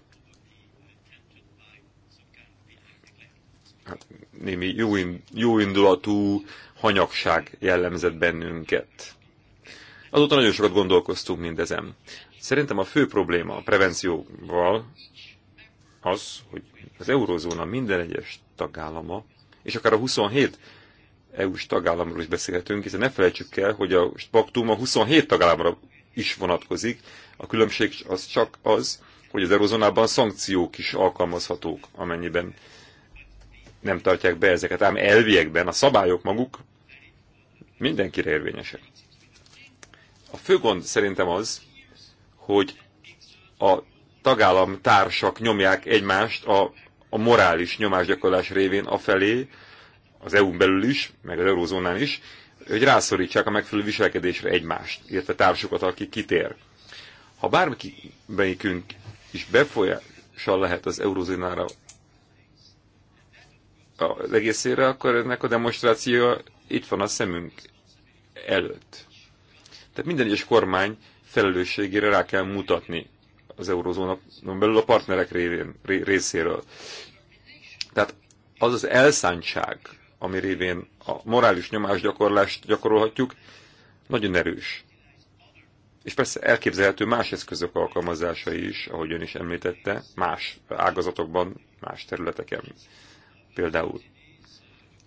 hát, némi jó, jó indulatú hanyagság jellemzett bennünket. Azóta nagyon sokat gondolkoztunk mindezen. Szerintem a fő probléma a prevencióval az, hogy az eurózóna minden egyes tagállama, és akár a 27 EU-s tagállamról is beszélhetünk, hiszen ne felejtsük el, hogy a paktum a 27 tagállamra is vonatkozik, a különbség az csak az, hogy az eurozónában szankciók is alkalmazhatók, amennyiben nem tartják be ezeket, ám elviekben a szabályok maguk mindenkire érvényesek. A fő gond szerintem az, hogy a tagállam társak nyomják egymást a, a morális nyomásgyakorlás révén afelé, az EU-n belül is, meg az eurózónán is, hogy rászorítsák a megfelelő viselkedésre egymást, illetve társukat, aki kitér. Ha bármikünk is befolyással lehet az eurózónára az egészére, akkor ennek a demonstráció itt van a szemünk előtt. Tehát minden egyes kormány felelősségére rá kell mutatni az eurozóna belül a partnerek révén, ré, részéről. Tehát az az elszántság, ami révén a morális gyakorlást gyakorolhatjuk, nagyon erős. És persze elképzelhető más eszközök alkalmazása is, ahogy ön is említette, más ágazatokban, más területeken. Például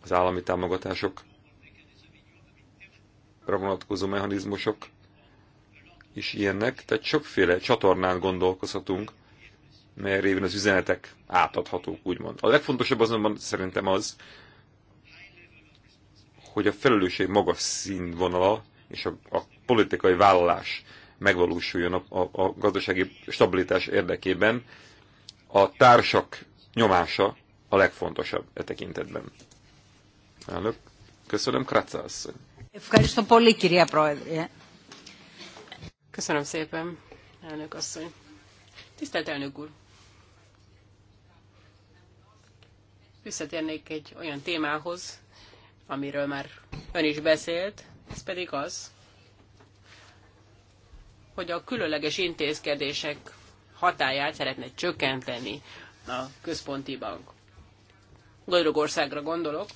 az állami támogatásokra vonatkozó mechanizmusok is ilyennek, tehát sokféle csatornán gondolkozhatunk, mely révén az üzenetek átadhatók, úgymond. A legfontosabb azonban szerintem az, hogy a felelősség magas színvonala és a, a politikai vállalás megvalósuljon a, a, a gazdasági stabilitás érdekében, a társak nyomása a legfontosabb e tekintetben. Elnök, köszönöm, Kratza asszony.
Köszönöm,
Köszönöm szépen, elnök asszony. Tisztelt elnök úr! Visszatérnék egy olyan témához, amiről már ön is beszélt, ez pedig az, hogy a különleges intézkedések hatáját szeretne csökkenteni a központi bank. Görögországra gondolok.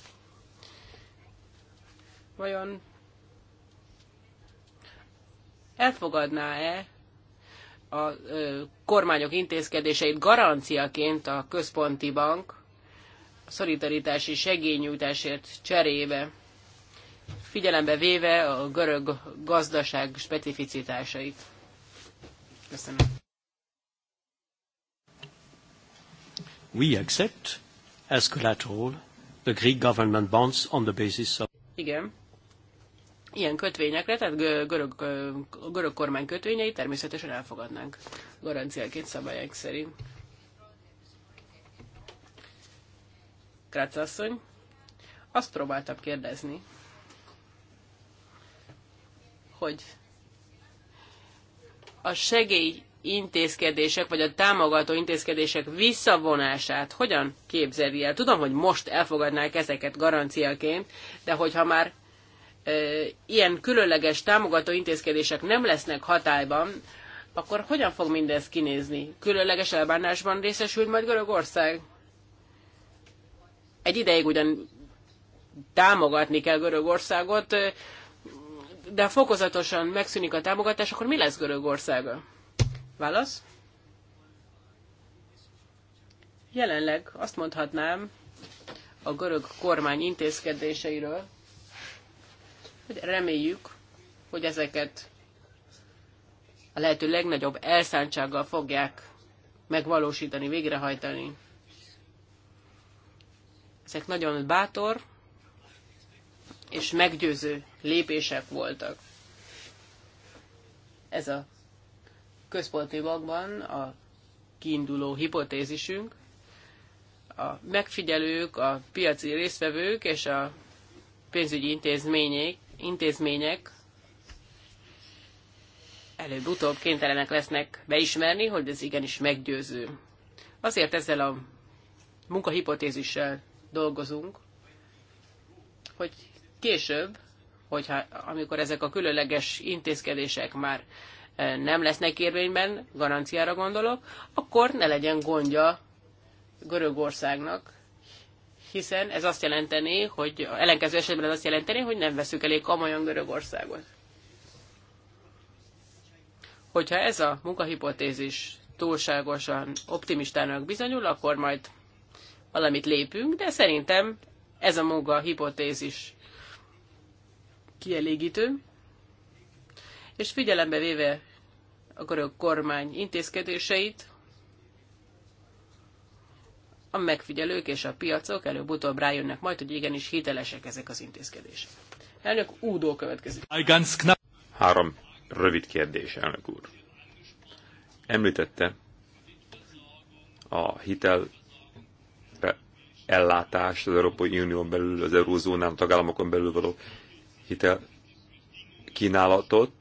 Vajon elfogadná-e a kormányok intézkedéseit garanciaként a központi bank a szolidaritási segélynyújtásért cserébe, figyelembe véve a görög gazdaság specificitásait. Köszönöm.
We accept as collateral the Greek government bonds on the basis of...
Igen ilyen kötvényekre, tehát görög, görög kormány kötvényei természetesen elfogadnánk garanciálként szabályok szerint. Krácz asszony, azt próbáltam kérdezni, hogy a segély intézkedések, vagy a támogató intézkedések visszavonását hogyan képzeli el? Tudom, hogy most elfogadnák ezeket garanciaként, de hogyha már ilyen különleges támogató intézkedések nem lesznek hatályban, akkor hogyan fog mindez kinézni? Különleges elbánásban részesült majd Görögország? Egy ideig ugyan támogatni kell Görögországot, de fokozatosan megszűnik a támogatás, akkor mi lesz Görögországa? Válasz? Jelenleg azt mondhatnám a görög kormány intézkedéseiről, hogy reméljük, hogy ezeket a lehető legnagyobb elszántsággal fogják megvalósítani, végrehajtani. Ezek nagyon bátor és meggyőző lépések voltak. Ez a központi magban a kiinduló hipotézisünk. A megfigyelők, a piaci résztvevők és a pénzügyi intézmények intézmények előbb-utóbb kénytelenek lesznek beismerni, hogy ez igenis meggyőző. Azért ezzel a munkahipotézissel dolgozunk, hogy később, hogyha, amikor ezek a különleges intézkedések már e, nem lesznek érvényben, garanciára gondolok, akkor ne legyen gondja Görögországnak hiszen ez azt jelenteni, hogy ellenkező esetben ez azt jelenteni, hogy nem veszük elég komolyan Görögországot. Hogyha ez a munkahipotézis túlságosan optimistának bizonyul, akkor majd valamit lépünk, de szerintem ez a munkahipotézis kielégítő, és figyelembe véve a görög kormány intézkedéseit, a megfigyelők és a piacok előbb-utóbb rájönnek majd, hogy igenis hitelesek ezek az intézkedések. Elnök Údó következik.
Három rövid kérdés, elnök úr. Említette a hitel ellátást az Európai Unión belül, az Eurózónán, tagállamokon belül való hitel kínálatot.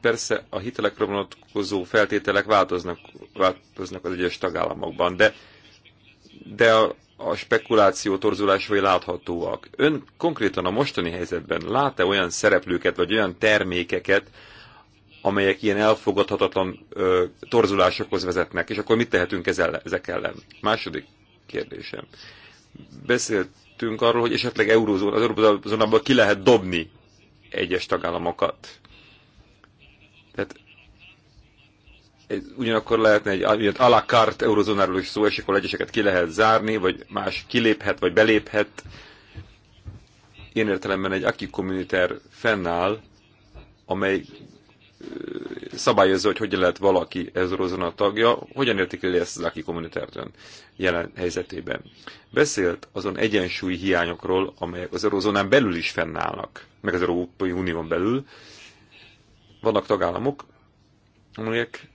Persze a hitelekre vonatkozó feltételek változnak, változnak az egyes tagállamokban, de de a, a spekuláció torzulásai láthatóak. Ön konkrétan a mostani helyzetben lát-e olyan szereplőket, vagy olyan termékeket, amelyek ilyen elfogadhatatlan ö, torzulásokhoz vezetnek, és akkor mit tehetünk ezzel, ezek ellen? Második kérdésem. Beszéltünk arról, hogy esetleg eurózón, az eurózónából ki lehet dobni egyes tagállamokat. Tehát ugyanakkor lehetne egy a la carte eurozónáról is szó, és akkor egyeseket ki lehet zárni, vagy más kiléphet, vagy beléphet. Én értelemben egy aki kommuniter fennáll, amely szabályozza, hogy hogyan lehet valaki ez eurozóna tagja, hogyan értik el ezt az aki kommunitártön jelen helyzetében. Beszélt azon egyensúly hiányokról, amelyek az eurozónán belül is fennállnak, meg az Európai Unión belül. Vannak tagállamok, amelyek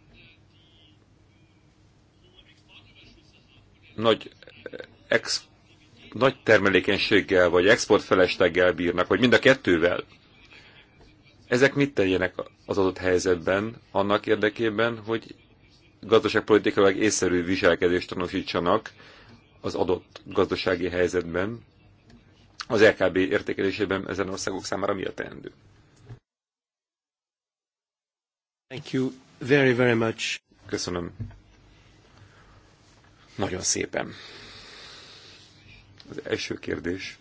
nagy, ex, nagy termelékenységgel vagy exportfelesteggel bírnak, vagy mind a kettővel, ezek mit tegyenek az adott helyzetben annak érdekében, hogy gazdaságpolitikailag észszerű viselkedést tanúsítsanak az adott gazdasági helyzetben, az LKB értékelésében ezen országok számára mi a teendő? Thank you very, very much. Köszönöm nagyon szépen. Az első kérdés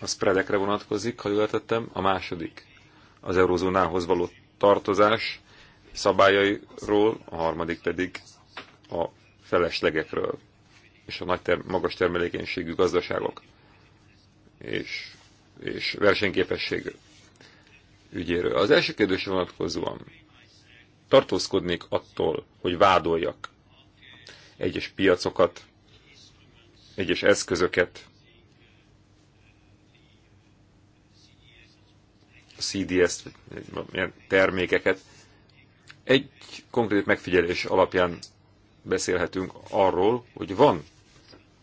a spreadekre vonatkozik, ha jól értettem, a második az eurozónához való tartozás szabályairól, a harmadik pedig a feleslegekről és a nagy ter magas termelékenységű gazdaságok és, és versenyképesség ügyéről. Az első kérdésre vonatkozóan tartózkodnék attól, hogy vádoljak egyes piacokat, egyes eszközöket, CDS-t, ilyen termékeket. Egy konkrét megfigyelés alapján beszélhetünk arról, hogy van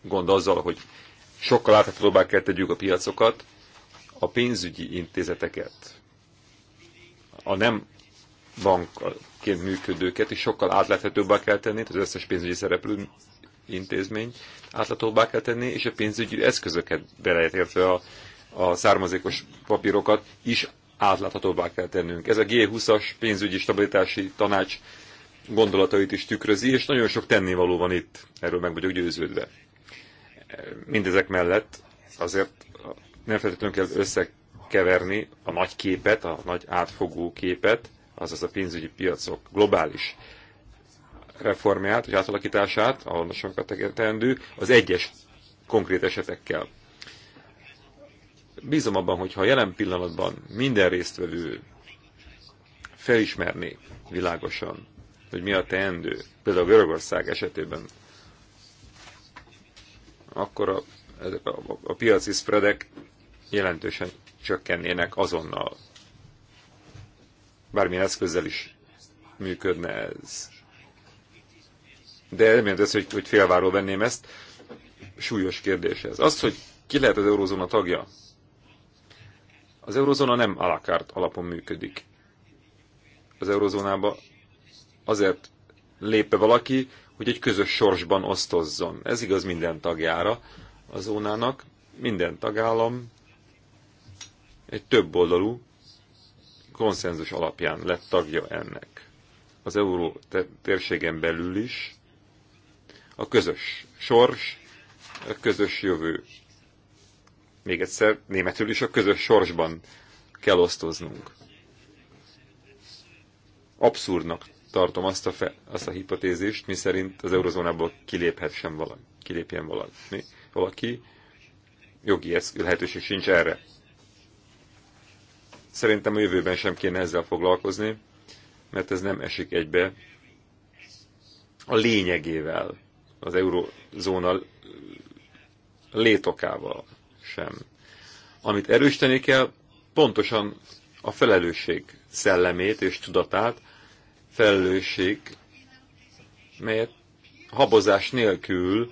gond azzal, hogy sokkal láthatóbbá kell tegyük a piacokat, a pénzügyi intézeteket, a nem bank, szervezetként működőket és sokkal átláthatóbbá kell tenni, az összes pénzügyi szereplő intézmény átláthatóbbá kell tenni, és a pénzügyi eszközöket beleértve a, a származékos papírokat is átláthatóbbá kell tennünk. Ez a G20-as pénzügyi stabilitási tanács gondolatait is tükrözi, és nagyon sok tennivaló van itt, erről meg vagyok győződve. Mindezek mellett azért nem feltétlenül kell összekeverni a nagy képet, a nagy átfogó képet azaz a pénzügyi piacok globális reformját, vagy átalakítását, ahol sokat teendő, az egyes konkrét esetekkel. Bízom abban, hogy ha jelen pillanatban minden résztvevő felismerné világosan, hogy mi a teendő, például Görögország esetében, akkor a, a, a, a piaci spreadek jelentősen csökkennének azonnal bármilyen eszközzel is működne ez. De nem ez, hogy, hogy félváról venném ezt. Súlyos kérdés ez. Az, hogy ki lehet az eurozóna tagja? Az eurozóna nem alakárt alapon működik. Az eurozónába azért lépe valaki, hogy egy közös sorsban osztozzon. Ez igaz minden tagjára a zónának. Minden tagállam egy több oldalú konszenzus alapján lett tagja ennek. Az euró térségen belül is a közös sors, a közös jövő. Még egyszer, németül is a közös sorsban kell osztoznunk. Abszurdnak tartom azt a, fe, azt a hipotézist, mi szerint az eurozónából sem valami, kilépjen valami, Valaki jogi lehetőség sincs erre. Szerintem a jövőben sem kéne ezzel foglalkozni, mert ez nem esik egybe a lényegével, az eurozóna létokával sem. Amit erősteni kell, pontosan a felelősség szellemét és tudatát, felelősség, melyet habozás nélkül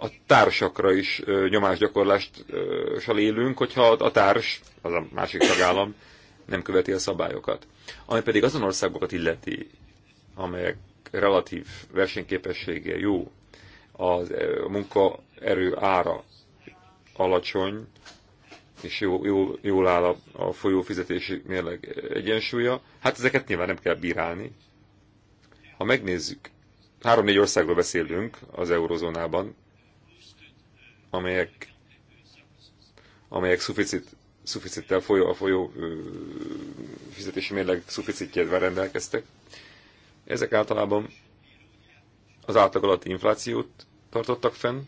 a társakra is nyomásgyakorlással élünk, hogyha a társ, az a másik tagállam nem követi a szabályokat. Ami pedig azon országokat illeti, amelyek relatív versenyképessége jó, az, a munkaerő ára alacsony, és jó, jó, jól áll a, a folyó fizetési mérleg egyensúlya, hát ezeket nyilván nem kell bírálni. Ha megnézzük, három-négy országról beszélünk az eurozónában, amelyek, amelyek szuficit, szuficittel folyó, a folyó fizetési mérleg szuficitjével rendelkeztek. Ezek általában az átlag alatti inflációt tartottak fenn,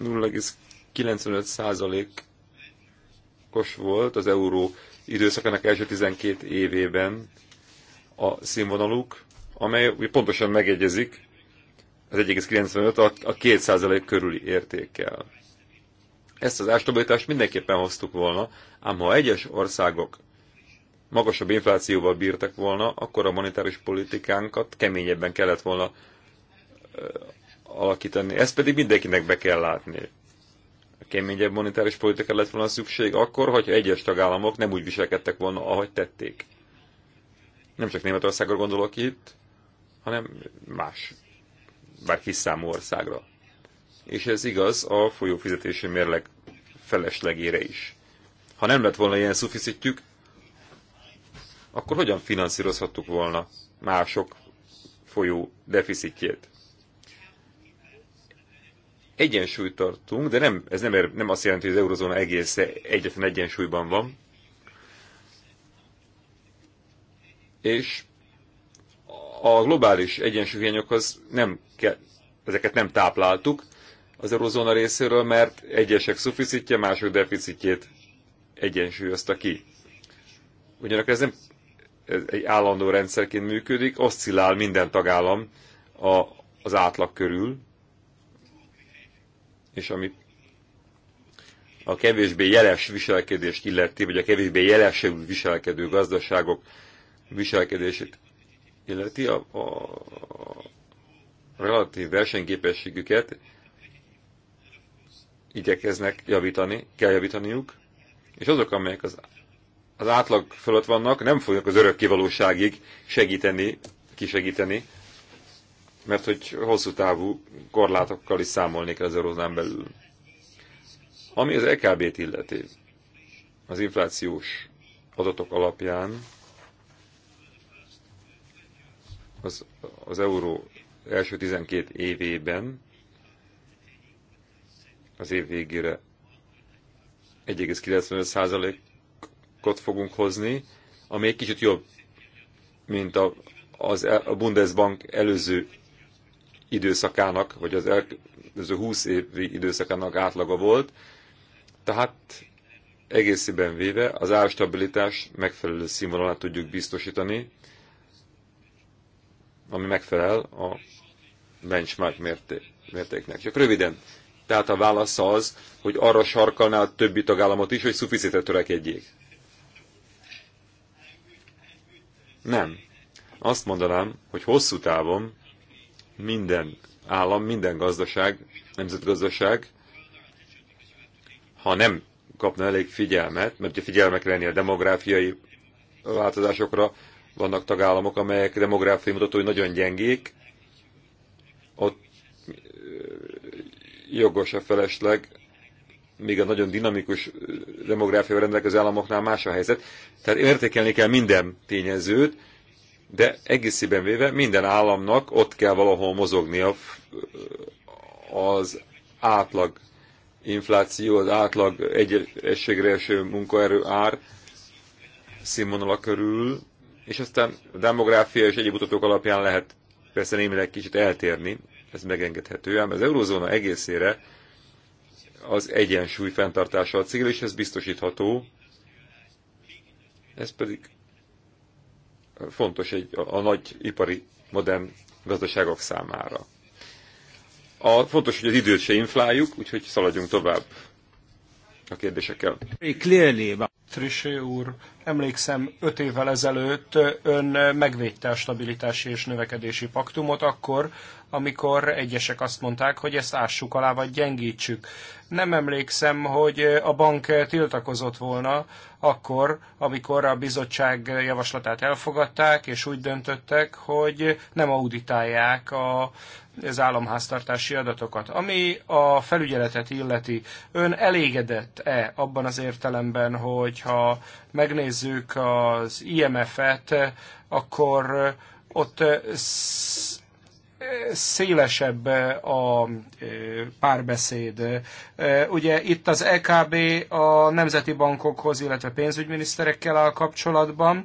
0,95%-os volt az euró időszakának első 12 évében a színvonaluk, amely pontosan megegyezik az 1,95 a, 2% körüli értékkel. Ezt az árstabilitást mindenképpen hoztuk volna, ám ha egyes országok magasabb inflációval bírtak volna, akkor a monetáris politikánkat keményebben kellett volna ö, alakítani. Ezt pedig mindenkinek be kell látni. A keményebb monetáris politika lett volna szükség akkor, hogyha egyes tagállamok nem úgy viselkedtek volna, ahogy tették. Nem csak Németországra gondolok itt, hanem más bár kis számú országra. És ez igaz a folyófizetési mérleg feleslegére is. Ha nem lett volna ilyen szuficitjük, akkor hogyan finanszírozhattuk volna mások folyó deficitjét? Egyensúlyt tartunk, de nem, ez nem, nem azt jelenti, hogy az eurozóna egész egyetlen egyensúlyban van. És a globális egyensúlyhiányokhoz nem ke, ezeket nem tápláltuk az eurozóna részéről, mert egyesek szuficitje, mások deficitjét egyensúlyozta ki. Ugyanakkor ez nem ez egy állandó rendszerként működik, oszcillál minden tagállam a, az átlag körül, és ami a kevésbé jeles viselkedést illeti, vagy a kevésbé jelesebb viselkedő gazdaságok viselkedését illeti a, a relatív versenyképességüket igyekeznek javítani, kell javítaniuk, és azok, amelyek az, az átlag fölött vannak, nem fognak az örök kivalóságig segíteni, kisegíteni, mert hogy hosszú távú korlátokkal is számolni kell az eurózán belül. Ami az EKB-t illeti, az inflációs adatok alapján az, az euró első 12 évében az év végére 1,95%-ot fogunk hozni, ami egy kicsit jobb, mint a, az, a Bundesbank előző időszakának, vagy az előző 20 évi időszakának átlaga volt. Tehát egészében véve az árstabilitás megfelelő színvonalát tudjuk biztosítani, ami megfelel a benchmark mértéknek. Csak röviden. Tehát a válasz az, hogy arra sarkalná a többi tagállamot is, hogy szuficitre törekedjék. Nem. Azt mondanám, hogy hosszú távon minden állam, minden gazdaság, nemzetgazdaság, ha nem kapna elég figyelmet, mert ugye figyelmek lenni a demográfiai változásokra, vannak tagállamok, amelyek demográfiai mutatói nagyon gyengék, ott jogos a felesleg, míg a nagyon dinamikus demográfiai rendelkező államoknál más a helyzet. Tehát értékelni kell minden tényezőt, de egészében véve minden államnak ott kell valahol mozognia az átlag infláció, az átlag egyességre eső munkaerő ár színvonala körül, és aztán a demográfia és egyéb utatók alapján lehet persze némileg kicsit eltérni, ez megengedhető, ám az eurozóna egészére az egyensúly fenntartása a cél, és ez biztosítható. Ez pedig fontos egy, a, a nagy ipari modern gazdaságok számára. A, fontos, hogy az időt se infláljuk, úgyhogy szaladjunk tovább a kérdésekkel.
Trissé úr, emlékszem, öt évvel ezelőtt ön megvédte a stabilitási és növekedési paktumot akkor, amikor egyesek azt mondták, hogy ezt ássuk alá, vagy gyengítsük. Nem emlékszem, hogy a bank tiltakozott volna akkor, amikor a bizottság javaslatát elfogadták, és úgy döntöttek, hogy nem auditálják a az államháztartási adatokat. Ami a felügyeletet illeti, ön elégedett-e abban az értelemben, hogyha megnézzük az IMF-et, akkor ott eh, szélesebb a párbeszéd. Ugye itt az EKB a nemzeti bankokhoz, illetve pénzügyminiszterekkel áll kapcsolatban,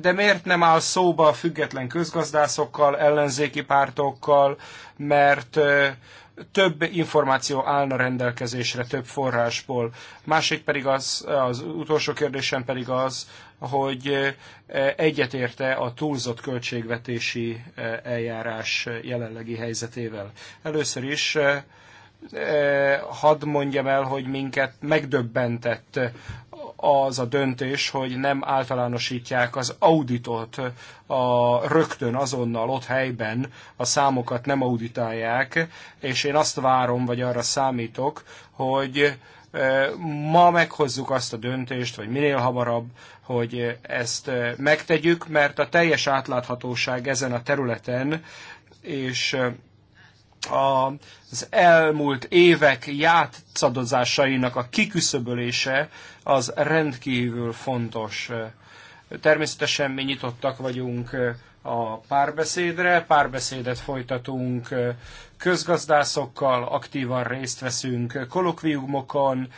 de miért nem áll szóba a független közgazdászokkal, ellenzéki pártokkal, mert több információ állna rendelkezésre több forrásból. Másik pedig az, az utolsó kérdésem pedig az, hogy e, egyetérte a túlzott költségvetési e, eljárás jelenlegi helyzetével. Először is e, hadd mondjam el, hogy minket megdöbbentett az a döntés, hogy nem általánosítják az auditot a rögtön azonnal ott helyben, a számokat nem auditálják, és én azt várom, vagy arra számítok, hogy e, ma meghozzuk azt a döntést, vagy minél hamarabb, hogy ezt e, megtegyük, mert a teljes átláthatóság ezen a területen, és e, az elmúlt évek játszadozásainak a kiküszöbölése az rendkívül fontos. Természetesen mi nyitottak vagyunk a párbeszédre. Párbeszédet folytatunk közgazdászokkal, aktívan részt veszünk kolokviumokon,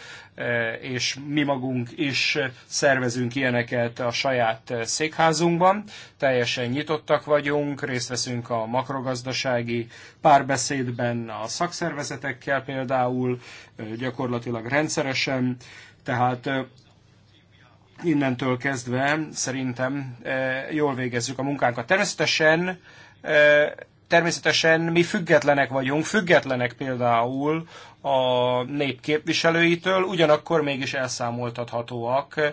és mi magunk is szervezünk ilyeneket a saját székházunkban. Teljesen nyitottak vagyunk, részt veszünk a makrogazdasági párbeszédben a szakszervezetekkel például, gyakorlatilag rendszeresen. Tehát innentől kezdve szerintem eh, jól végezzük a munkánkat. Természetesen eh, Természetesen mi függetlenek vagyunk, függetlenek például a népképviselőitől, ugyanakkor mégis elszámoltathatóak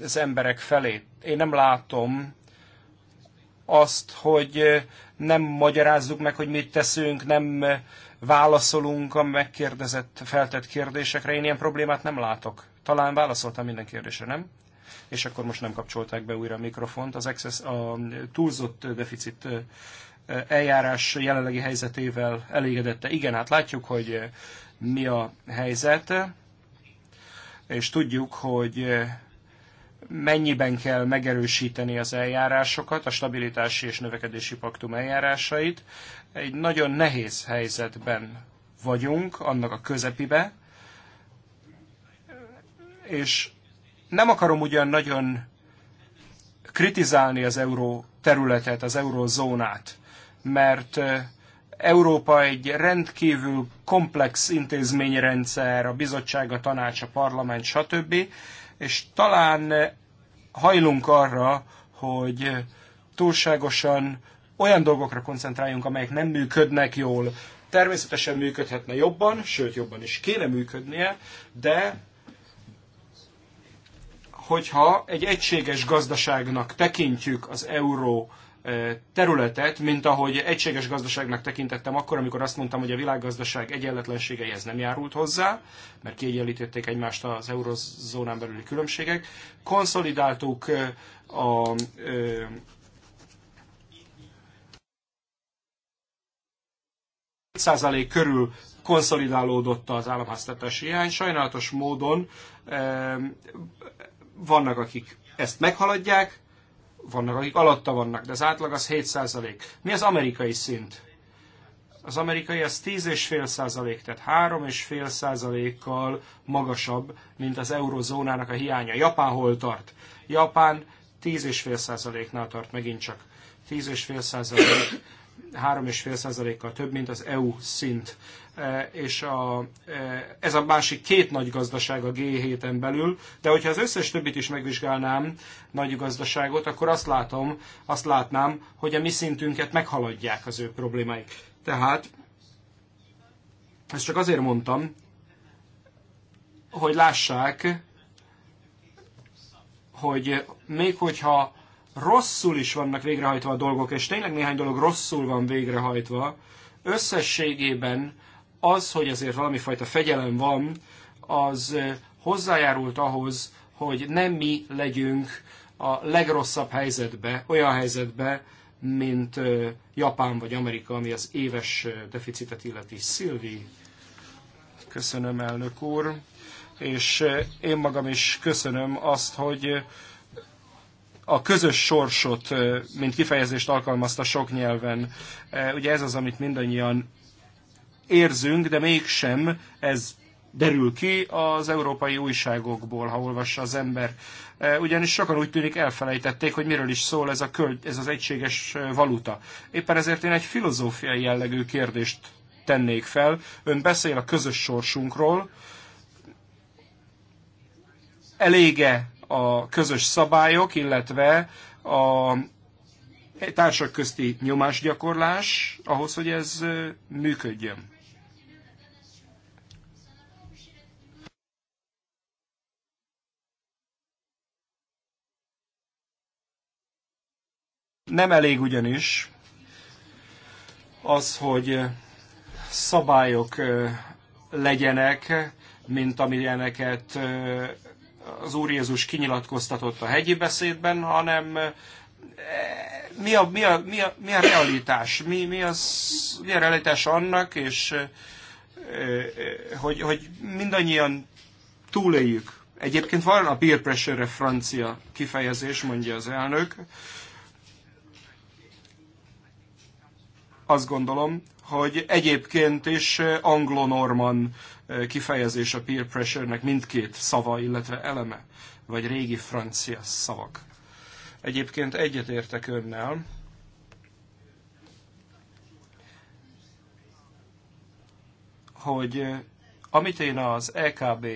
az emberek felé. Én nem látom azt, hogy nem magyarázzuk meg, hogy mit teszünk, nem válaszolunk a megkérdezett, feltett kérdésekre. Én ilyen problémát nem látok. Talán válaszoltam minden kérdésre, nem? És akkor most nem kapcsolták be újra a mikrofont. Az excess, a túlzott deficit eljárás jelenlegi helyzetével elégedette. Igen, hát látjuk, hogy mi a helyzet, és tudjuk, hogy mennyiben kell megerősíteni az eljárásokat, a stabilitási és növekedési paktum eljárásait. Egy nagyon nehéz helyzetben vagyunk, annak a közepibe, és nem akarom ugyan nagyon kritizálni az euró területet, az eurózónát, mert Európa egy rendkívül komplex intézményrendszer, a bizottság, a tanács, a parlament, stb és talán eh, hajlunk arra, hogy eh, túlságosan olyan dolgokra koncentráljunk, amelyek nem működnek jól. Természetesen működhetne jobban, sőt jobban is kéne működnie, de hogyha egy egységes gazdaságnak tekintjük az euró területet, mint ahogy egységes gazdaságnak tekintettem akkor, amikor azt mondtam, hogy a világgazdaság egyenletlenségeihez nem járult hozzá, mert kiegyenlítették egymást az eurozónán belüli különbségek. Konszolidáltuk a százalék körül konszolidálódott az államháztartási hiány. Sajnálatos módon vannak, akik ezt meghaladják, vannak, akik alatta vannak, de az átlag az 7 százalék. Mi az amerikai szint? Az amerikai az 10,5 százalék, tehát 3,5 százalékkal magasabb, mint az eurozónának a hiánya. Japán hol tart? Japán 10,5 százaléknál tart megint csak. 10,5 százalék 3,5%-kal több, mint az EU szint. E, és a, e, ez a másik két nagy gazdaság a G7-en belül, de hogyha az összes többit is megvizsgálnám, nagy gazdaságot, akkor azt látom, azt látnám, hogy a mi szintünket meghaladják az ő problémáik. Tehát, ezt csak azért mondtam, hogy lássák, hogy még hogyha rosszul is vannak végrehajtva a dolgok, és tényleg néhány dolog rosszul van végrehajtva, összességében az, hogy azért valamifajta fegyelem van, az hozzájárult ahhoz, hogy nem mi legyünk a legrosszabb helyzetbe, olyan helyzetbe, mint Japán vagy Amerika, ami az éves deficitet illeti. Szilvi, köszönöm elnök úr, és én magam is köszönöm azt, hogy a közös sorsot, mint kifejezést alkalmazta sok nyelven. Ugye ez az, amit mindannyian érzünk, de mégsem ez derül ki az európai újságokból, ha olvassa az ember. Ugyanis sokan úgy tűnik elfelejtették, hogy miről is szól ez, a költ, ez az egységes valuta. Éppen ezért én egy filozófiai jellegű kérdést tennék fel. Ön beszél a közös sorsunkról. Elége a közös szabályok, illetve a társak közti nyomásgyakorlás ahhoz, hogy ez működjön. Nem elég ugyanis az, hogy szabályok legyenek, mint amilyeneket az Úr Jézus kinyilatkoztatott a hegyi beszédben, hanem eh, mi a, mi a, mi a, mi a realitás, mi, mi, az, mi a realitás annak, és eh, eh, hogy, hogy mindannyian túléljük. Egyébként van a peer pressure francia kifejezés, mondja az elnök. Azt gondolom, hogy egyébként is anglonorman kifejezés a peer pressure-nek mindkét szava, illetve eleme, vagy régi francia szavak. Egyébként egyetértek önnel, hogy amit én az EKB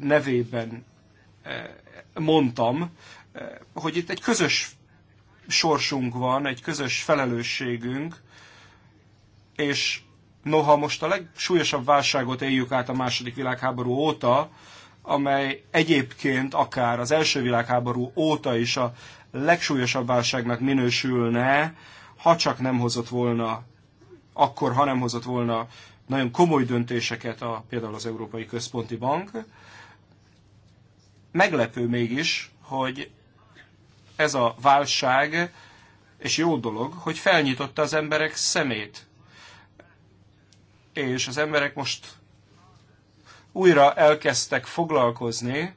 nevében mondtam, hogy itt egy közös sorsunk van, egy közös felelősségünk, és Noha most a legsúlyosabb válságot éljük át a második világháború óta, amely egyébként akár az első világháború óta is a legsúlyosabb válságnak minősülne, ha csak nem hozott volna, akkor ha nem hozott volna nagyon komoly döntéseket a, például az Európai Központi Bank. Meglepő mégis, hogy ez a válság, és jó dolog, hogy felnyitotta az emberek szemét és az emberek most újra elkezdtek foglalkozni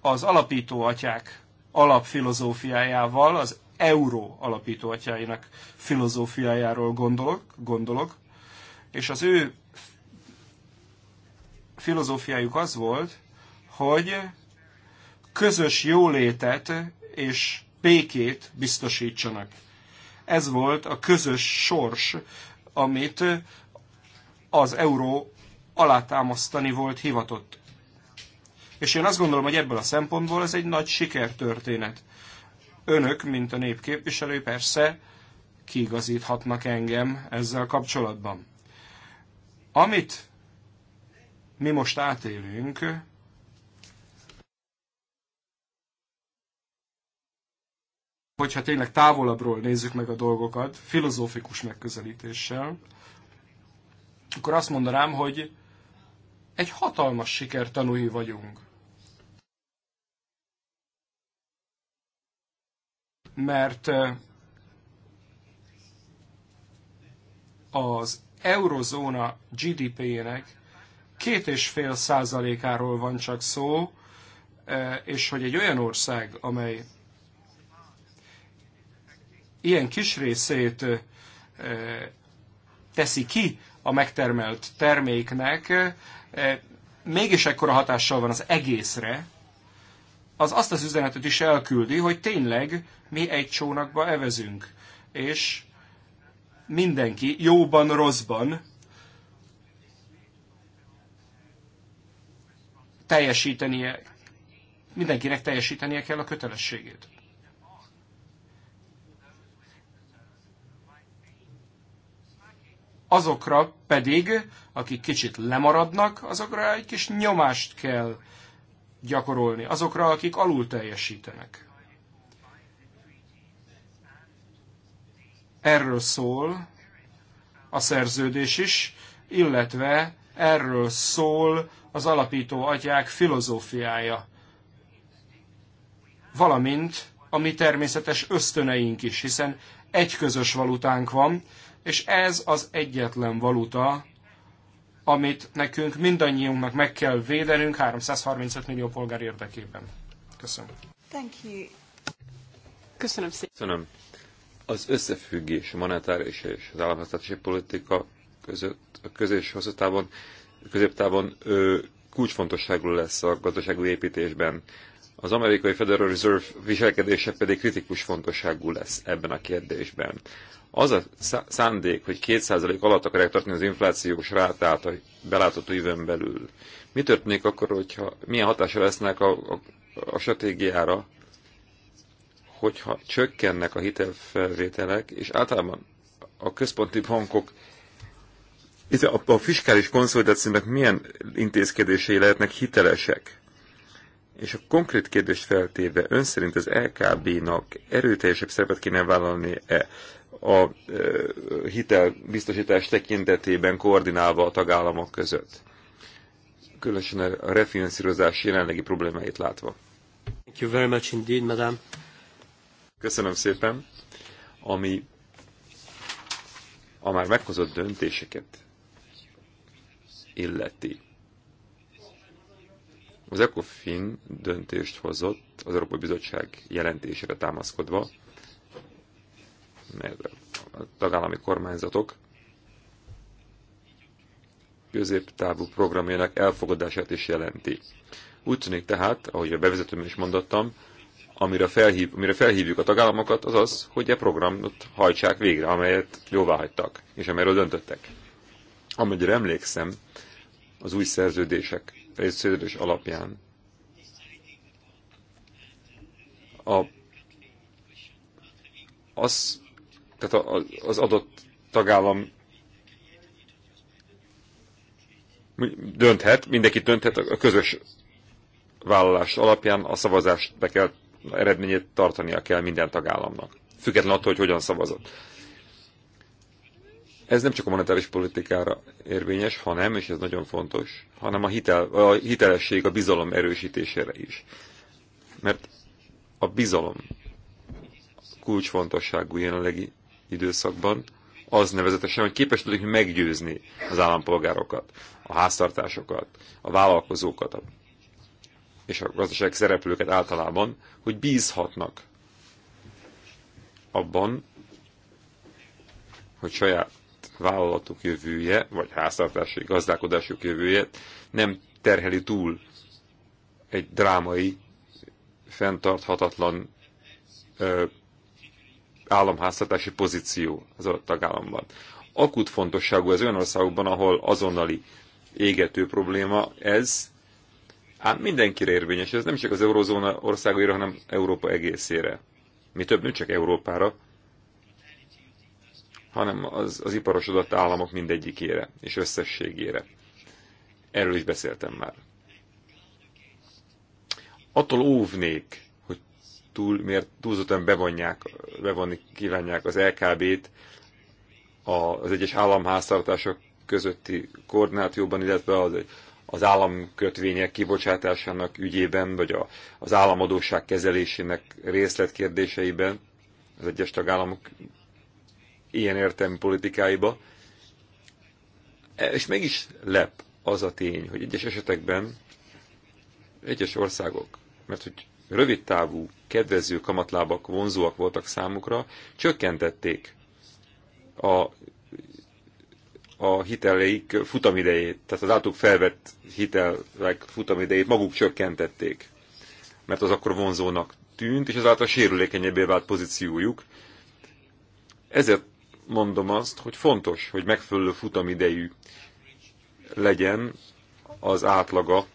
az alapító atyák alapfilozófiájával, az euró alapító atyáinak filozófiájáról gondolok, gondolok, és az ő filozófiájuk az volt, hogy közös jólétet és békét biztosítsanak. Ez volt a közös sors, amit az euró alátámasztani volt hivatott. És én azt gondolom, hogy ebből a szempontból ez egy nagy sikertörténet. Önök, mint a népképviselő, persze kiigazíthatnak engem ezzel kapcsolatban. Amit mi most átélünk, hogyha tényleg távolabbról nézzük meg a dolgokat, filozófikus megközelítéssel, akkor azt mondanám, hogy egy hatalmas siker tanúi vagyunk. Mert eh, az eurozóna GDP-jének két és fél százalékáról van csak szó, eh, és hogy egy olyan ország, amely ilyen kis részét eh, teszi ki a megtermelt terméknek e, mégis ekkora hatással van az egészre, az azt az üzenetet is elküldi, hogy tényleg mi egy csónakba evezünk, és mindenki jóban, rosszban teljesítenie, mindenkinek teljesítenie kell a kötelességét. azokra pedig, akik kicsit lemaradnak, azokra egy kis nyomást kell gyakorolni, azokra, akik alul teljesítenek. Erről szól a szerződés is, illetve erről szól az alapító atyák filozófiája, valamint a mi természetes ösztöneink is, hiszen egy közös valutánk van, és ez az egyetlen valuta, amit nekünk mindannyiunknak meg kell védenünk 335 millió polgár érdekében. Köszönöm.
Thank you.
Köszönöm szépen.
Köszönöm. Az összefüggés a monetáris és az államháztartási politika között a közös hosszú távon, középtávon kulcsfontosságú lesz a gazdaságú építésben. Az amerikai Federal Reserve viselkedése pedig kritikus fontosságú lesz ebben a kérdésben. Az a szándék, hogy 2% alatt akarják tartani az inflációs rátát a belátható időn belül. Mi történik akkor, hogyha milyen hatása lesznek a, a, a stratégiára, hogyha csökkennek a hitelfelvételek, és általában a központi bankok a, a fiskális konszolidációnak milyen intézkedései lehetnek hitelesek? És a konkrét kérdést feltéve, ön szerint az LKB-nak erőteljesebb szerepet kéne vállalni-e a e, hitelbiztosítás tekintetében koordinálva a tagállamok között. Különösen a refinanszírozás jelenlegi problémáit látva. Thank you very much indeed, madam. Köszönöm szépen, ami a már meghozott döntéseket illeti. Az ECOFIN döntést hozott az Európai Bizottság jelentésére támaszkodva, mert a tagállami kormányzatok középtávú programjának elfogadását is jelenti. Úgy tűnik tehát, ahogy a bevezetőben is mondottam, amire, felhív, amire felhívjuk a tagállamokat, az az, hogy a e programot hajtsák végre, amelyet jóvá hagytak, és amelyről döntöttek. Amennyire emlékszem, az új szerződések, szerződés alapján a, az tehát az adott tagállam dönthet, mindenki dönthet a közös vállalás alapján a szavazást be kell, eredményét tartania kell minden tagállamnak. Független attól, hogy hogyan szavazott. Ez nem csak a monetáris politikára érvényes, hanem, és ez nagyon fontos, hanem a, hitel, a hitelesség, a bizalom erősítésére is. Mert a bizalom kulcsfontosságú jelenlegi időszakban, az nevezetesen, hogy képes tudjuk meggyőzni az állampolgárokat, a háztartásokat, a vállalkozókat és a gazdaság szereplőket általában, hogy bízhatnak abban, hogy saját vállalatuk jövője, vagy háztartási gazdálkodásuk jövője nem terheli túl egy drámai, fenntarthatatlan ö, államháztartási pozíció az adott tagállamban. Akut fontosságú ez olyan országokban, ahol azonnali égető probléma ez, ám mindenkire érvényes, ez nem csak az eurozóna országaira, hanem Európa egészére. Mi több, nem csak Európára, hanem az, az iparosodott államok mindegyikére és összességére. Erről is beszéltem már. Attól óvnék, túl, miért túlzottan bevonják, bevonni kívánják az LKB-t az egyes államháztartások közötti koordinációban, illetve az, az államkötvények kibocsátásának ügyében, vagy a, az államadóság kezelésének részletkérdéseiben az egyes tagállamok ilyen értelmi politikáiba. E, és mégis lep az a tény, hogy egyes esetekben egyes országok, mert hogy rövidtávú kedvező kamatlábak vonzóak voltak számukra, csökkentették a, a hiteleik futamidejét, tehát az általuk felvett hitelek futamidejét maguk csökkentették, mert az akkor vonzónak tűnt, és ezáltal sérülékenyebbé vált pozíciójuk. Ezért mondom azt, hogy fontos, hogy megfelelő futamidejű legyen az átlaga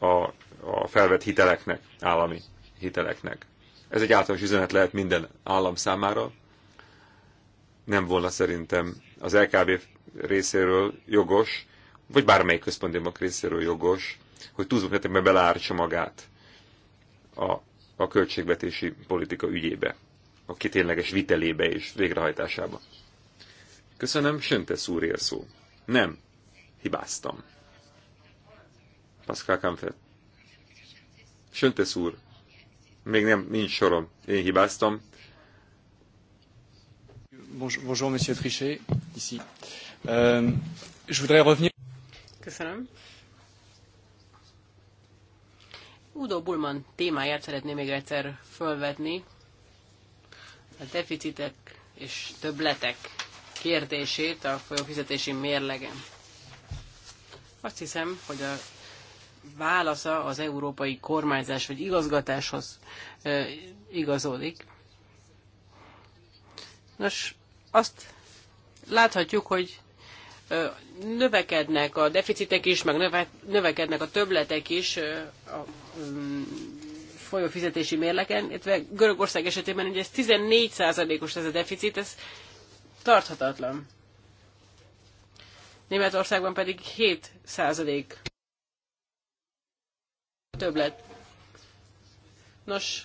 a a felvett hiteleknek, állami hiteleknek. Ez egy általános üzenet lehet minden állam számára. Nem volna szerintem az LKB részéről jogos, vagy bármelyik központi bank részéről jogos, hogy túlzott mértékben beleártsa magát a, a költségvetési politika ügyébe, a kitényleges vitelébe és végrehajtásába. Köszönöm, Söntes úr ér szó. Nem, hibáztam. Pascal Kampfett Söntes úr, még nem, nincs sorom, én hibáztam. Bonjour, monsieur Trichet, ici. Euh, je voudrais revenir...
Köszönöm. Udo Bullman témáját szeretném még egyszer fölvetni. A deficitek és többletek kérdését a folyófizetési mérlegen. Azt hiszem, hogy a válasza az európai kormányzás vagy igazgatáshoz igazodik. Nos, azt láthatjuk, hogy növekednek a deficitek is, meg növekednek a többletek is a mm, folyófizetési mérleken, illetve Görögország esetében ugye ez 14 os ez a deficit, ez tarthatatlan. Németországban pedig 7 százalék többlet. Nos,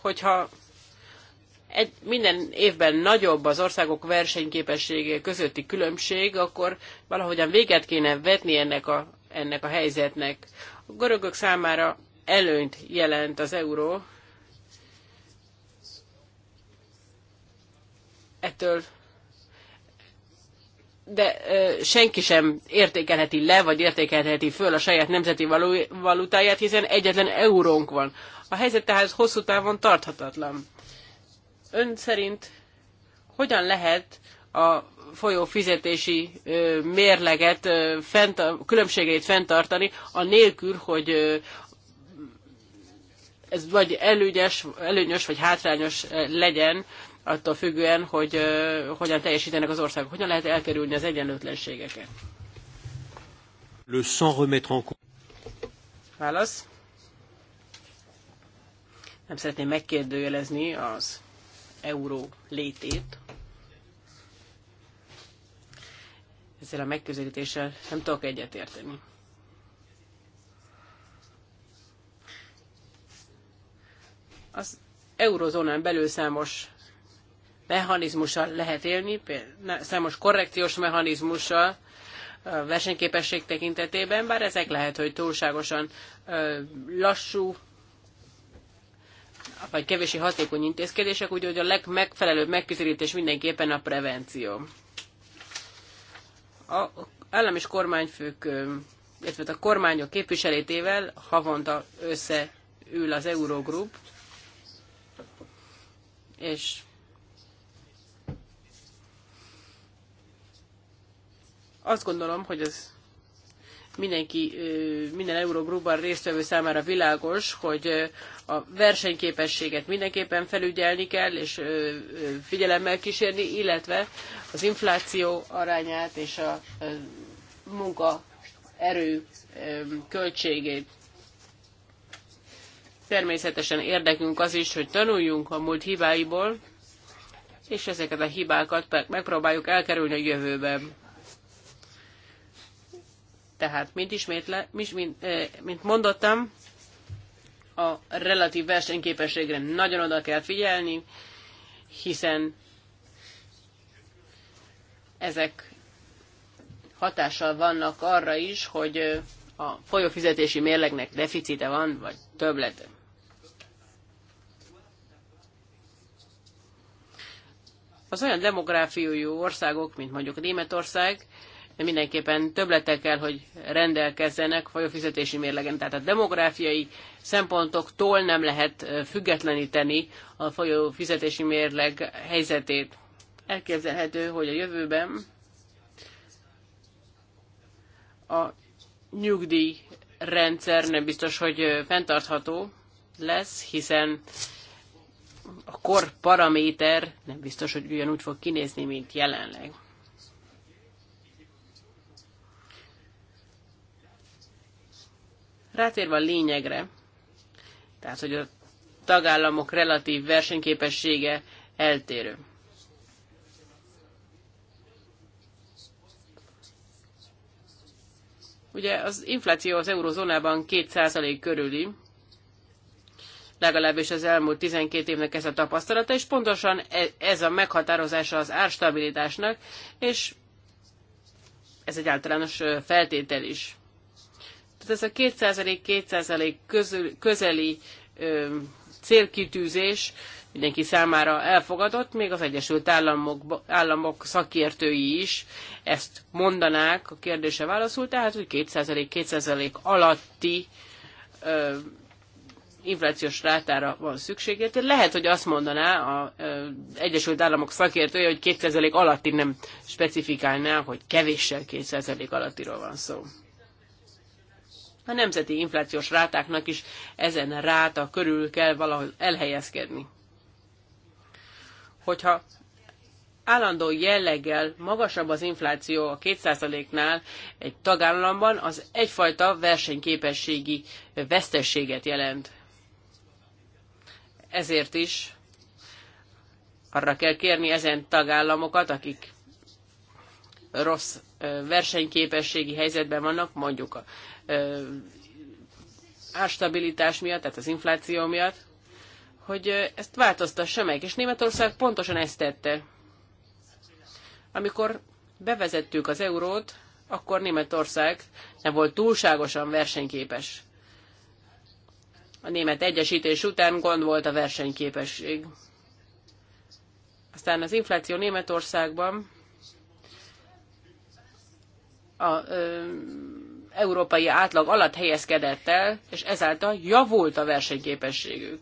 hogyha egy, minden évben nagyobb az országok versenyképessége közötti különbség, akkor valahogyan véget kéne vetni ennek a, ennek a helyzetnek. A görögök számára előnyt jelent az euró. Ettől de senki sem értékelheti le, vagy értékelheti föl a saját nemzeti valutáját, hiszen egyetlen eurónk van. A helyzet tehát hosszú távon tarthatatlan. Ön szerint hogyan lehet a folyó fizetési mérleget, fent, a különbségeit fenntartani, anélkül, hogy ez vagy előnyös, előnyös vagy hátrányos legyen attól függően, hogy hogyan teljesítenek az országok. Hogyan lehet elkerülni az egyenlőtlenségeket?
Le sans remettre en
Válasz. Nem szeretném megkérdőjelezni az euró létét. Ezzel a megközelítéssel nem tudok egyetérteni. Az eurozónán belül számos mechanizmussal lehet élni, például számos korrekciós mechanizmussal versenyképesség tekintetében, bár ezek lehet, hogy túlságosan lassú, vagy kevési hatékony intézkedések, úgyhogy a legmegfelelőbb megközelítés mindenképpen a prevenció. A állam és kormányfők, illetve a kormányok képviselétével havonta összeül az Eurogroup, és Azt gondolom, hogy az mindenki, minden Eurogrupban résztvevő számára világos, hogy a versenyképességet mindenképpen felügyelni kell, és figyelemmel kísérni, illetve az infláció arányát és a munkaerő költségét. Természetesen érdekünk az is, hogy tanuljunk a múlt hibáiból, és ezeket a hibákat megpróbáljuk elkerülni a jövőben tehát, mint ismétle, mint, mint mondottam, a relatív versenyképességre nagyon oda kell figyelni, hiszen ezek hatással vannak arra is, hogy a folyófizetési mérlegnek deficite van, vagy többlete. Az olyan demográfiai országok, mint mondjuk Németország, de mindenképpen többletek kell, hogy rendelkezzenek folyófizetési mérlegen. Tehát a demográfiai szempontoktól nem lehet függetleníteni a folyófizetési mérleg helyzetét. Elképzelhető, hogy a jövőben a nyugdíj rendszer nem biztos, hogy fenntartható lesz, hiszen a kor paraméter nem biztos, hogy ugyanúgy fog kinézni, mint jelenleg. Rátérve a lényegre, tehát hogy a tagállamok relatív versenyképessége eltérő. Ugye az infláció az eurozónában 2% körüli, legalábbis az elmúlt 12 évnek ez a tapasztalata, és pontosan e, ez a meghatározása az árstabilitásnak, és ez egy általános feltétel is. Tehát ez a 2%-2% közül, közeli ö, célkitűzés mindenki számára elfogadott, még az Egyesült Államok, Államok szakértői is ezt mondanák a kérdése válaszul, tehát hogy 2%-2% alatti ö, inflációs rátára van szükségét. Tehát lehet, hogy azt mondaná az Egyesült Államok szakértője, hogy 2% alatti nem specifikálná, hogy kevéssel 2% alattiról van szó. A nemzeti inflációs rátáknak is ezen ráta körül kell valahol elhelyezkedni. Hogyha állandó jelleggel magasabb az infláció a 2%-nál egy tagállamban, az egyfajta versenyképességi vesztességet jelent. Ezért is arra kell kérni ezen tagállamokat, akik rossz versenyképességi helyzetben vannak, mondjuk a árstabilitás miatt, tehát az infláció miatt, hogy ezt változtassa meg. És Németország pontosan ezt tette. Amikor bevezettük az eurót, akkor Németország nem volt túlságosan versenyképes. A német egyesítés után gond volt a versenyképesség. Aztán az infláció Németországban a ö, európai átlag alatt helyezkedett el, és ezáltal javult a versenyképességük.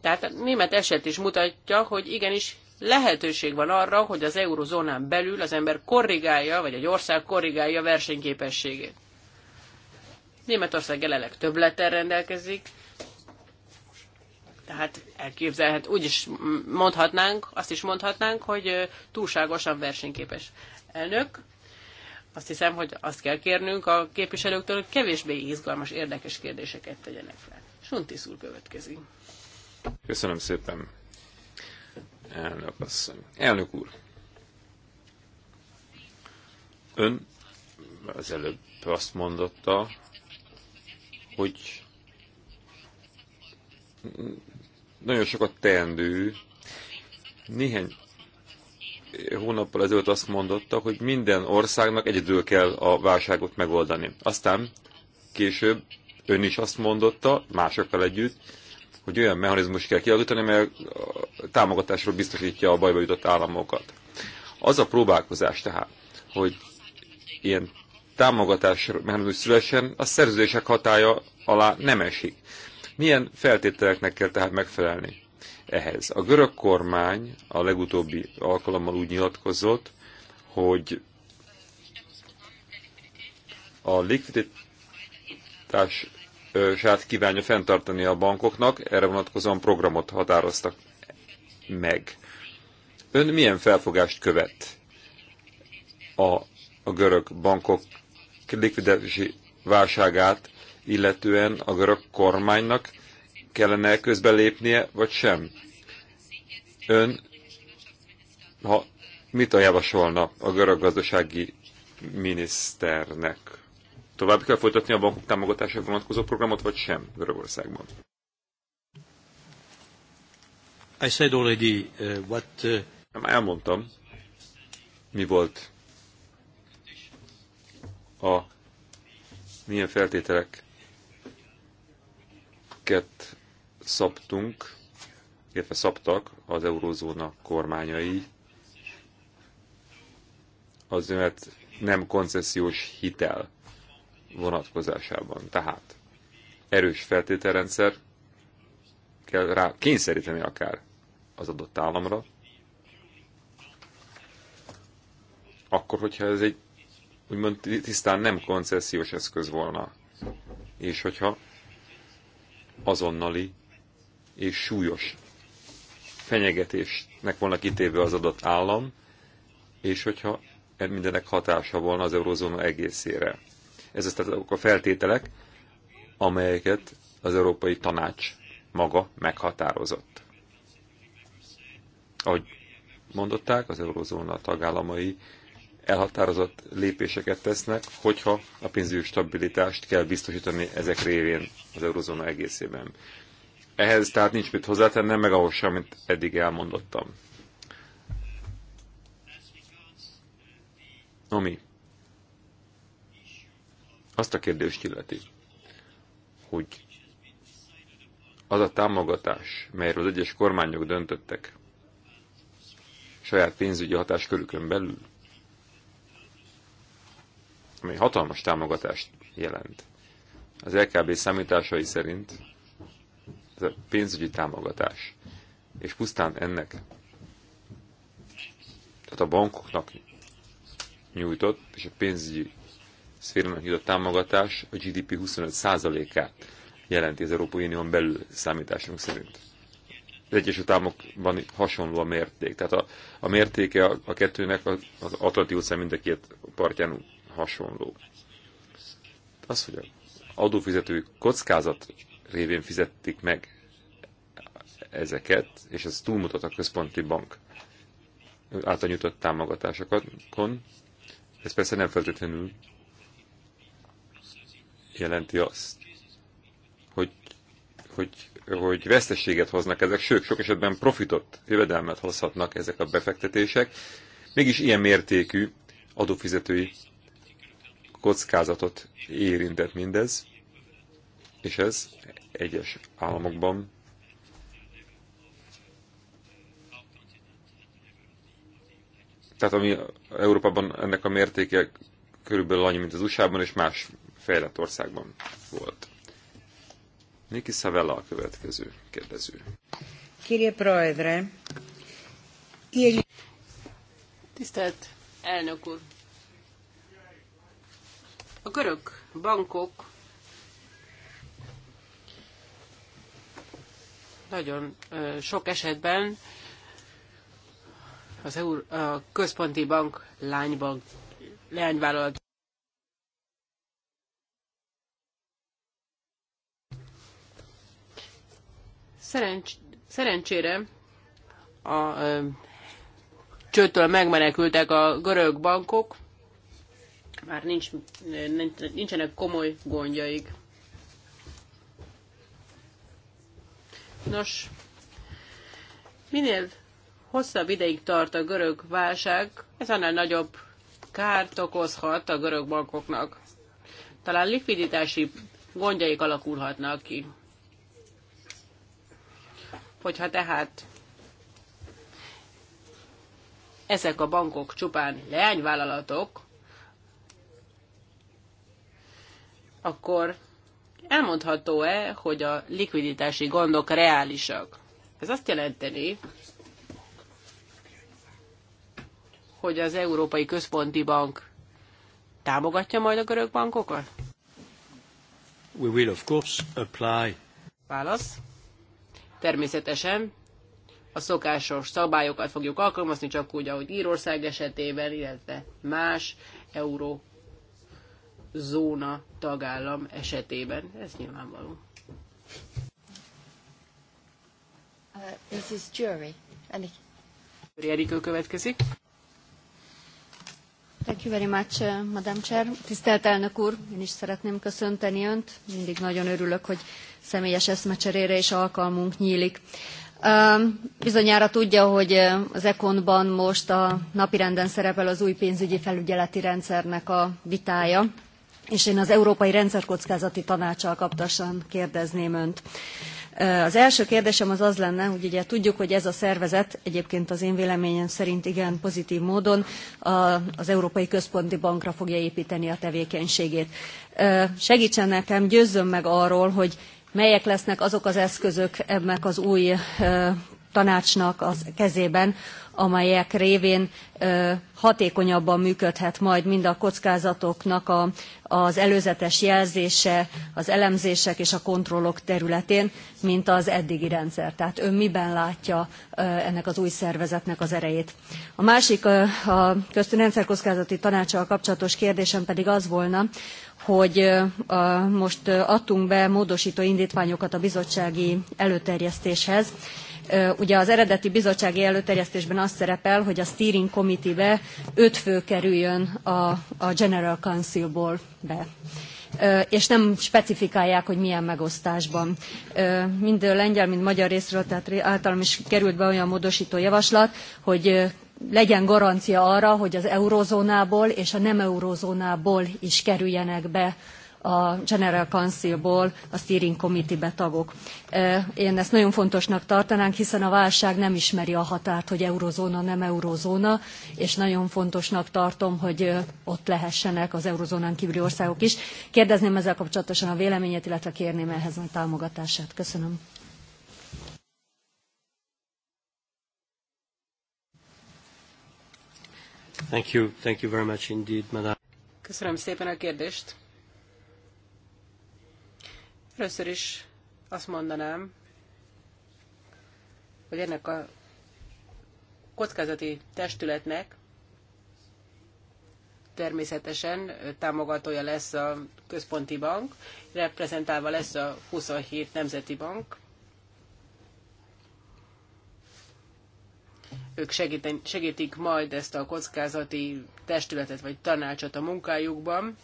Tehát a német eset is mutatja, hogy igenis lehetőség van arra, hogy az eurozónán belül az ember korrigálja, vagy egy ország korrigálja a versenyképességét. Németország jelenleg többlettel rendelkezik, tehát elképzelhet, úgy is mondhatnánk, azt is mondhatnánk, hogy túlságosan versenyképes. Elnök, azt hiszem, hogy azt kell kérnünk a képviselőktől, hogy kevésbé izgalmas, érdekes kérdéseket tegyenek fel. Suntis úr következik.
Köszönöm szépen, elnök asszony. Elnök úr, ön az előbb azt mondotta, hogy nagyon sokat teendő, néhány hónappal ezelőtt azt mondotta, hogy minden országnak egyedül kell a válságot megoldani. Aztán később ön is azt mondotta, másokkal együtt, hogy olyan mechanizmus kell kialakítani, mely támogatásról biztosítja a bajba jutott államokat. Az a próbálkozás tehát, hogy ilyen támogatás mechanizmus szülessen, a szerződések hatája alá nem esik. Milyen feltételeknek kell tehát megfelelni? ehhez. A görög kormány a legutóbbi alkalommal úgy nyilatkozott, hogy a likviditását kívánja fenntartani a bankoknak, erre vonatkozóan programot határoztak meg. Ön milyen felfogást követ a, a görög bankok likviditási válságát, illetően a görög kormánynak kellene lépnie vagy sem? Ön, ha mit javasolna a görög gazdasági miniszternek? Tovább kell folytatni a bankok támogatásra vonatkozó programot, vagy sem Görögországban? I said already uh, what... Uh... Már elmondtam, mi volt a milyen feltételeket szabtunk, illetve szabtak az eurózóna kormányai az önet nem koncesziós hitel vonatkozásában. Tehát erős feltételrendszer kell rá kényszeríteni akár az adott államra, akkor, hogyha ez egy úgymond tisztán nem koncesziós eszköz volna, és hogyha azonnali és súlyos fenyegetésnek volna kitéve az adott állam, és hogyha mindenek hatása volna az eurozóna egészére. Ez az tehát a feltételek, amelyeket az Európai Tanács maga meghatározott. Ahogy mondották, az eurozóna tagállamai elhatározott lépéseket tesznek, hogyha a pénzügyi stabilitást kell biztosítani ezek révén az eurozóna egészében. Ehhez tehát nincs mit hozzátennem, meg ahhoz sem, amit eddig elmondottam. Ami azt a kérdést illeti, hogy az a támogatás, melyről az egyes kormányok döntöttek saját pénzügyi hatáskörükön belül, ami hatalmas támogatást jelent. Az LKB számításai szerint a pénzügyi támogatás, és pusztán ennek, tehát a bankoknak nyújtott, és a pénzügyi szférának nyújtott támogatás a GDP 25%-át jelenti az Európai Unión belül számításunk szerint. Az Egyesült Államokban hasonló a mérték. Tehát a, a mértéke a, a kettőnek az Atlanti óceán mind a két partján hasonló. Az, hogy a adófizetői kockázat révén fizették meg ezeket, és ez túlmutat a központi bank által nyújtott támogatásokon. Ez persze nem feltétlenül jelenti azt, hogy, hogy, hogy vesztességet hoznak ezek, sőt, sok esetben profitot, jövedelmet hozhatnak ezek a befektetések. Mégis ilyen mértékű adófizetői kockázatot érintett mindez, és ez egyes államokban tehát ami Európában ennek a mértéke körülbelül annyi, mint az USA-ban és más fejlett országban volt. Niki Savella a következő kérdező.
Kérje Proedre, Tisztelt
elnök úr! A görög bankok nagyon sok esetben az Eur- a központi bank lánybank, leányvállalat Szerencs- szerencsére a ö, csőtől megmenekültek a görög bankok, már nincs, nincsenek komoly gondjaik. Nos, minél hosszabb ideig tart a görög válság, ez annál nagyobb kárt okozhat a görög bankoknak. Talán likviditási gondjaik alakulhatnak ki. Hogyha tehát ezek a bankok csupán leányvállalatok, akkor Elmondható-e, hogy a likviditási gondok reálisak? Ez azt jelenteni, hogy az Európai Központi Bank támogatja majd a görög bankokat?
We will of course apply.
Válasz. Természetesen a szokásos szabályokat fogjuk alkalmazni, csak úgy, ahogy Írország esetében, illetve más euró zóna tagállam esetében. Ez nyilvánvaló.
Uh, this is jury. Enik.
Erikő következik.
Thank you very much, uh, Madam Chair. Tisztelt elnök úr, én is szeretném köszönteni önt. Mindig nagyon örülök, hogy személyes eszmecserére is alkalmunk nyílik. Um, bizonyára tudja, hogy uh, az ECON-ban most a napirenden szerepel az új pénzügyi felügyeleti rendszernek a vitája és én az Európai Rendszerkockázati Tanácssal kaptasan kérdezném Önt. Az első kérdésem az az lenne, hogy ugye tudjuk, hogy ez a szervezet egyébként az én véleményem szerint igen pozitív módon az Európai Központi Bankra fogja építeni a tevékenységét. Segítsen nekem, győzzön meg arról, hogy melyek lesznek azok az eszközök ennek az új tanácsnak a kezében, amelyek révén hatékonyabban működhet majd mind a kockázatoknak a, az előzetes jelzése, az elemzések és a kontrollok területén, mint az eddigi rendszer. Tehát ön miben látja ennek az új szervezetnek az erejét. A másik a köztű rendszerkockázati tanácsal kapcsolatos kérdésem pedig az volna, hogy most adtunk be módosító indítványokat a bizottsági előterjesztéshez, Ugye az eredeti bizottsági előterjesztésben az szerepel, hogy a steering committee-be öt fő kerüljön a, a General Council-ból be és nem specifikálják, hogy milyen megosztásban. Mind lengyel, mind magyar részről, tehát általam is került be olyan módosító javaslat, hogy legyen garancia arra, hogy az eurozónából és a nem eurozónából is kerüljenek be a General Councilból a Steering Committee-be tagok. Én ezt nagyon fontosnak tartanánk, hiszen a válság nem ismeri a határt, hogy eurozóna, nem eurozóna, és nagyon fontosnak tartom, hogy ott lehessenek az eurozónán kívüli országok is. Kérdezném ezzel kapcsolatosan a véleményét, illetve kérném ehhez a támogatását. Köszönöm. Thank you. Thank you very much indeed,
Köszönöm szépen a kérdést. Először is azt mondanám, hogy ennek a kockázati testületnek természetesen támogatója lesz a központi bank, reprezentálva lesz a 27 nemzeti bank. Ők segítik majd ezt a kockázati testületet vagy tanácsot a munkájukban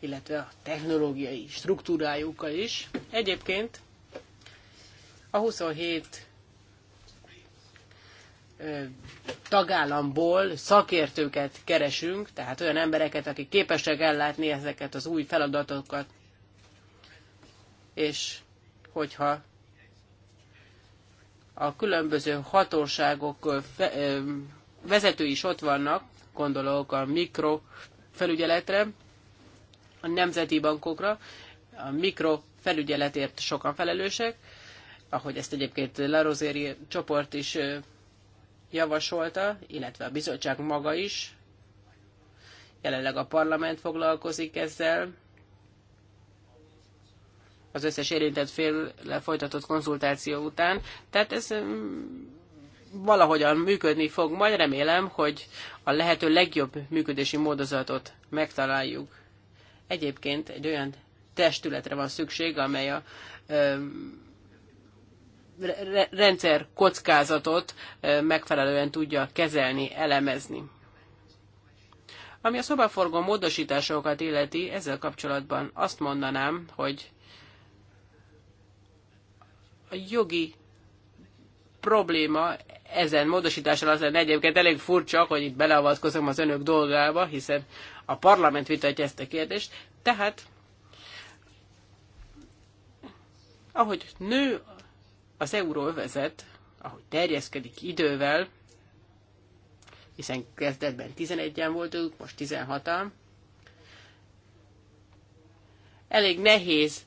illetve a technológiai struktúrájukkal is. Egyébként a 27 tagállamból szakértőket keresünk, tehát olyan embereket, akik képesek ellátni ezeket az új feladatokat, és hogyha a különböző hatóságok vezetői is ott vannak, gondolok a mikrofelügyeletre, a nemzeti bankokra, a mikrofelügyeletért sokan felelősek, ahogy ezt egyébként Larozéri csoport is javasolta, illetve a bizottság maga is. Jelenleg a parlament foglalkozik ezzel. Az összes érintett fél lefolytatott konzultáció után. Tehát ez valahogyan működni fog, majd remélem, hogy a lehető legjobb működési módozatot megtaláljuk. Egyébként egy olyan testületre van szükség, amely a rendszer kockázatot megfelelően tudja kezelni, elemezni. Ami a szobaforgó módosításokat illeti, ezzel kapcsolatban azt mondanám, hogy a jogi probléma ezen módosítással az lenne egyébként elég furcsa, hogy itt beleavatkozom az önök dolgába, hiszen a parlament vitatja ezt a kérdést, tehát ahogy nő az euróövezet, ahogy terjeszkedik idővel, hiszen kezdetben 11-en voltunk, most 16-an, elég nehéz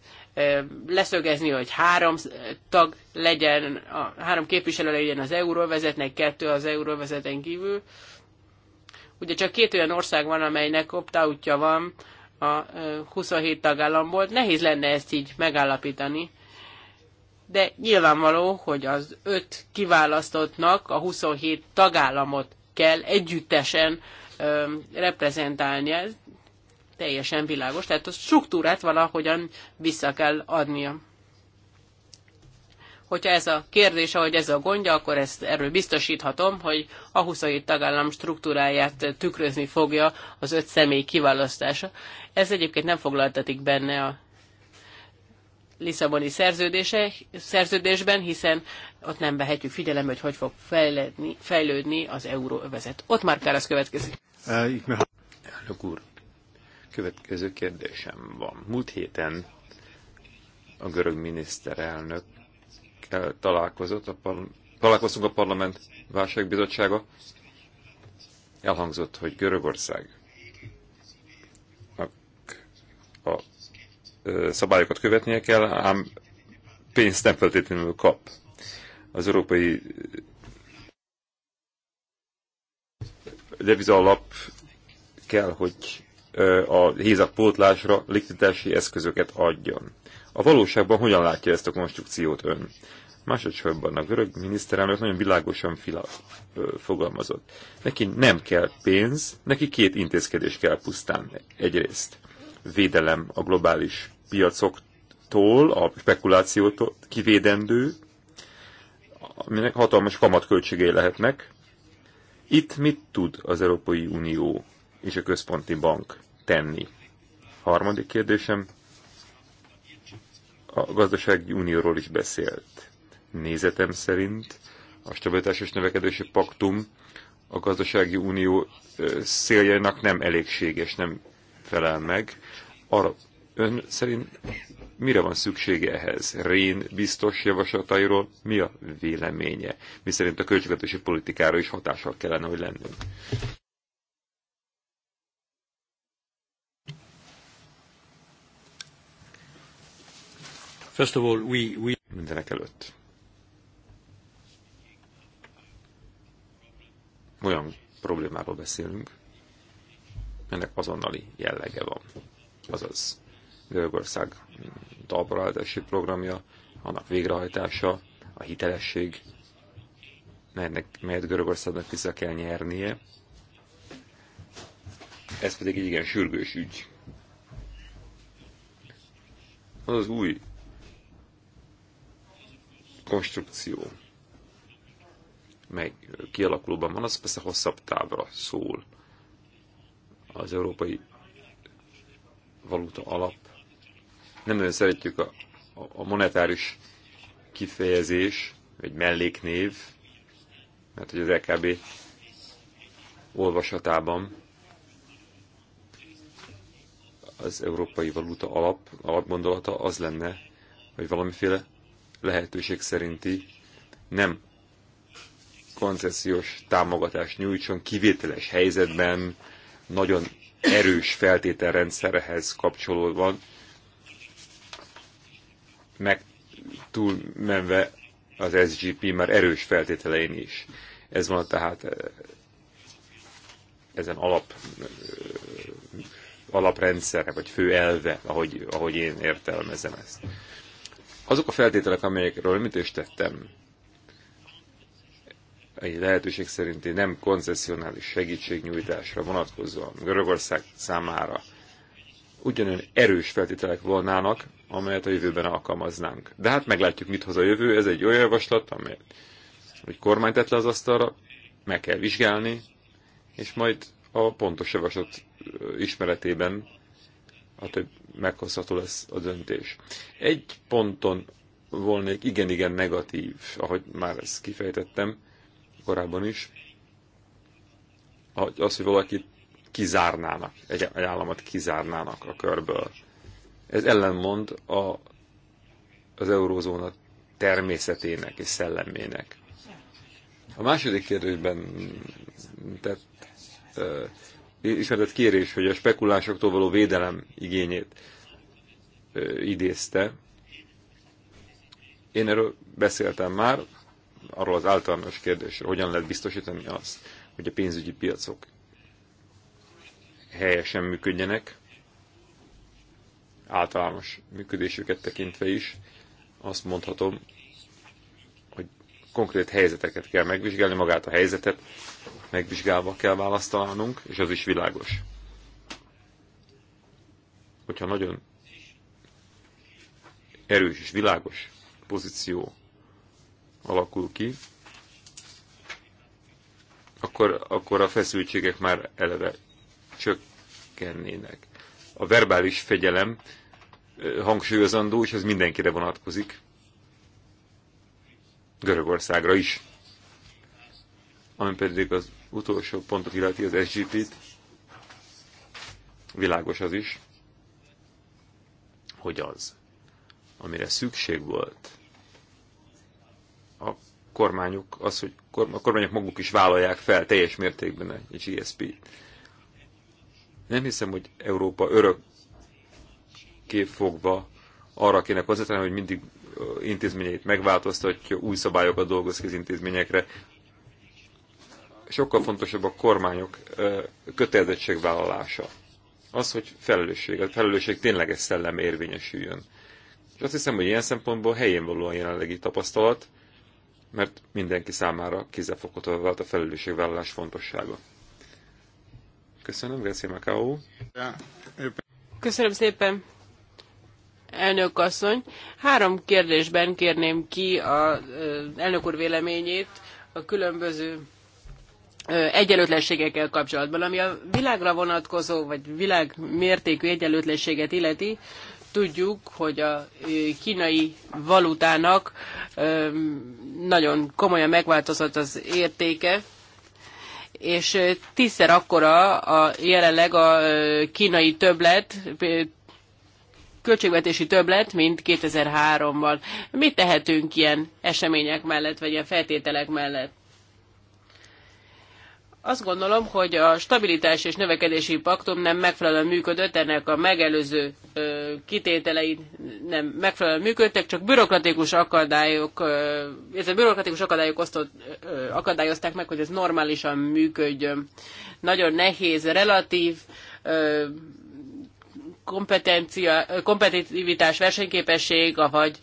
leszögezni, hogy három tag legyen, a három képviselő legyen az euróvezetnek, kettő az euróvezeten kívül. Ugye csak két olyan ország van, amelynek opt-outja van a 27 tagállamból. Nehéz lenne ezt így megállapítani. De nyilvánvaló, hogy az öt kiválasztottnak a 27 tagállamot kell együttesen ö, reprezentálnia. Ez teljesen világos. Tehát a struktúrát valahogyan vissza kell adnia hogyha ez a kérdés, ahogy ez a gondja, akkor ezt erről biztosíthatom, hogy a 27 tagállam struktúráját tükrözni fogja az öt személy kiválasztása. Ez egyébként nem foglaltatik benne a Lisszaboni szerződésben, hiszen ott nem vehetjük figyelembe, hogy hogy fog fejlődni az euróövezet. Ott már Kálasz következik.
Eh, Elnök úr, következő kérdésem van. Múlt héten a görög miniszterelnök partnerekkel találkozott, a találkoztunk a Parlament Válságbizottsága, elhangzott, hogy Görögország a, a szabályokat követnie kell, ám pénzt nem feltétlenül kap. Az európai devizalap kell, hogy a hézak pótlásra likviditási eszközöket adjon. A valóságban hogyan látja ezt a konstrukciót ön? Másodszorban a görög miniszterelnök nagyon világosan fila, ö, fogalmazott. Neki nem kell pénz, neki két intézkedés kell pusztán. Egyrészt védelem a globális piacoktól, a spekulációtól kivédendő, aminek hatalmas kamatköltségei lehetnek. Itt mit tud az Európai Unió és a Központi Bank tenni? Harmadik kérdésem, a gazdasági unióról is beszélt. Nézetem szerint a stabilitás és növekedési paktum a gazdasági unió széljainak nem elégséges, nem felel meg. Arra ön szerint mire van szüksége ehhez? Rén biztos javaslatairól mi a véleménye? Mi szerint a költségvetési politikára is hatással kellene, hogy lennünk. First of all, we, we... Mindenek előtt olyan problémáról beszélünk, ennek azonnali jellege van. Azaz Görögország talpraállítási programja, annak végrehajtása, a hitelesség, melynek, melyet Görögországnak vissza kell nyernie. Ez pedig egy igen sürgős ügy. Az az új konstrukció, meg kialakulóban van, az persze hosszabb távra szól. Az európai valuta alap. Nem nagyon szeretjük a, a monetáris kifejezés, egy melléknév, mert hogy az LKB olvasatában az európai valuta alap, alapgondolata az lenne, hogy valamiféle lehetőség szerinti nem koncesziós támogatást nyújtson kivételes helyzetben, nagyon erős feltételrendszerhez kapcsolódva, meg túlmenve az SGP már erős feltételein is. Ez van tehát eh, ezen alap, eh, alaprendszere, vagy fő elve, ahogy, ahogy én értelmezem ezt. Azok a feltételek, amelyekről említést tettem, egy lehetőség szerinti nem koncessionális segítségnyújtásra vonatkozóan Görögország számára ugyanolyan erős feltételek volnának, amelyet a jövőben alkalmaznánk. De hát meglátjuk, mit hoz a jövő. Ez egy olyan javaslat, amelyet hogy kormány tett le az asztalra, meg kell vizsgálni, és majd a pontos javaslat ismeretében a több meghozható lesz a döntés. Egy ponton volnék igen-igen negatív, ahogy már ezt kifejtettem, korábban is, az, hogy valakit kizárnának, egy államot kizárnának a körből. Ez ellenmond a, az eurózóna természetének és szellemének. A második kérdésben tett uh, ismertett kérés, hogy a spekulásoktól való védelem igényét uh, idézte. Én erről beszéltem már, arról az általános kérdésről, hogyan lehet biztosítani azt, hogy a pénzügyi piacok helyesen működjenek, általános működésüket tekintve is, azt mondhatom, hogy konkrét helyzeteket kell megvizsgálni, magát a helyzetet megvizsgálva kell választanunk, és az is világos. Hogyha nagyon erős és világos pozíció alakul ki, akkor, akkor a feszültségek már eleve csökkennének. A verbális fegyelem hangsúlyozandó, és ez mindenkire vonatkozik. Görögországra is. Ami pedig az utolsó pontot illeti, az SGP-t. Világos az is, hogy az, amire szükség volt Kormányok, az, hogy a kormányok maguk is vállalják fel teljes mértékben egy GSP-t. Nem hiszem, hogy Európa örökké fogva arra kéne koncentrálni, hogy mindig intézményeit megváltoztatja, új szabályokat dolgoz ki az intézményekre. Sokkal fontosabb a kormányok kötelezettségvállalása. Az, hogy felelősség, a felelősség egy szellem érvényesüljön. És azt hiszem, hogy ilyen szempontból helyén való a jelenlegi tapasztalat, mert mindenki számára kézzelfogható vált a felelősségvállalás fontossága. Köszönöm, Gracie Macau.
Köszönöm szépen, elnök asszony. Három kérdésben kérném ki az elnök úr véleményét a különböző egyenlőtlenségekkel kapcsolatban, ami a világra vonatkozó, vagy világmértékű egyenlőtlenséget illeti tudjuk, hogy a kínai valutának nagyon komolyan megváltozott az értéke, és tízszer akkora a jelenleg a kínai többlet, költségvetési többlet, mint 2003-ban. Mit tehetünk ilyen események mellett, vagy ilyen feltételek mellett? Azt gondolom, hogy a stabilitás és növekedési paktum nem megfelelően működött, ennek a megelőző ö, kitételei nem megfelelően működtek, csak bürokratikus akadályok, ö, ez a bürokratikus akadályok osztott, ö, akadályozták meg, hogy ez normálisan működjön. Nagyon nehéz, relatív ö, kompetencia, kompetitivitás, versenyképesség, vagy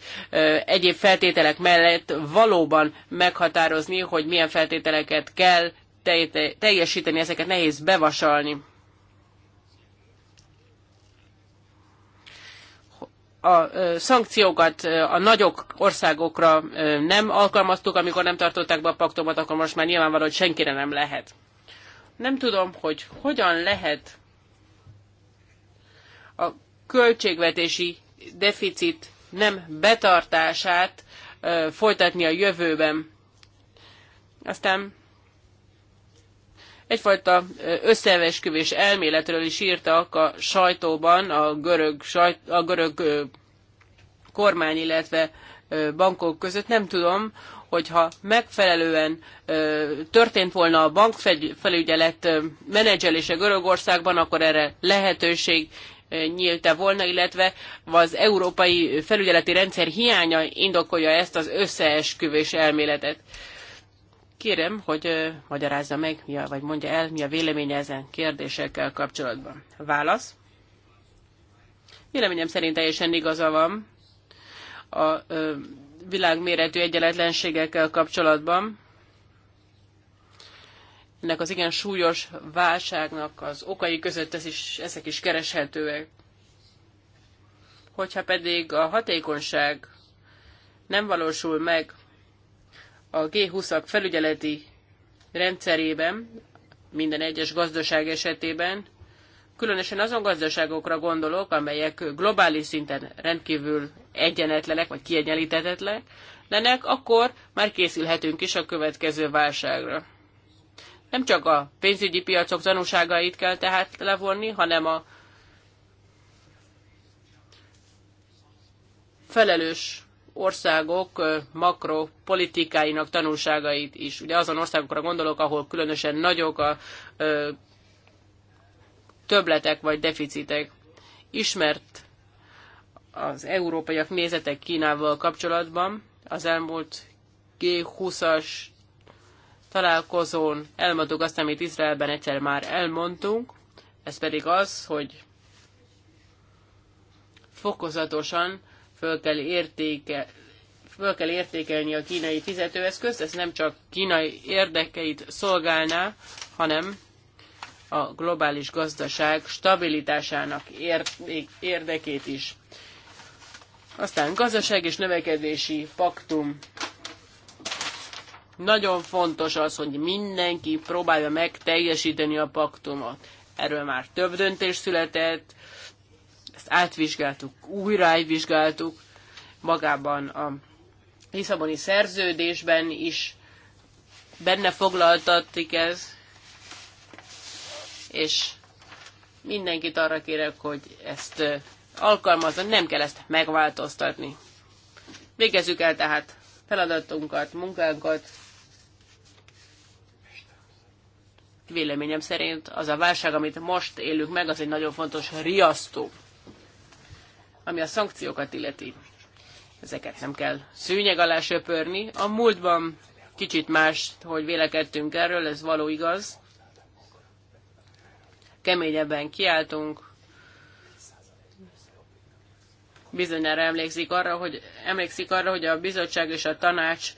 egyéb feltételek mellett valóban meghatározni, hogy milyen feltételeket kell teljesíteni, ezeket nehéz bevasalni. a szankciókat a nagyok országokra nem alkalmaztuk, amikor nem tartották be a paktumot, akkor most már nyilvánvaló, hogy senkire nem lehet. Nem tudom, hogy hogyan lehet a költségvetési deficit nem betartását folytatni a jövőben. Aztán Egyfajta összeesküvés elméletről is írtak a sajtóban a görög, sajt, a görög kormány, illetve bankok között. Nem tudom, hogyha megfelelően történt volna a bankfelügyelet menedzselése Görögországban, akkor erre lehetőség nyílte volna, illetve az európai felügyeleti rendszer hiánya indokolja ezt az összeesküvés elméletet. Kérem, hogy magyarázza meg, vagy mondja el, mi a véleménye ezen kérdésekkel kapcsolatban. Válasz. Véleményem szerint teljesen igaza van a világméretű egyenletlenségekkel kapcsolatban. Ennek az igen súlyos válságnak az okai között ez is, ezek is kereshetőek. Hogyha pedig a hatékonyság nem valósul meg a G20-ak felügyeleti rendszerében, minden egyes gazdaság esetében, különösen azon gazdaságokra gondolok, amelyek globális szinten rendkívül egyenetlenek vagy kiegyenlítetetlenek, lennek, akkor már készülhetünk is a következő válságra. Nem csak a pénzügyi piacok tanúságait kell tehát levonni, hanem a felelős országok makropolitikáinak tanulságait is. Ugye azon országokra gondolok, ahol különösen nagyok a töbletek vagy deficitek. Ismert az európaiak nézetek Kínával kapcsolatban az elmúlt G20-as találkozón elmondtuk azt, amit Izraelben egyszer már elmondtunk, ez pedig az, hogy fokozatosan föl kell, értéke, föl kell értékelni a kínai fizetőeszközt, ez nem csak kínai érdekeit szolgálná, hanem a globális gazdaság stabilitásának érdekét is. Aztán gazdaság és növekedési paktum. Nagyon fontos az, hogy mindenki próbálja meg teljesíteni a paktumot. Erről már több döntés született, ezt átvizsgáltuk, újráivizsgáltuk, magában a Lisszaboni szerződésben is benne foglaltatik ez, és mindenkit arra kérek, hogy ezt alkalmazza, nem kell ezt megváltoztatni. Végezzük el tehát feladatunkat, munkánkat. Véleményem szerint az a válság, amit most élünk meg, az egy nagyon fontos riasztó ami a szankciókat illeti. Ezeket nem kell szűnyeg alá söpörni. A múltban kicsit más, hogy vélekedtünk erről, ez való igaz. Keményebben kiáltunk. Bizonyára emlékszik arra, hogy, emlékszik arra, hogy a bizottság és a tanács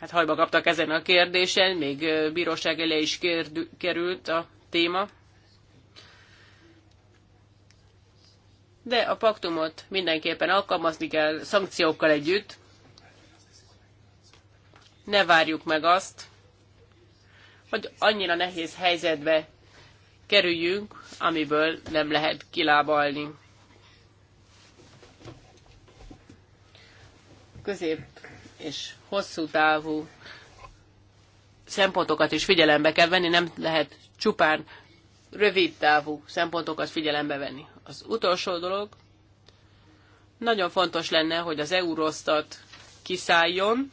hát hajba kaptak ezen a kérdésen, még bíróság elé is kérdő, került a téma. de a paktumot mindenképpen alkalmazni kell szankciókkal együtt. Ne várjuk meg azt, hogy annyira nehéz helyzetbe kerüljünk, amiből nem lehet kilábalni. Közép és hosszú távú szempontokat is figyelembe kell venni, nem lehet csupán rövid távú szempontokat figyelembe venni az utolsó dolog, nagyon fontos lenne, hogy az Eurostat kiszálljon,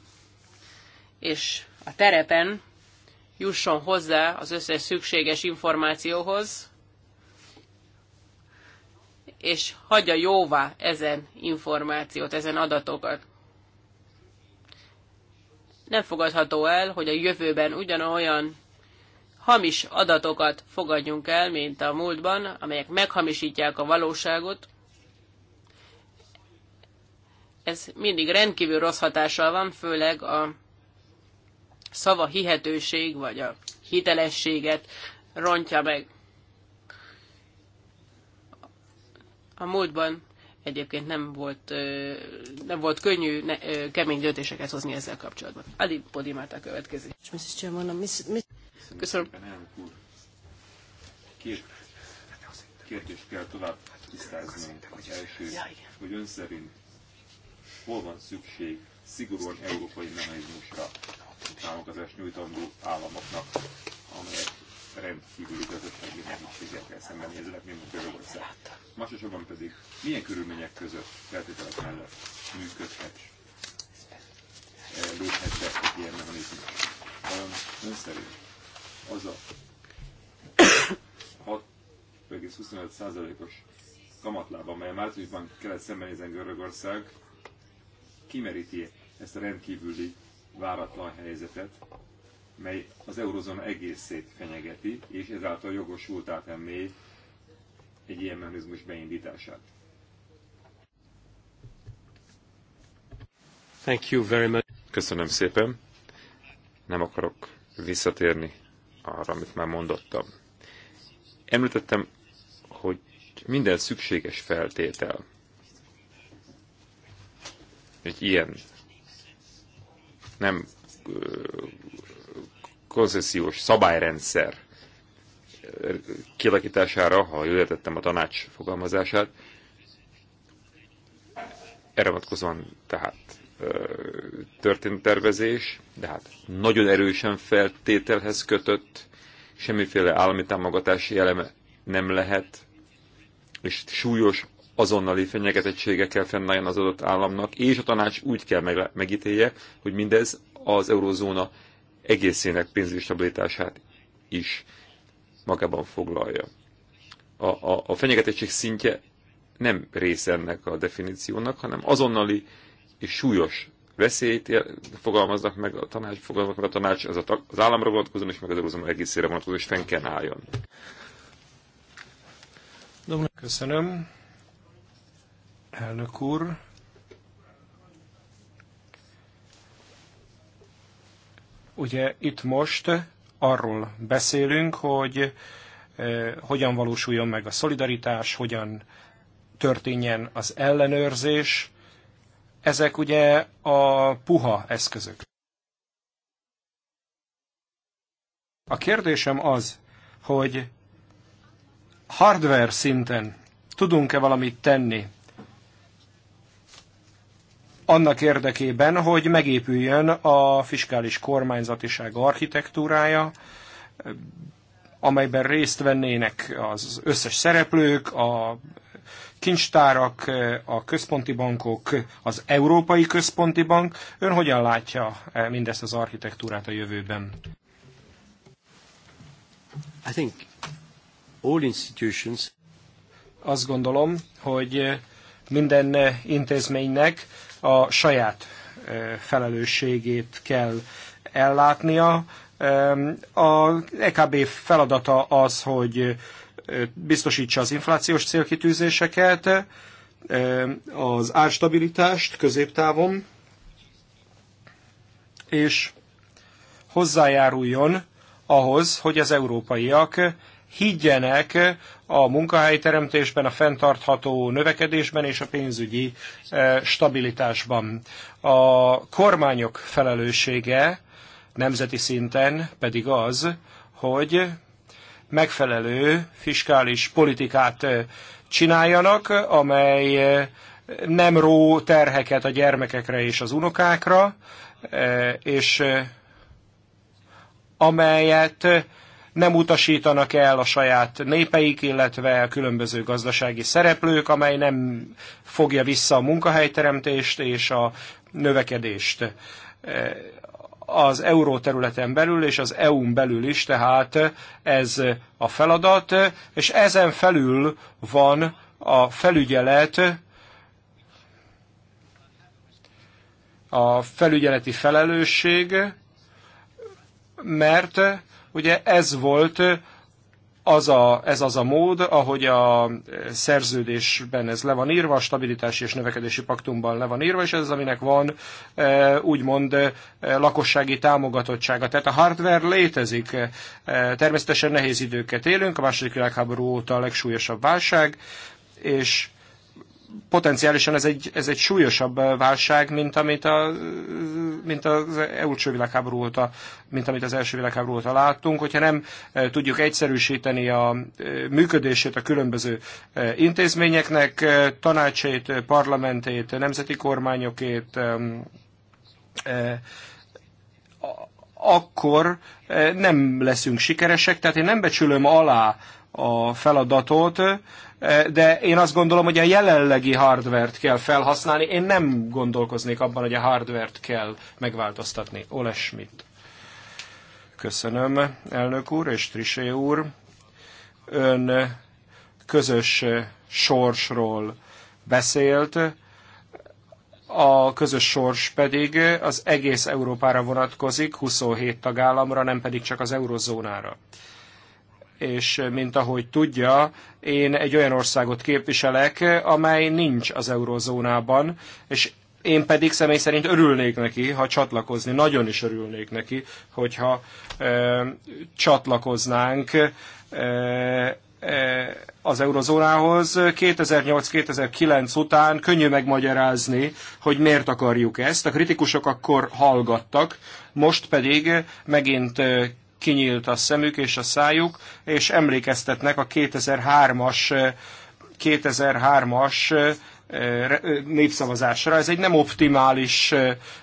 és a terepen jusson hozzá az összes szükséges információhoz, és hagyja jóvá ezen információt, ezen adatokat. Nem fogadható el, hogy a jövőben ugyanolyan hamis adatokat fogadjunk el, mint a múltban, amelyek meghamisítják a valóságot. Ez mindig rendkívül rossz hatással van, főleg a szava hihetőség vagy a hitelességet rontja meg. A múltban egyébként nem volt, nem volt könnyű ne, kemény döntéseket hozni ezzel kapcsolatban. Adi Podimata következik. Köszönöm.
Két kérdést kell tovább tisztázni. Az első, hogy ön szerint hol van szükség szigorúan európai mechanizmusra támogatást nyújtandó államoknak, amelyek rendkívüli gazdasági nehézségekkel szembenéznek, mint a Törökország. Másosabban pedig milyen körülmények között, feltételek mellett működhet, eh, léphet be egy ilyen mechanizmus. ön szerint az a 6,25%-os kamatlába, amely a márciusban kellett szembenézen Görögország, kimeríti ezt a rendkívüli váratlan helyzetet, mely az eurozóna egészét fenyegeti, és ezáltal jogosultá tenné egy ilyen mechanizmus beindítását. Thank you very much. Köszönöm szépen. Nem akarok visszatérni arra, amit már mondottam. Említettem, hogy minden szükséges feltétel egy ilyen nem koncesziós szabályrendszer kialakítására, ha jól értettem a tanács fogalmazását, erre vonatkozóan tehát történt tervezés, de hát nagyon erősen feltételhez kötött, semmiféle állami támogatási eleme nem lehet, és súlyos azonnali fenyegetettsége kell fennálljon az adott államnak, és a tanács úgy kell megítélje, hogy mindez az eurozóna egészének pénzügyi stabilitását is magában foglalja. A, a, a fenyegetettség szintje nem része ennek a definíciónak, hanem azonnali és súlyos veszélyt fogalmaznak meg a tanács, fogalmaznak meg a tanács, a, az államra vonatkozóan és meg az eurozóna egészére vonatkozóan, és fenn kell álljon.
Köszönöm. Elnök úr. Ugye itt most arról beszélünk, hogy eh, hogyan valósuljon meg a szolidaritás, hogyan történjen az ellenőrzés, ezek ugye a puha eszközök. A kérdésem az, hogy hardware szinten tudunk-e valamit tenni annak érdekében, hogy megépüljön a fiskális kormányzatiság architektúrája, amelyben részt vennének az összes szereplők, a kincstárak, a központi bankok, az Európai Központi Bank. Ön hogyan látja mindezt az architektúrát a jövőben? I think all institutions... Azt gondolom, hogy minden intézménynek a saját felelősségét kell ellátnia. A EKB feladata az, hogy biztosítsa az inflációs célkitűzéseket, az árstabilitást középtávon, és hozzájáruljon ahhoz, hogy az európaiak higgyenek a munkahelyteremtésben, a fenntartható növekedésben és a pénzügyi stabilitásban. A kormányok felelőssége nemzeti szinten pedig az, hogy megfelelő fiskális politikát csináljanak, amely nem ró terheket a gyermekekre és az unokákra, és amelyet nem utasítanak el a saját népeik, illetve a különböző gazdasági szereplők, amely nem fogja vissza a munkahelyteremtést és a növekedést az euró területen belül és az EU-n belül is, tehát ez a feladat, és ezen felül van a felügyelet, a felügyeleti felelősség, mert ugye ez volt az a, ez az a mód, ahogy a szerződésben ez le van írva, a stabilitási és növekedési paktumban le van írva, és ez az, aminek van e, úgymond e, lakossági támogatottsága. Tehát a hardware létezik. E, természetesen nehéz időket élünk, a második világháború óta a legsúlyosabb válság, és potenciálisan ez egy, ez egy súlyosabb eh, válság, mint amit a, mint az első világháború óta, mint amit az első világháború óta láttunk. Hogyha nem eh, tudjuk egyszerűsíteni a eh, működését a különböző intézményeknek, tanácsait, parlamentét, nemzeti kormányokét, akkor nem leszünk sikeresek. Tehát én nem becsülöm alá a feladatot, de én azt gondolom, hogy a jelenlegi hardvert kell felhasználni. Én nem gondolkoznék abban, hogy a hardvert kell megváltoztatni. Ole Schmidt. Köszönöm, elnök úr és Trisé úr. Ön közös sorsról beszélt, a közös sors pedig az egész Európára vonatkozik, 27 tagállamra, nem pedig csak az eurozónára és eh, mint ahogy tudja, én egy olyan országot képviselek, amely nincs az eurozónában, és én pedig személy szerint örülnék neki, ha csatlakozni, nagyon is örülnék neki, hogyha ö, eh, csatlakoznánk ö, eh, az eurozónához. 2008-2009 után könnyű megmagyarázni, hogy miért akarjuk ezt. A kritikusok akkor hallgattak, most pedig megint kinyílt a szemük és a szájuk, és emlékeztetnek a 2003-as 2003-as népszavazásra. Ez egy nem optimális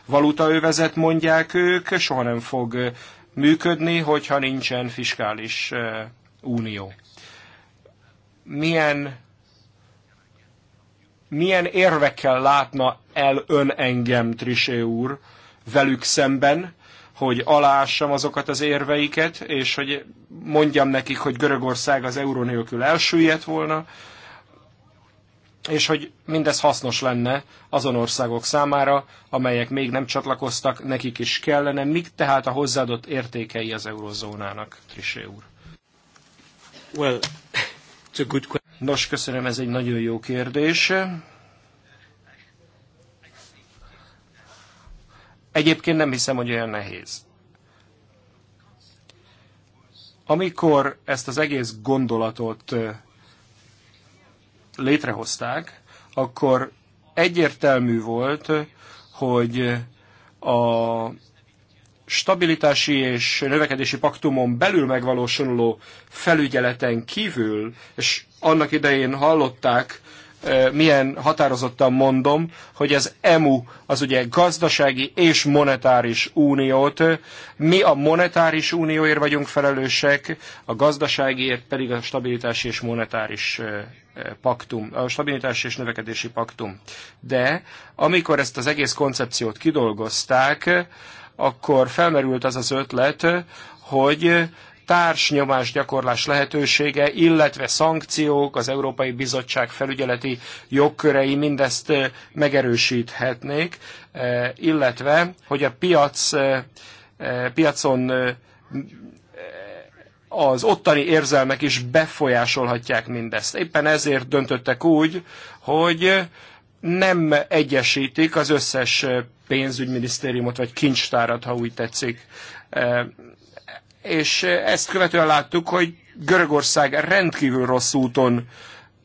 valutaövezet, mondják ők, soha nem fog működni, hogyha nincsen fiskális unió. Milyen, milyen érvekkel látna el ön engem, Trisé úr, velük szemben, hogy alássam azokat az érveiket, és hogy mondjam nekik, hogy Görögország az euró nélkül elsüllyedt volna, és hogy mindez hasznos lenne azon országok számára, amelyek még nem csatlakoztak, nekik is kellene. Mik tehát a hozzáadott értékei az eurozónának, Trisé úr? Well, it's a good question. Nos, köszönöm, ez egy nagyon jó kérdés. Egyébként nem hiszem, hogy olyan nehéz. Amikor ezt az egész gondolatot létrehozták, akkor egyértelmű volt, hogy a stabilitási és növekedési paktumon belül megvalósuló felügyeleten kívül, és annak idején hallották milyen határozottan mondom, hogy az EMU az ugye gazdasági és monetáris uniót. Mi a monetáris unióért vagyunk felelősek, a gazdaságiért pedig a stabilitási és monetáris paktum, a stabilitási és növekedési paktum. De amikor ezt az egész koncepciót kidolgozták, akkor felmerült az az ötlet, hogy társnyomás gyakorlás lehetősége, illetve szankciók, az Európai Bizottság felügyeleti jogkörei mindezt megerősíthetnék, illetve, hogy a piac, piacon az ottani érzelmek is befolyásolhatják mindezt. Éppen ezért döntöttek úgy, hogy nem egyesítik az összes pénzügyminisztériumot, vagy kincstárat, ha úgy tetszik és ezt követően láttuk, hogy Görögország rendkívül rossz úton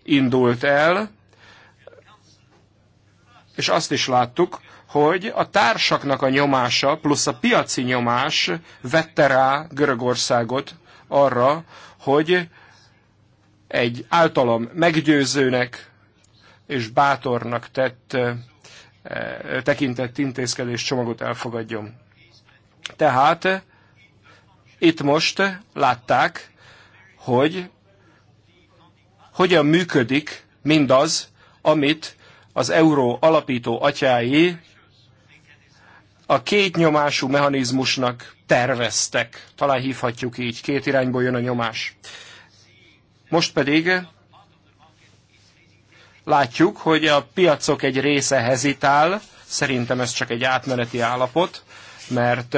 indult el, és azt is láttuk, hogy a társaknak a nyomása plusz a piaci nyomás vette rá Görögországot arra, hogy egy általam meggyőzőnek és bátornak tett tekintett intézkedés csomagot elfogadjon. Tehát itt most látták, hogy hogyan működik mindaz, amit az euró alapító atyái a két nyomású mechanizmusnak terveztek. Talán hívhatjuk így, két irányból jön a nyomás. Most pedig látjuk, hogy a piacok egy része hezitál, szerintem ez csak egy átmeneti állapot, mert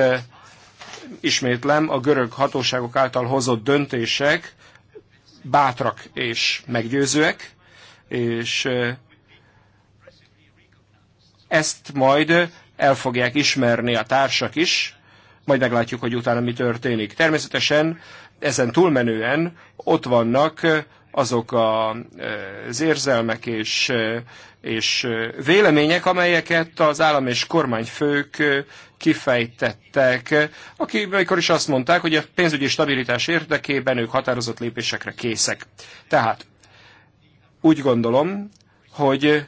Ismétlem, a görög hatóságok által hozott döntések bátrak és meggyőzőek, és ezt majd el fogják ismerni a társak is, majd meglátjuk, hogy utána mi történik. Természetesen ezen túlmenően ott vannak azok a, e, az érzelmek és, e, és e, vélemények, amelyeket az állam és kormányfők kifejtettek, akik amikor is azt mondták, hogy a pénzügyi stabilitás érdekében ők határozott lépésekre készek. Tehát úgy gondolom, hogy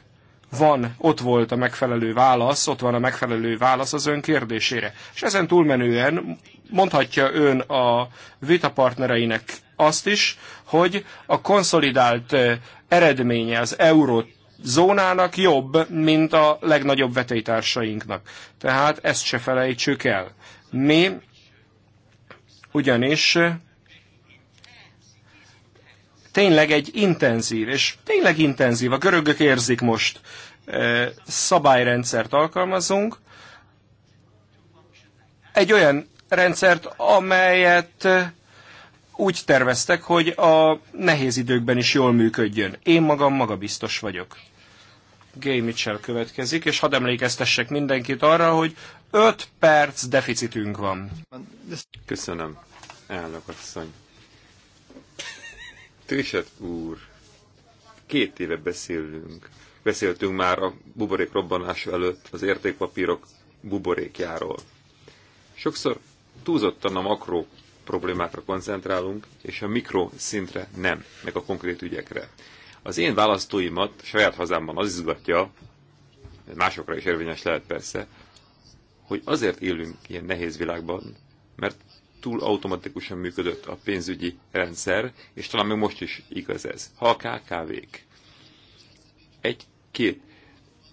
van, ott volt a megfelelő válasz, ott van a megfelelő válasz az ön kérdésére. És ezen túlmenően mondhatja ön a vitapartnereinek azt is, hogy a konszolidált eredménye az euró zónának jobb, mint a legnagyobb vetélytársainknak. Tehát ezt se felejtsük el. Mi ugyanis tényleg egy intenzív, és tényleg intenzív, a görögök érzik most, szabályrendszert alkalmazunk, egy olyan rendszert, amelyet úgy terveztek, hogy a nehéz időkben is jól működjön. Én magam magabiztos vagyok. Gay Mitchell következik, és hadd emlékeztessek mindenkit arra, hogy 5 perc deficitünk van.
Köszönöm, elnök asszony. Trisett úr, két éve beszélünk. Beszéltünk már a buborék robbanása előtt az értékpapírok buborékjáról. Sokszor túlzottan a makró problémákra koncentrálunk, és a mikroszintre nem, meg a konkrét ügyekre. Az én választóimat saját hazámban az izgatja, másokra is érvényes lehet persze, hogy azért élünk ilyen nehéz világban, mert túl automatikusan működött a pénzügyi rendszer, és talán még most is igaz ez. Ha a KKV-k egy-két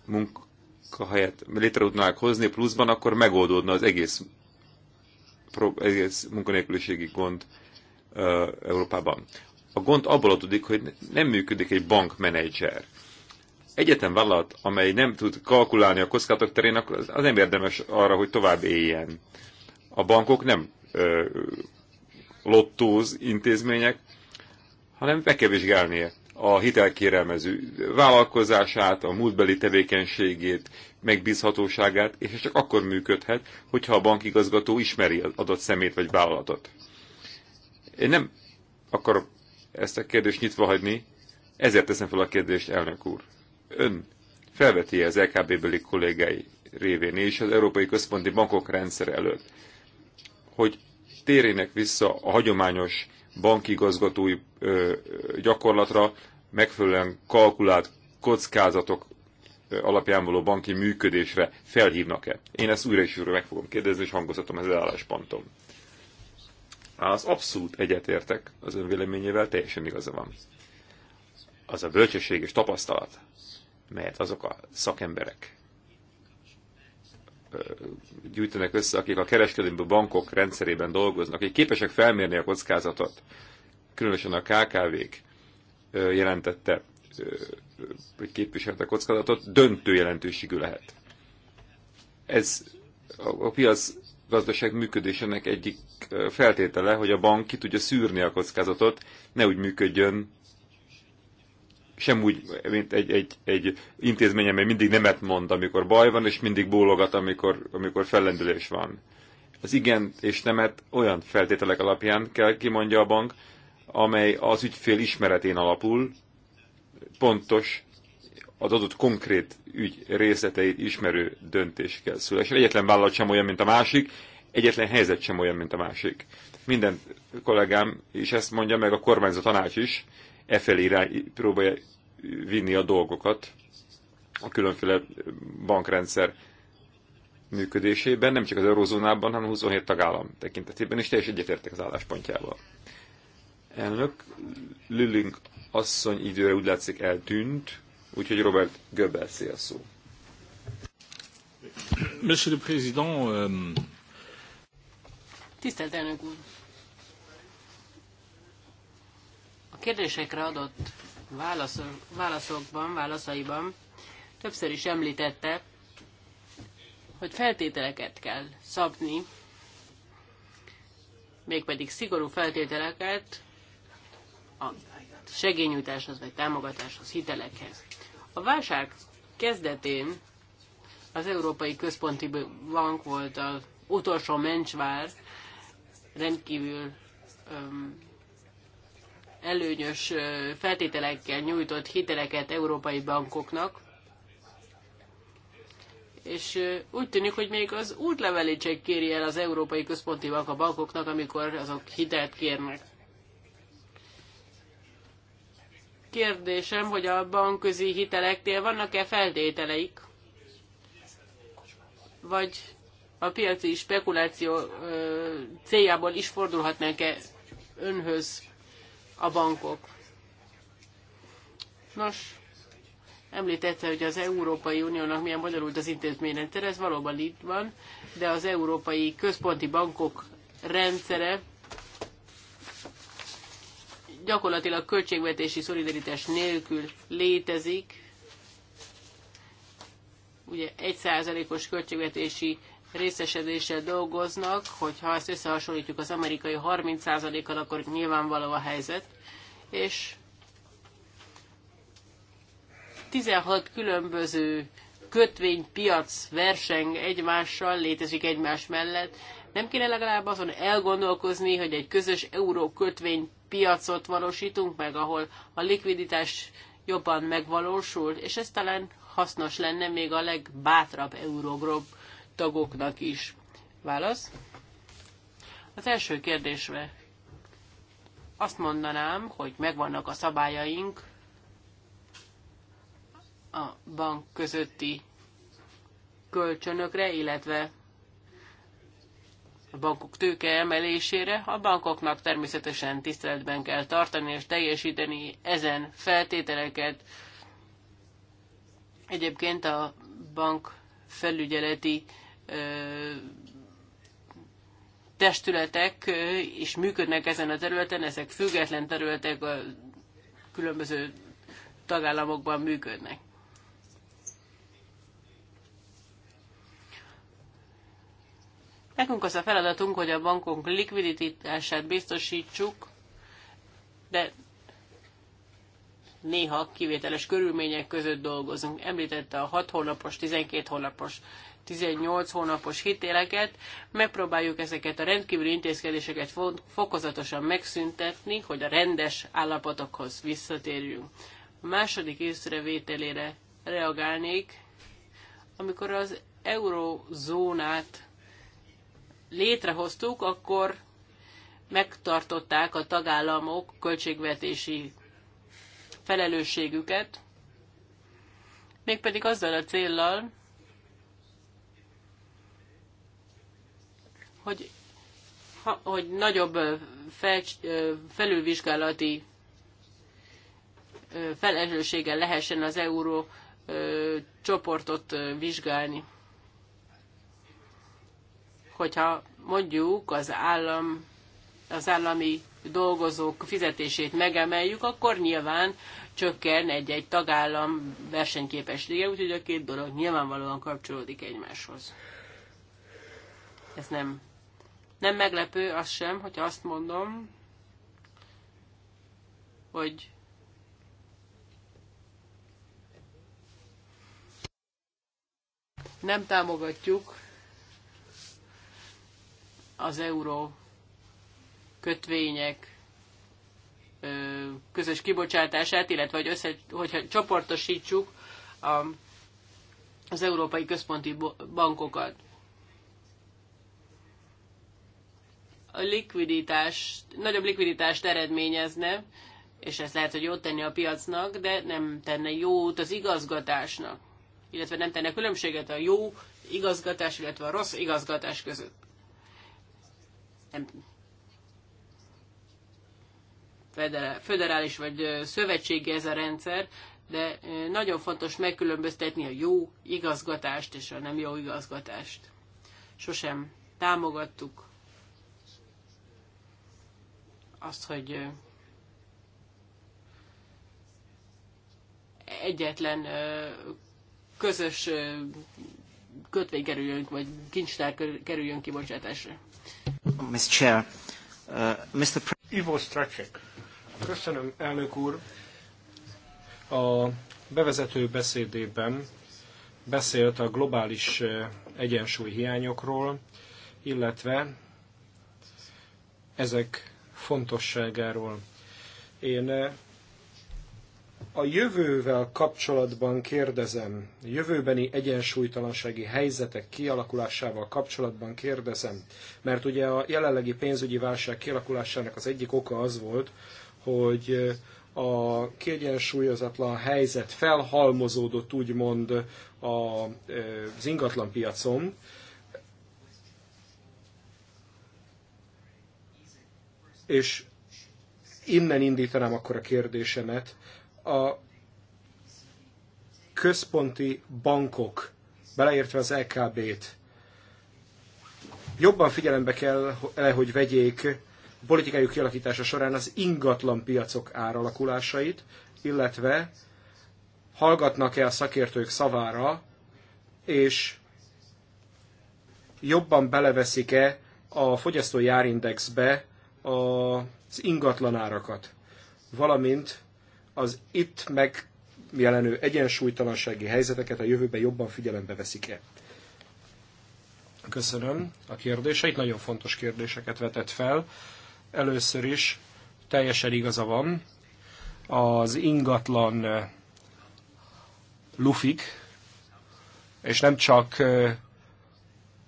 munkahelyet létre tudnák hozni pluszban, akkor megoldódna az egész egész munkanélküliségi gond Európában. A gond abból adódik, hogy nem működik egy bankmenedzser. Egyetem vállalat, amely nem tud kalkulálni a kockázatok terén, az nem érdemes arra, hogy tovább éljen. A bankok nem ö, lottóz intézmények, hanem be kell vizsgálnia a hitelkérelmező vállalkozását, a múltbeli tevékenységét, megbízhatóságát, és ez csak akkor működhet, hogyha a bankigazgató ismeri az adott szemét vagy vállalatot. Én nem akarok ezt a kérdést nyitva hagyni, ezért teszem fel a kérdést, elnök úr. Ön felveti -e az LKB-beli kollégái révén és az Európai Központi Bankok rendszer előtt, hogy térjenek vissza a hagyományos bankigazgatói gyakorlatra megfelelően kalkulált kockázatok alapján való banki működésre felhívnak-e? Én ezt újra és újra meg fogom kérdezni, és hangozhatom ezzel álláspontom. Az abszolút egyetértek az ön véleményével, teljesen igaza van. Az a bölcsesség és tapasztalat, melyet azok a szakemberek, gyűjtenek össze, akik a kereskedelmi bankok rendszerében dolgoznak, akik képesek felmérni a kockázatot, különösen a KKV-k jelentette, hogy képviselte a kockázatot, döntő jelentőségű lehet. Ez a piac gazdaság működésének egyik feltétele, hogy a bank ki tudja szűrni a kockázatot, ne úgy működjön, sem úgy, mint egy, egy, egy intézmény, amely mindig nemet mond, amikor baj van, és mindig bólogat, amikor, amikor fellendülés van. Az igen és nemet olyan feltételek alapján kell kimondja a bank, amely az ügyfél ismeretén alapul, pontos, az adott konkrét ügy részleteit ismerő döntés kell szülesen. Egyetlen vállalat sem olyan, mint a másik, egyetlen helyzet sem olyan, mint a másik. Minden kollégám is ezt mondja, meg a kormányzó tanács is, e felé próbálja vinni a dolgokat a különféle bankrendszer működésében, nem csak az eurozónában, hanem 27 tagállam tekintetében is teljes egyetértek az álláspontjával. Elnök Lülünk asszony időre úgy látszik eltűnt, úgyhogy Robert Göbel szél szó. Monsieur le Président, euh,
Tisztelt elnök úr! kérdésekre adott válaszok, válaszokban, válaszaiban többször is említette, hogy feltételeket kell szabni, mégpedig szigorú feltételeket a segényújtáshoz vagy támogatáshoz, hitelekhez. A válság kezdetén az Európai Központi Bank volt az utolsó mencsvár, rendkívül öm, előnyös feltételekkel nyújtott hiteleket európai bankoknak, és úgy tűnik, hogy még az útlevelét sem kéri el az Európai Központi Bank a bankoknak, amikor azok hitelt kérnek. Kérdésem, hogy a bankközi hiteleknél vannak-e feltételeik? Vagy a piaci spekuláció céljából is fordulhatnánk-e önhöz a bankok. Nos, említette, hogy az Európai Uniónak milyen bonyolult az intézményrendszer, ez valóban itt van, de az Európai Központi Bankok rendszere gyakorlatilag költségvetési szolidaritás nélkül létezik. Ugye egy százalékos költségvetési részesedéssel dolgoznak, hogyha ezt összehasonlítjuk az amerikai 30%-kal, akkor nyilvánvaló a helyzet, és 16 különböző kötvénypiac verseng egymással, létezik egymás mellett. Nem kéne legalább azon elgondolkozni, hogy egy közös euró kötvénypiacot valósítunk meg, ahol a likviditás jobban megvalósul, és ez talán hasznos lenne még a legbátrabb eurogrop tagoknak is? Válasz. Az első kérdésre azt mondanám, hogy megvannak a szabályaink a bank közötti kölcsönökre, illetve a bankok tőke emelésére, a bankoknak természetesen tiszteletben kell tartani és teljesíteni ezen feltételeket. Egyébként a bank felügyeleti testületek is működnek ezen a területen, ezek független területek a különböző tagállamokban működnek. Nekünk az a feladatunk, hogy a bankunk likviditását biztosítsuk, de néha kivételes körülmények között dolgozunk. Említette a 6 hónapos, 12 hónapos 18 hónapos hitéleket, megpróbáljuk ezeket a rendkívüli intézkedéseket fokozatosan megszüntetni, hogy a rendes állapotokhoz visszatérjünk. A második észrevételére reagálnék, amikor az eurozónát létrehoztuk, akkor megtartották a tagállamok költségvetési felelősségüket, mégpedig azzal a céllal, hogy, hogy nagyobb fel, felülvizsgálati felelősséggel lehessen az euró csoportot vizsgálni. Hogyha mondjuk az állam, az állami dolgozók fizetését megemeljük, akkor nyilván csökken egy-egy tagállam versenyképessége, úgyhogy a két dolog nyilvánvalóan kapcsolódik egymáshoz. Ez nem nem meglepő az sem, hogyha azt mondom, hogy nem támogatjuk az euró kötvények közös kibocsátását, illetve hogy össze, hogyha csoportosítsuk a, az európai központi bankokat. a likviditás, nagyobb likviditást eredményezne, és ez lehet, hogy jót tenni a piacnak, de nem tenne jót az igazgatásnak, illetve nem tenne különbséget a jó igazgatás, illetve a rossz igazgatás között. Nem. Föderális vagy szövetségi ez a rendszer, de nagyon fontos megkülönböztetni a jó igazgatást és a nem jó igazgatást. Sosem támogattuk azt, hogy egyetlen közös kötvény kerüljön, vagy kincstár kerüljön kibocsátásra.
Mr. Chair, uh, Mr. Pre-
Ivo Stracek. Köszönöm, elnök úr.
A bevezető beszédében beszélt a globális egyensúly hiányokról, illetve ezek fontosságáról. Én eh, a jövővel kapcsolatban kérdezem, jövőbeni egyensúlytalansági helyzetek kialakulásával kapcsolatban kérdezem, mert ugye a jelenlegi pénzügyi válság kialakulásának az egyik oka az volt, hogy eh, a kiegyensúlyozatlan helyzet felhalmozódott úgymond eh, az piacon, és innen indítanám akkor a kérdésemet. A központi bankok, beleértve az LKB-t, e jobban figyelembe kell, hogy vegyék a politikájuk kialakítása során az ingatlan piacok áralakulásait, illetve hallgatnak-e a szakértők szavára, és jobban beleveszik-e a fogyasztói árindexbe az ingatlanárakat, valamint az itt megjelenő egyensúlytalansági helyzeteket a jövőben jobban figyelembe veszik-e? Köszönöm a kérdéseit, nagyon fontos kérdéseket vetett fel. Először is teljesen igaza van, az ingatlan eh, lufik, és nem csak, eh,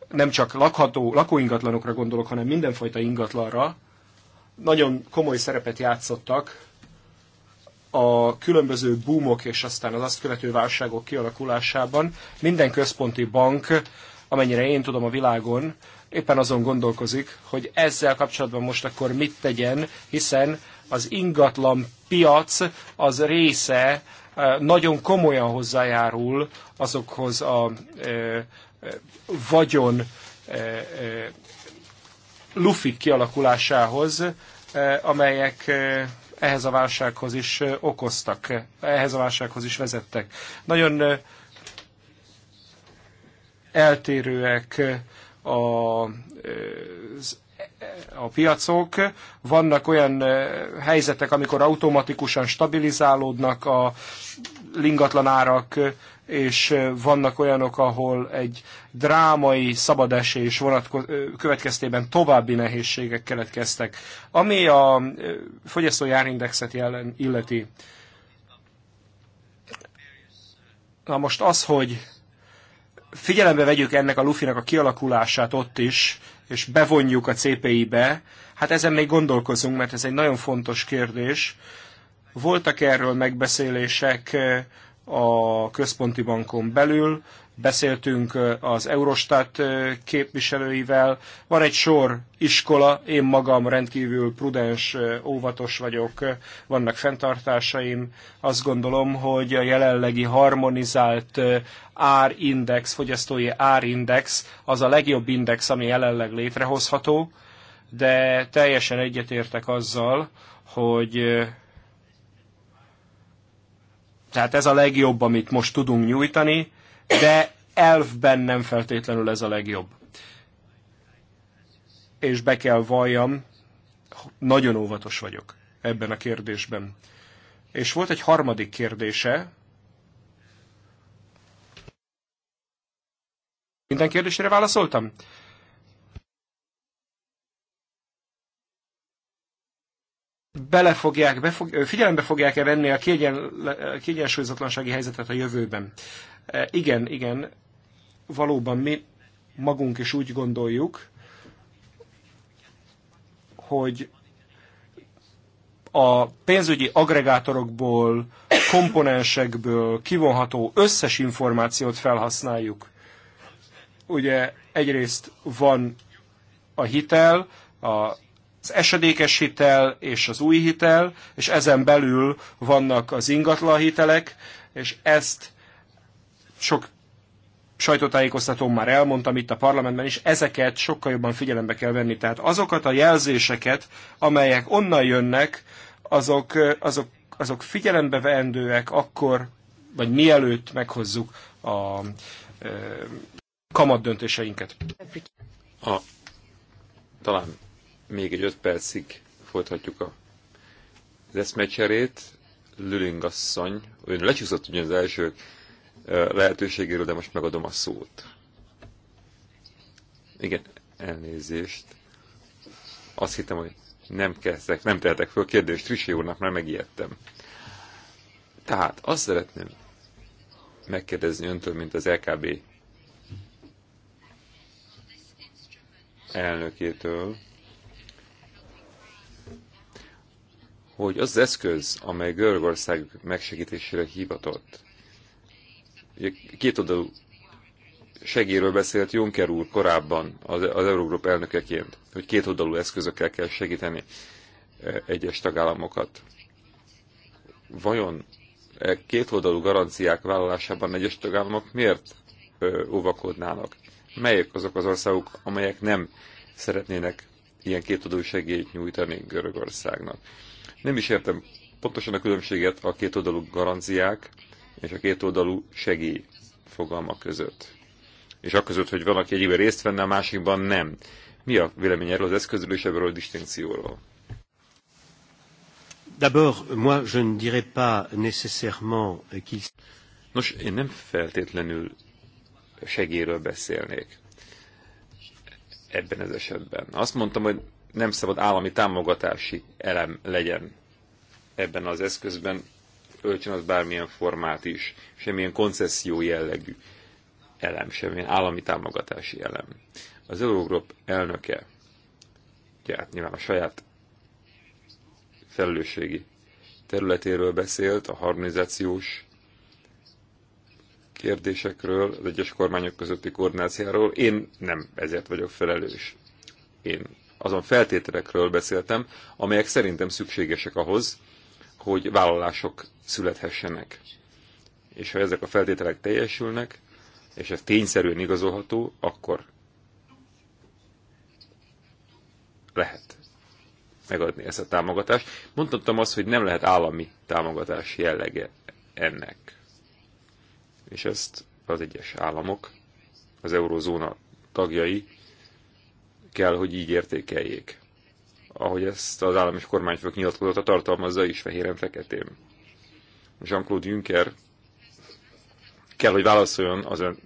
nem csak lakható, lakóingatlanokra gondolok, hanem mindenfajta ingatlanra, nagyon komoly szerepet játszottak a különböző boomok és aztán az azt követő válságok kialakulásában. Minden központi bank, amennyire én tudom a világon, éppen azon gondolkozik, hogy ezzel kapcsolatban most akkor mit tegyen, hiszen az ingatlan piac az része eh, nagyon komolyan hozzájárul azokhoz a eh, eh, vagyon lufik kialakulásához, eh, amelyek eh, ehhez a válsághoz is eh, okoztak, ehhez a válsághoz is vezettek. Nagyon eltérőek a, a piacok. Vannak olyan helyzetek, amikor automatikusan stabilizálódnak a árak és vannak olyanok, ahol egy drámai szabadesés vonatko- következtében további nehézségek keletkeztek. Ami a fogyasztói árindexet jelen illeti. Na most az, hogy figyelembe vegyük ennek a lufinak a kialakulását ott is, és bevonjuk a CPI-be, hát ezen még gondolkozunk, mert ez egy nagyon fontos kérdés voltak erről megbeszélések eh, a központi bankon belül, beszéltünk eh, az Eurostat eh, képviselőivel, van egy sor iskola, én magam rendkívül prudens, óvatos vagyok, vannak fenntartásaim, azt gondolom, hogy a jelenlegi harmonizált árindex, fogyasztói árindex az a legjobb index, ami jelenleg létrehozható, de teljesen egyetértek azzal, hogy tehát ez a legjobb, amit most tudunk nyújtani, de elfben nem feltétlenül ez a legjobb. És be kell valljam, nagyon óvatos vagyok ebben a kérdésben. És volt egy harmadik kérdése. Minden kérdésére válaszoltam? bele fogják, befog, figyelembe fogják-e venni a kiegyen, kiegyensúlyozatlansági helyzetet a jövőben. E, igen, igen, valóban mi magunk is úgy gondoljuk, hogy a pénzügyi agregátorokból, komponensekből kivonható összes információt felhasználjuk. Ugye egyrészt van a hitel, a az esedékes hitel és az új hitel, és ezen belül vannak az ingatlan hitelek, és ezt sok sajtótájékoztatón már elmondtam itt a parlamentben is, ezeket sokkal jobban figyelembe kell venni. Tehát azokat a jelzéseket, amelyek onnan jönnek, azok, azok, azok figyelembe veendőek akkor, vagy mielőtt meghozzuk a e, kamat döntéseinket.
A, talán még egy öt percig folytatjuk a az eszmecserét. Lüling asszony, ön lecsúszott ugye az első lehetőségéről, de most megadom a szót. Igen, elnézést. Azt hittem, hogy nem kezdtek, nem tehetek föl kérdést Trissé úrnak, mert megijedtem. Tehát azt szeretném megkérdezni öntől, mint az LKB elnökétől, hogy az, az eszköz, amely Görögország megsegítésére hivatott, két oldalú segélyről beszélt Juncker úr korábban az, az Eurogroup elnökeként, hogy két oldalú eszközökkel kell segíteni e, egyes tagállamokat. Vajon e két oldalú garanciák vállalásában egyes tagállamok miért e, óvakodnának? Melyek azok az országok, amelyek nem szeretnének ilyen oldalú segélyt nyújtani Görögországnak? Nem is értem pontosan a különbséget a kétoldalú garanciák és a kétoldalú segély fogalmak között. És között, hogy valaki egyikben részt venne, a másikban nem. Mi a vélemény erről az eszközről és ebből a distinkcióról?
D'abord, moi je ne dirais
pas nécessairement qu'il... Nos, én nem feltétlenül segélyről beszélnék ebben az esetben. Azt mondtam, hogy nem szabad állami támogatási elem legyen ebben az eszközben, öltsön az bármilyen formát is, semmilyen koncesszió jellegű elem, semmilyen állami támogatási elem. Az Eurogroup elnöke, tehát nyilván a saját felelősségi területéről beszélt, a harmonizációs kérdésekről, az egyes kormányok közötti koordináciáról. Én nem ezért vagyok felelős. Én azon feltételekről beszéltem, amelyek szerintem szükségesek ahhoz, hogy vállalások születhessenek. És ha ezek a feltételek teljesülnek, és ez tényszerűen igazolható, akkor lehet megadni ezt a támogatást. Mondtam azt, hogy nem lehet állami támogatás jellege ennek. És ezt az egyes államok, az eurozóna tagjai kell, hogy így értékeljék. Ahogy ezt az állam és kormányfők nyilatkozata tartalmazza is fehéren feketén. Jean-Claude Juncker kell, hogy válaszoljon az ön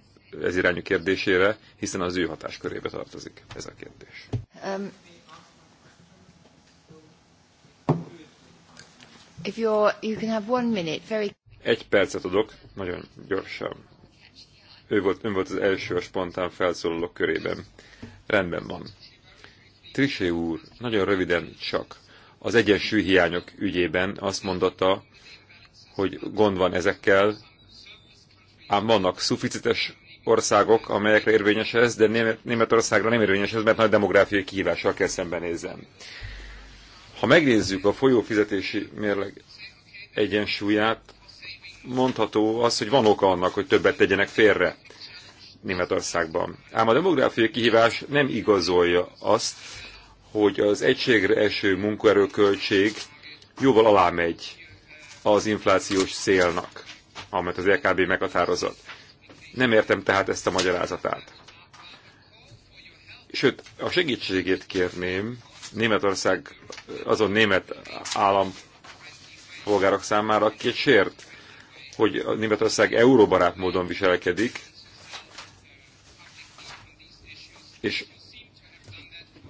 ez irányú kérdésére, hiszen az ő hatáskörébe tartozik ez a kérdés.
Um, if you're, you can have one minute, very...
Egy percet adok, nagyon gyorsan. Ő volt, ön volt az első a spontán felszólalók körében. Rendben van. Trisé úr, nagyon röviden csak az hiányok ügyében azt mondotta, hogy gond van ezekkel, ám vannak szuficites országok, amelyekre érvényes ez, de Németországra nem érvényes ez, mert nagy demográfiai kihívással kell szembenézzen. Ha megnézzük a folyófizetési mérleg egyensúlyát, mondható az, hogy van oka annak, hogy többet tegyenek félre Németországban. Ám a demográfiai kihívás nem igazolja azt, hogy az egységre eső munkaerőköltség jóval alámegy az inflációs célnak, amit az LKB e meghatározott. Nem értem tehát ezt a magyarázatát. Sőt, a segítségét kérném Németország azon német állampolgárok számára, akik sért, hogy Németország euróbarát módon viselkedik, és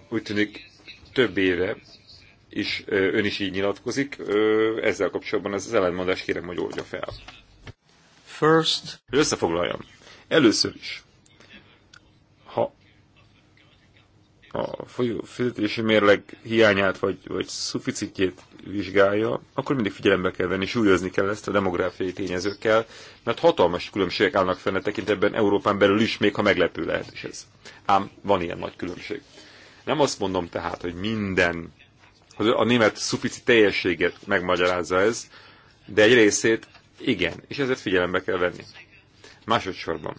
úgy tűnik több éve is ön is így nyilatkozik. Ezzel kapcsolatban ez az ellentmondást kérem, hogy oldja fel. First. Összefoglaljam. Először is. a fizetési mérleg hiányát vagy, vagy szuficitjét vizsgálja, akkor mindig figyelembe kell venni, súlyozni kell ezt a demográfiai tényezőkkel, mert hatalmas különbségek állnak fenn a tekintetben Európán belül is, még ha meglepő lehet is ez. Ám van ilyen nagy különbség. Nem azt mondom tehát, hogy minden, a német szuficit teljességet megmagyarázza ez, de egy részét igen, és ezért figyelembe kell venni. Másodszorban,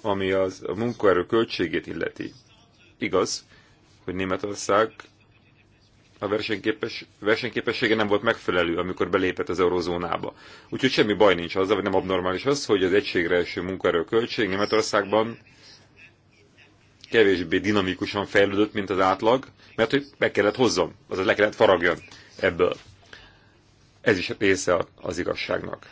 ami az, a munkaerő költségét illeti, Igaz, hogy Németország a versenyképes, versenyképessége nem volt megfelelő, amikor belépett az eurozónába. Úgyhogy semmi baj nincs azzal, vagy nem abnormális az, hogy az egységre munkaerő költség Németországban kevésbé dinamikusan fejlődött, mint az átlag, mert hogy meg kellett hozzon, azaz le kellett faragjon ebből. Ez is része az igazságnak.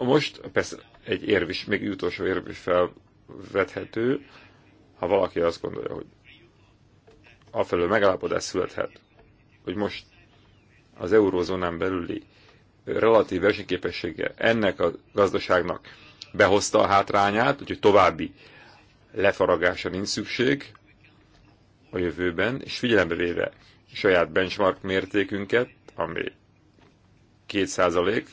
Most persze egy érv is, még utolsó érv is felvethető, ha valaki azt gondolja, hogy afelől megállapodás születhet, hogy most az eurózónán belüli relatív versenyképessége ennek a gazdaságnak behozta a hátrányát, úgyhogy további lefaragása nincs szükség a jövőben, és figyelembe véve saját benchmark mértékünket, ami 2% eh,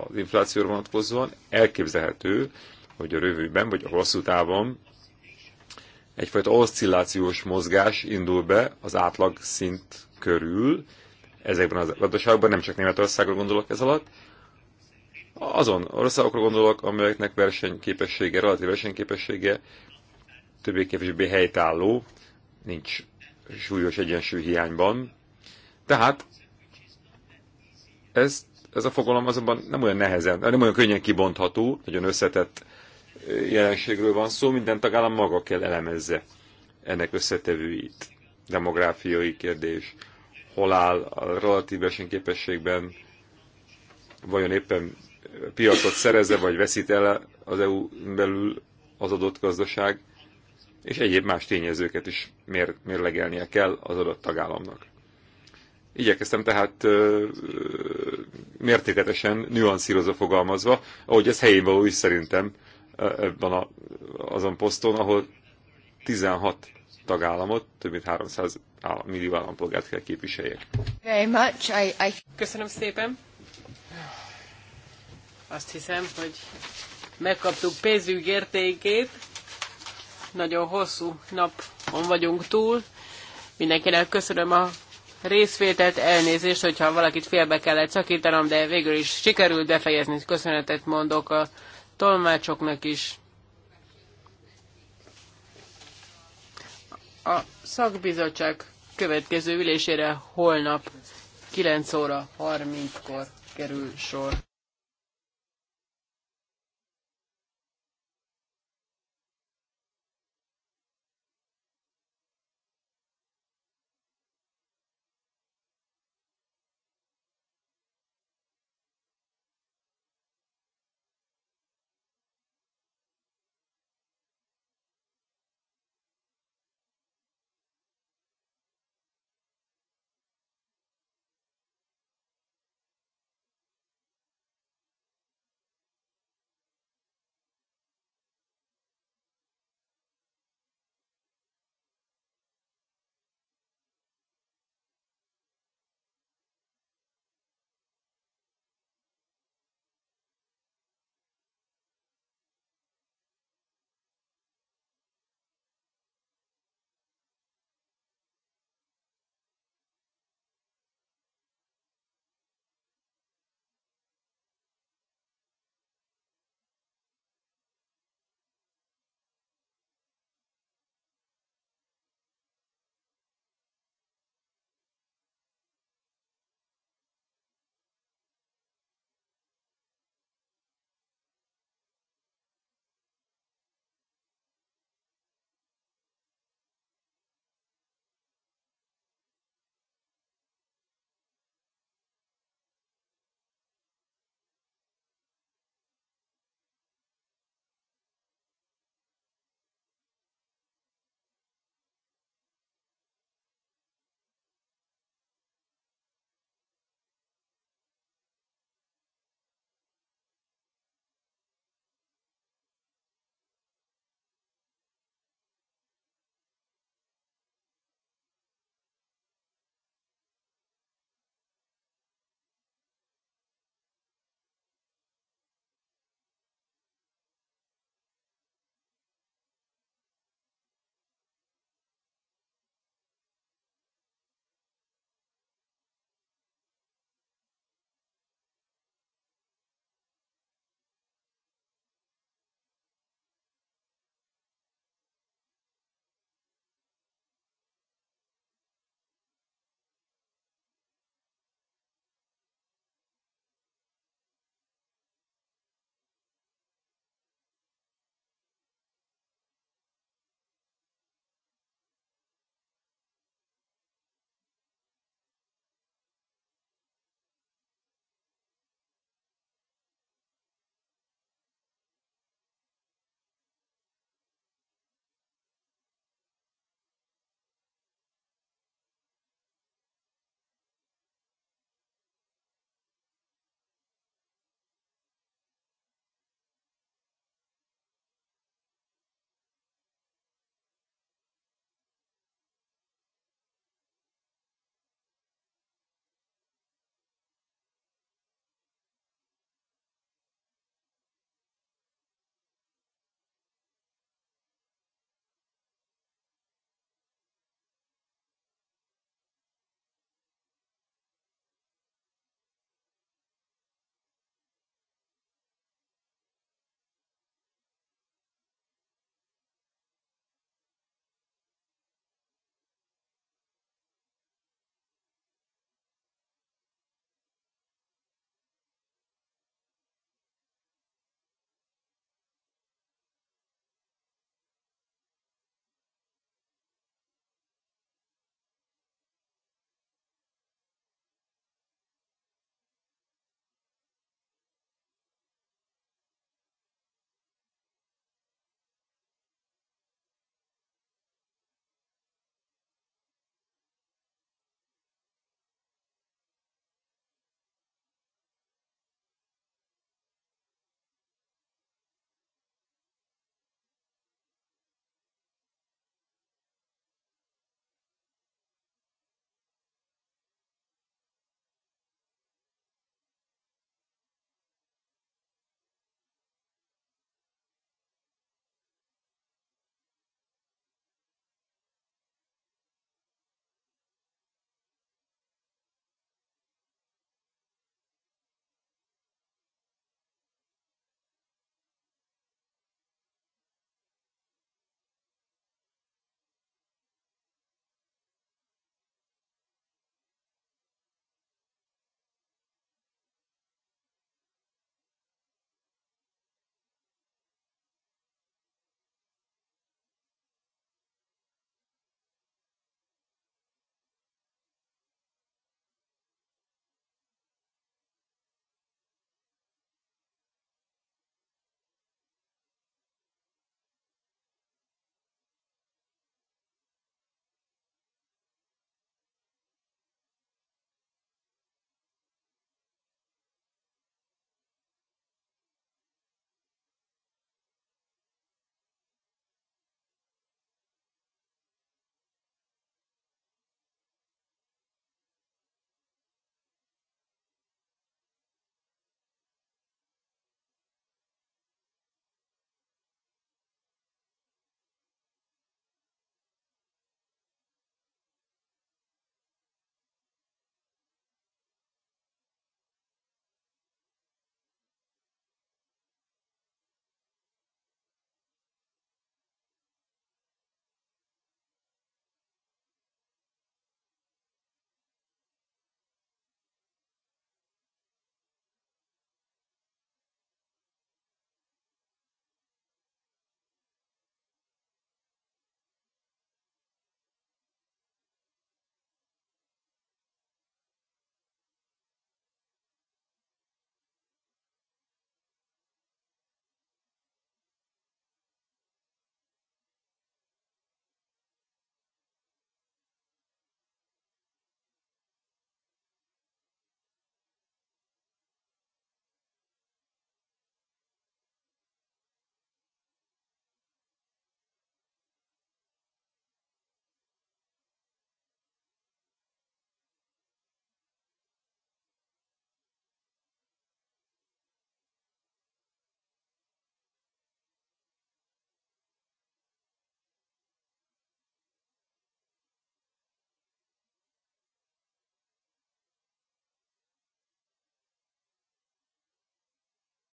az inflációra vonatkozóan, elképzelhető, hogy a rövőben vagy a hosszú távon egyfajta oszcillációs mozgás indul be az átlag szint körül, ezekben az gazdaságokban, nem csak Németországra gondolok ez alatt, azon országokra gondolok, amelyeknek versenyképessége, relatív versenyképessége többé-kevésbé helytálló, nincs súlyos egyensúly hiányban. Tehát ez, ez a fogalom azonban nem olyan nehezen, nem olyan könnyen kibontható, nagyon összetett jelenségről van szó, minden tagállam maga kell elemezze ennek összetevőit. Demográfiai kérdés, hol áll a relatív versenyképességben, vajon éppen piacot szereze, vagy veszít el az EU belül az adott gazdaság, és egyéb más tényezőket is mér, mérlegelnie kell az adott tagállamnak. Igyekeztem tehát ö, mértéketesen, nüanszírozva fogalmazva, ahogy ez helyén való is szerintem ebben a, azon poszton, ahol 16 tagállamot, több mint 300 állam, millió állampolgárt kell képviseljek.
Very much. I,
I... Köszönöm szépen. Azt hiszem, hogy megkaptuk pénzügy értékét. Nagyon hosszú napon vagyunk túl. Mindenkinek köszönöm a részvételt, elnézést, hogyha valakit félbe kellett szakítanom, de végül is sikerült befejezni. Köszönetet mondok a tolmácsoknak is. A szakbizottság következő ülésére holnap 9 óra 30-kor kerül sor.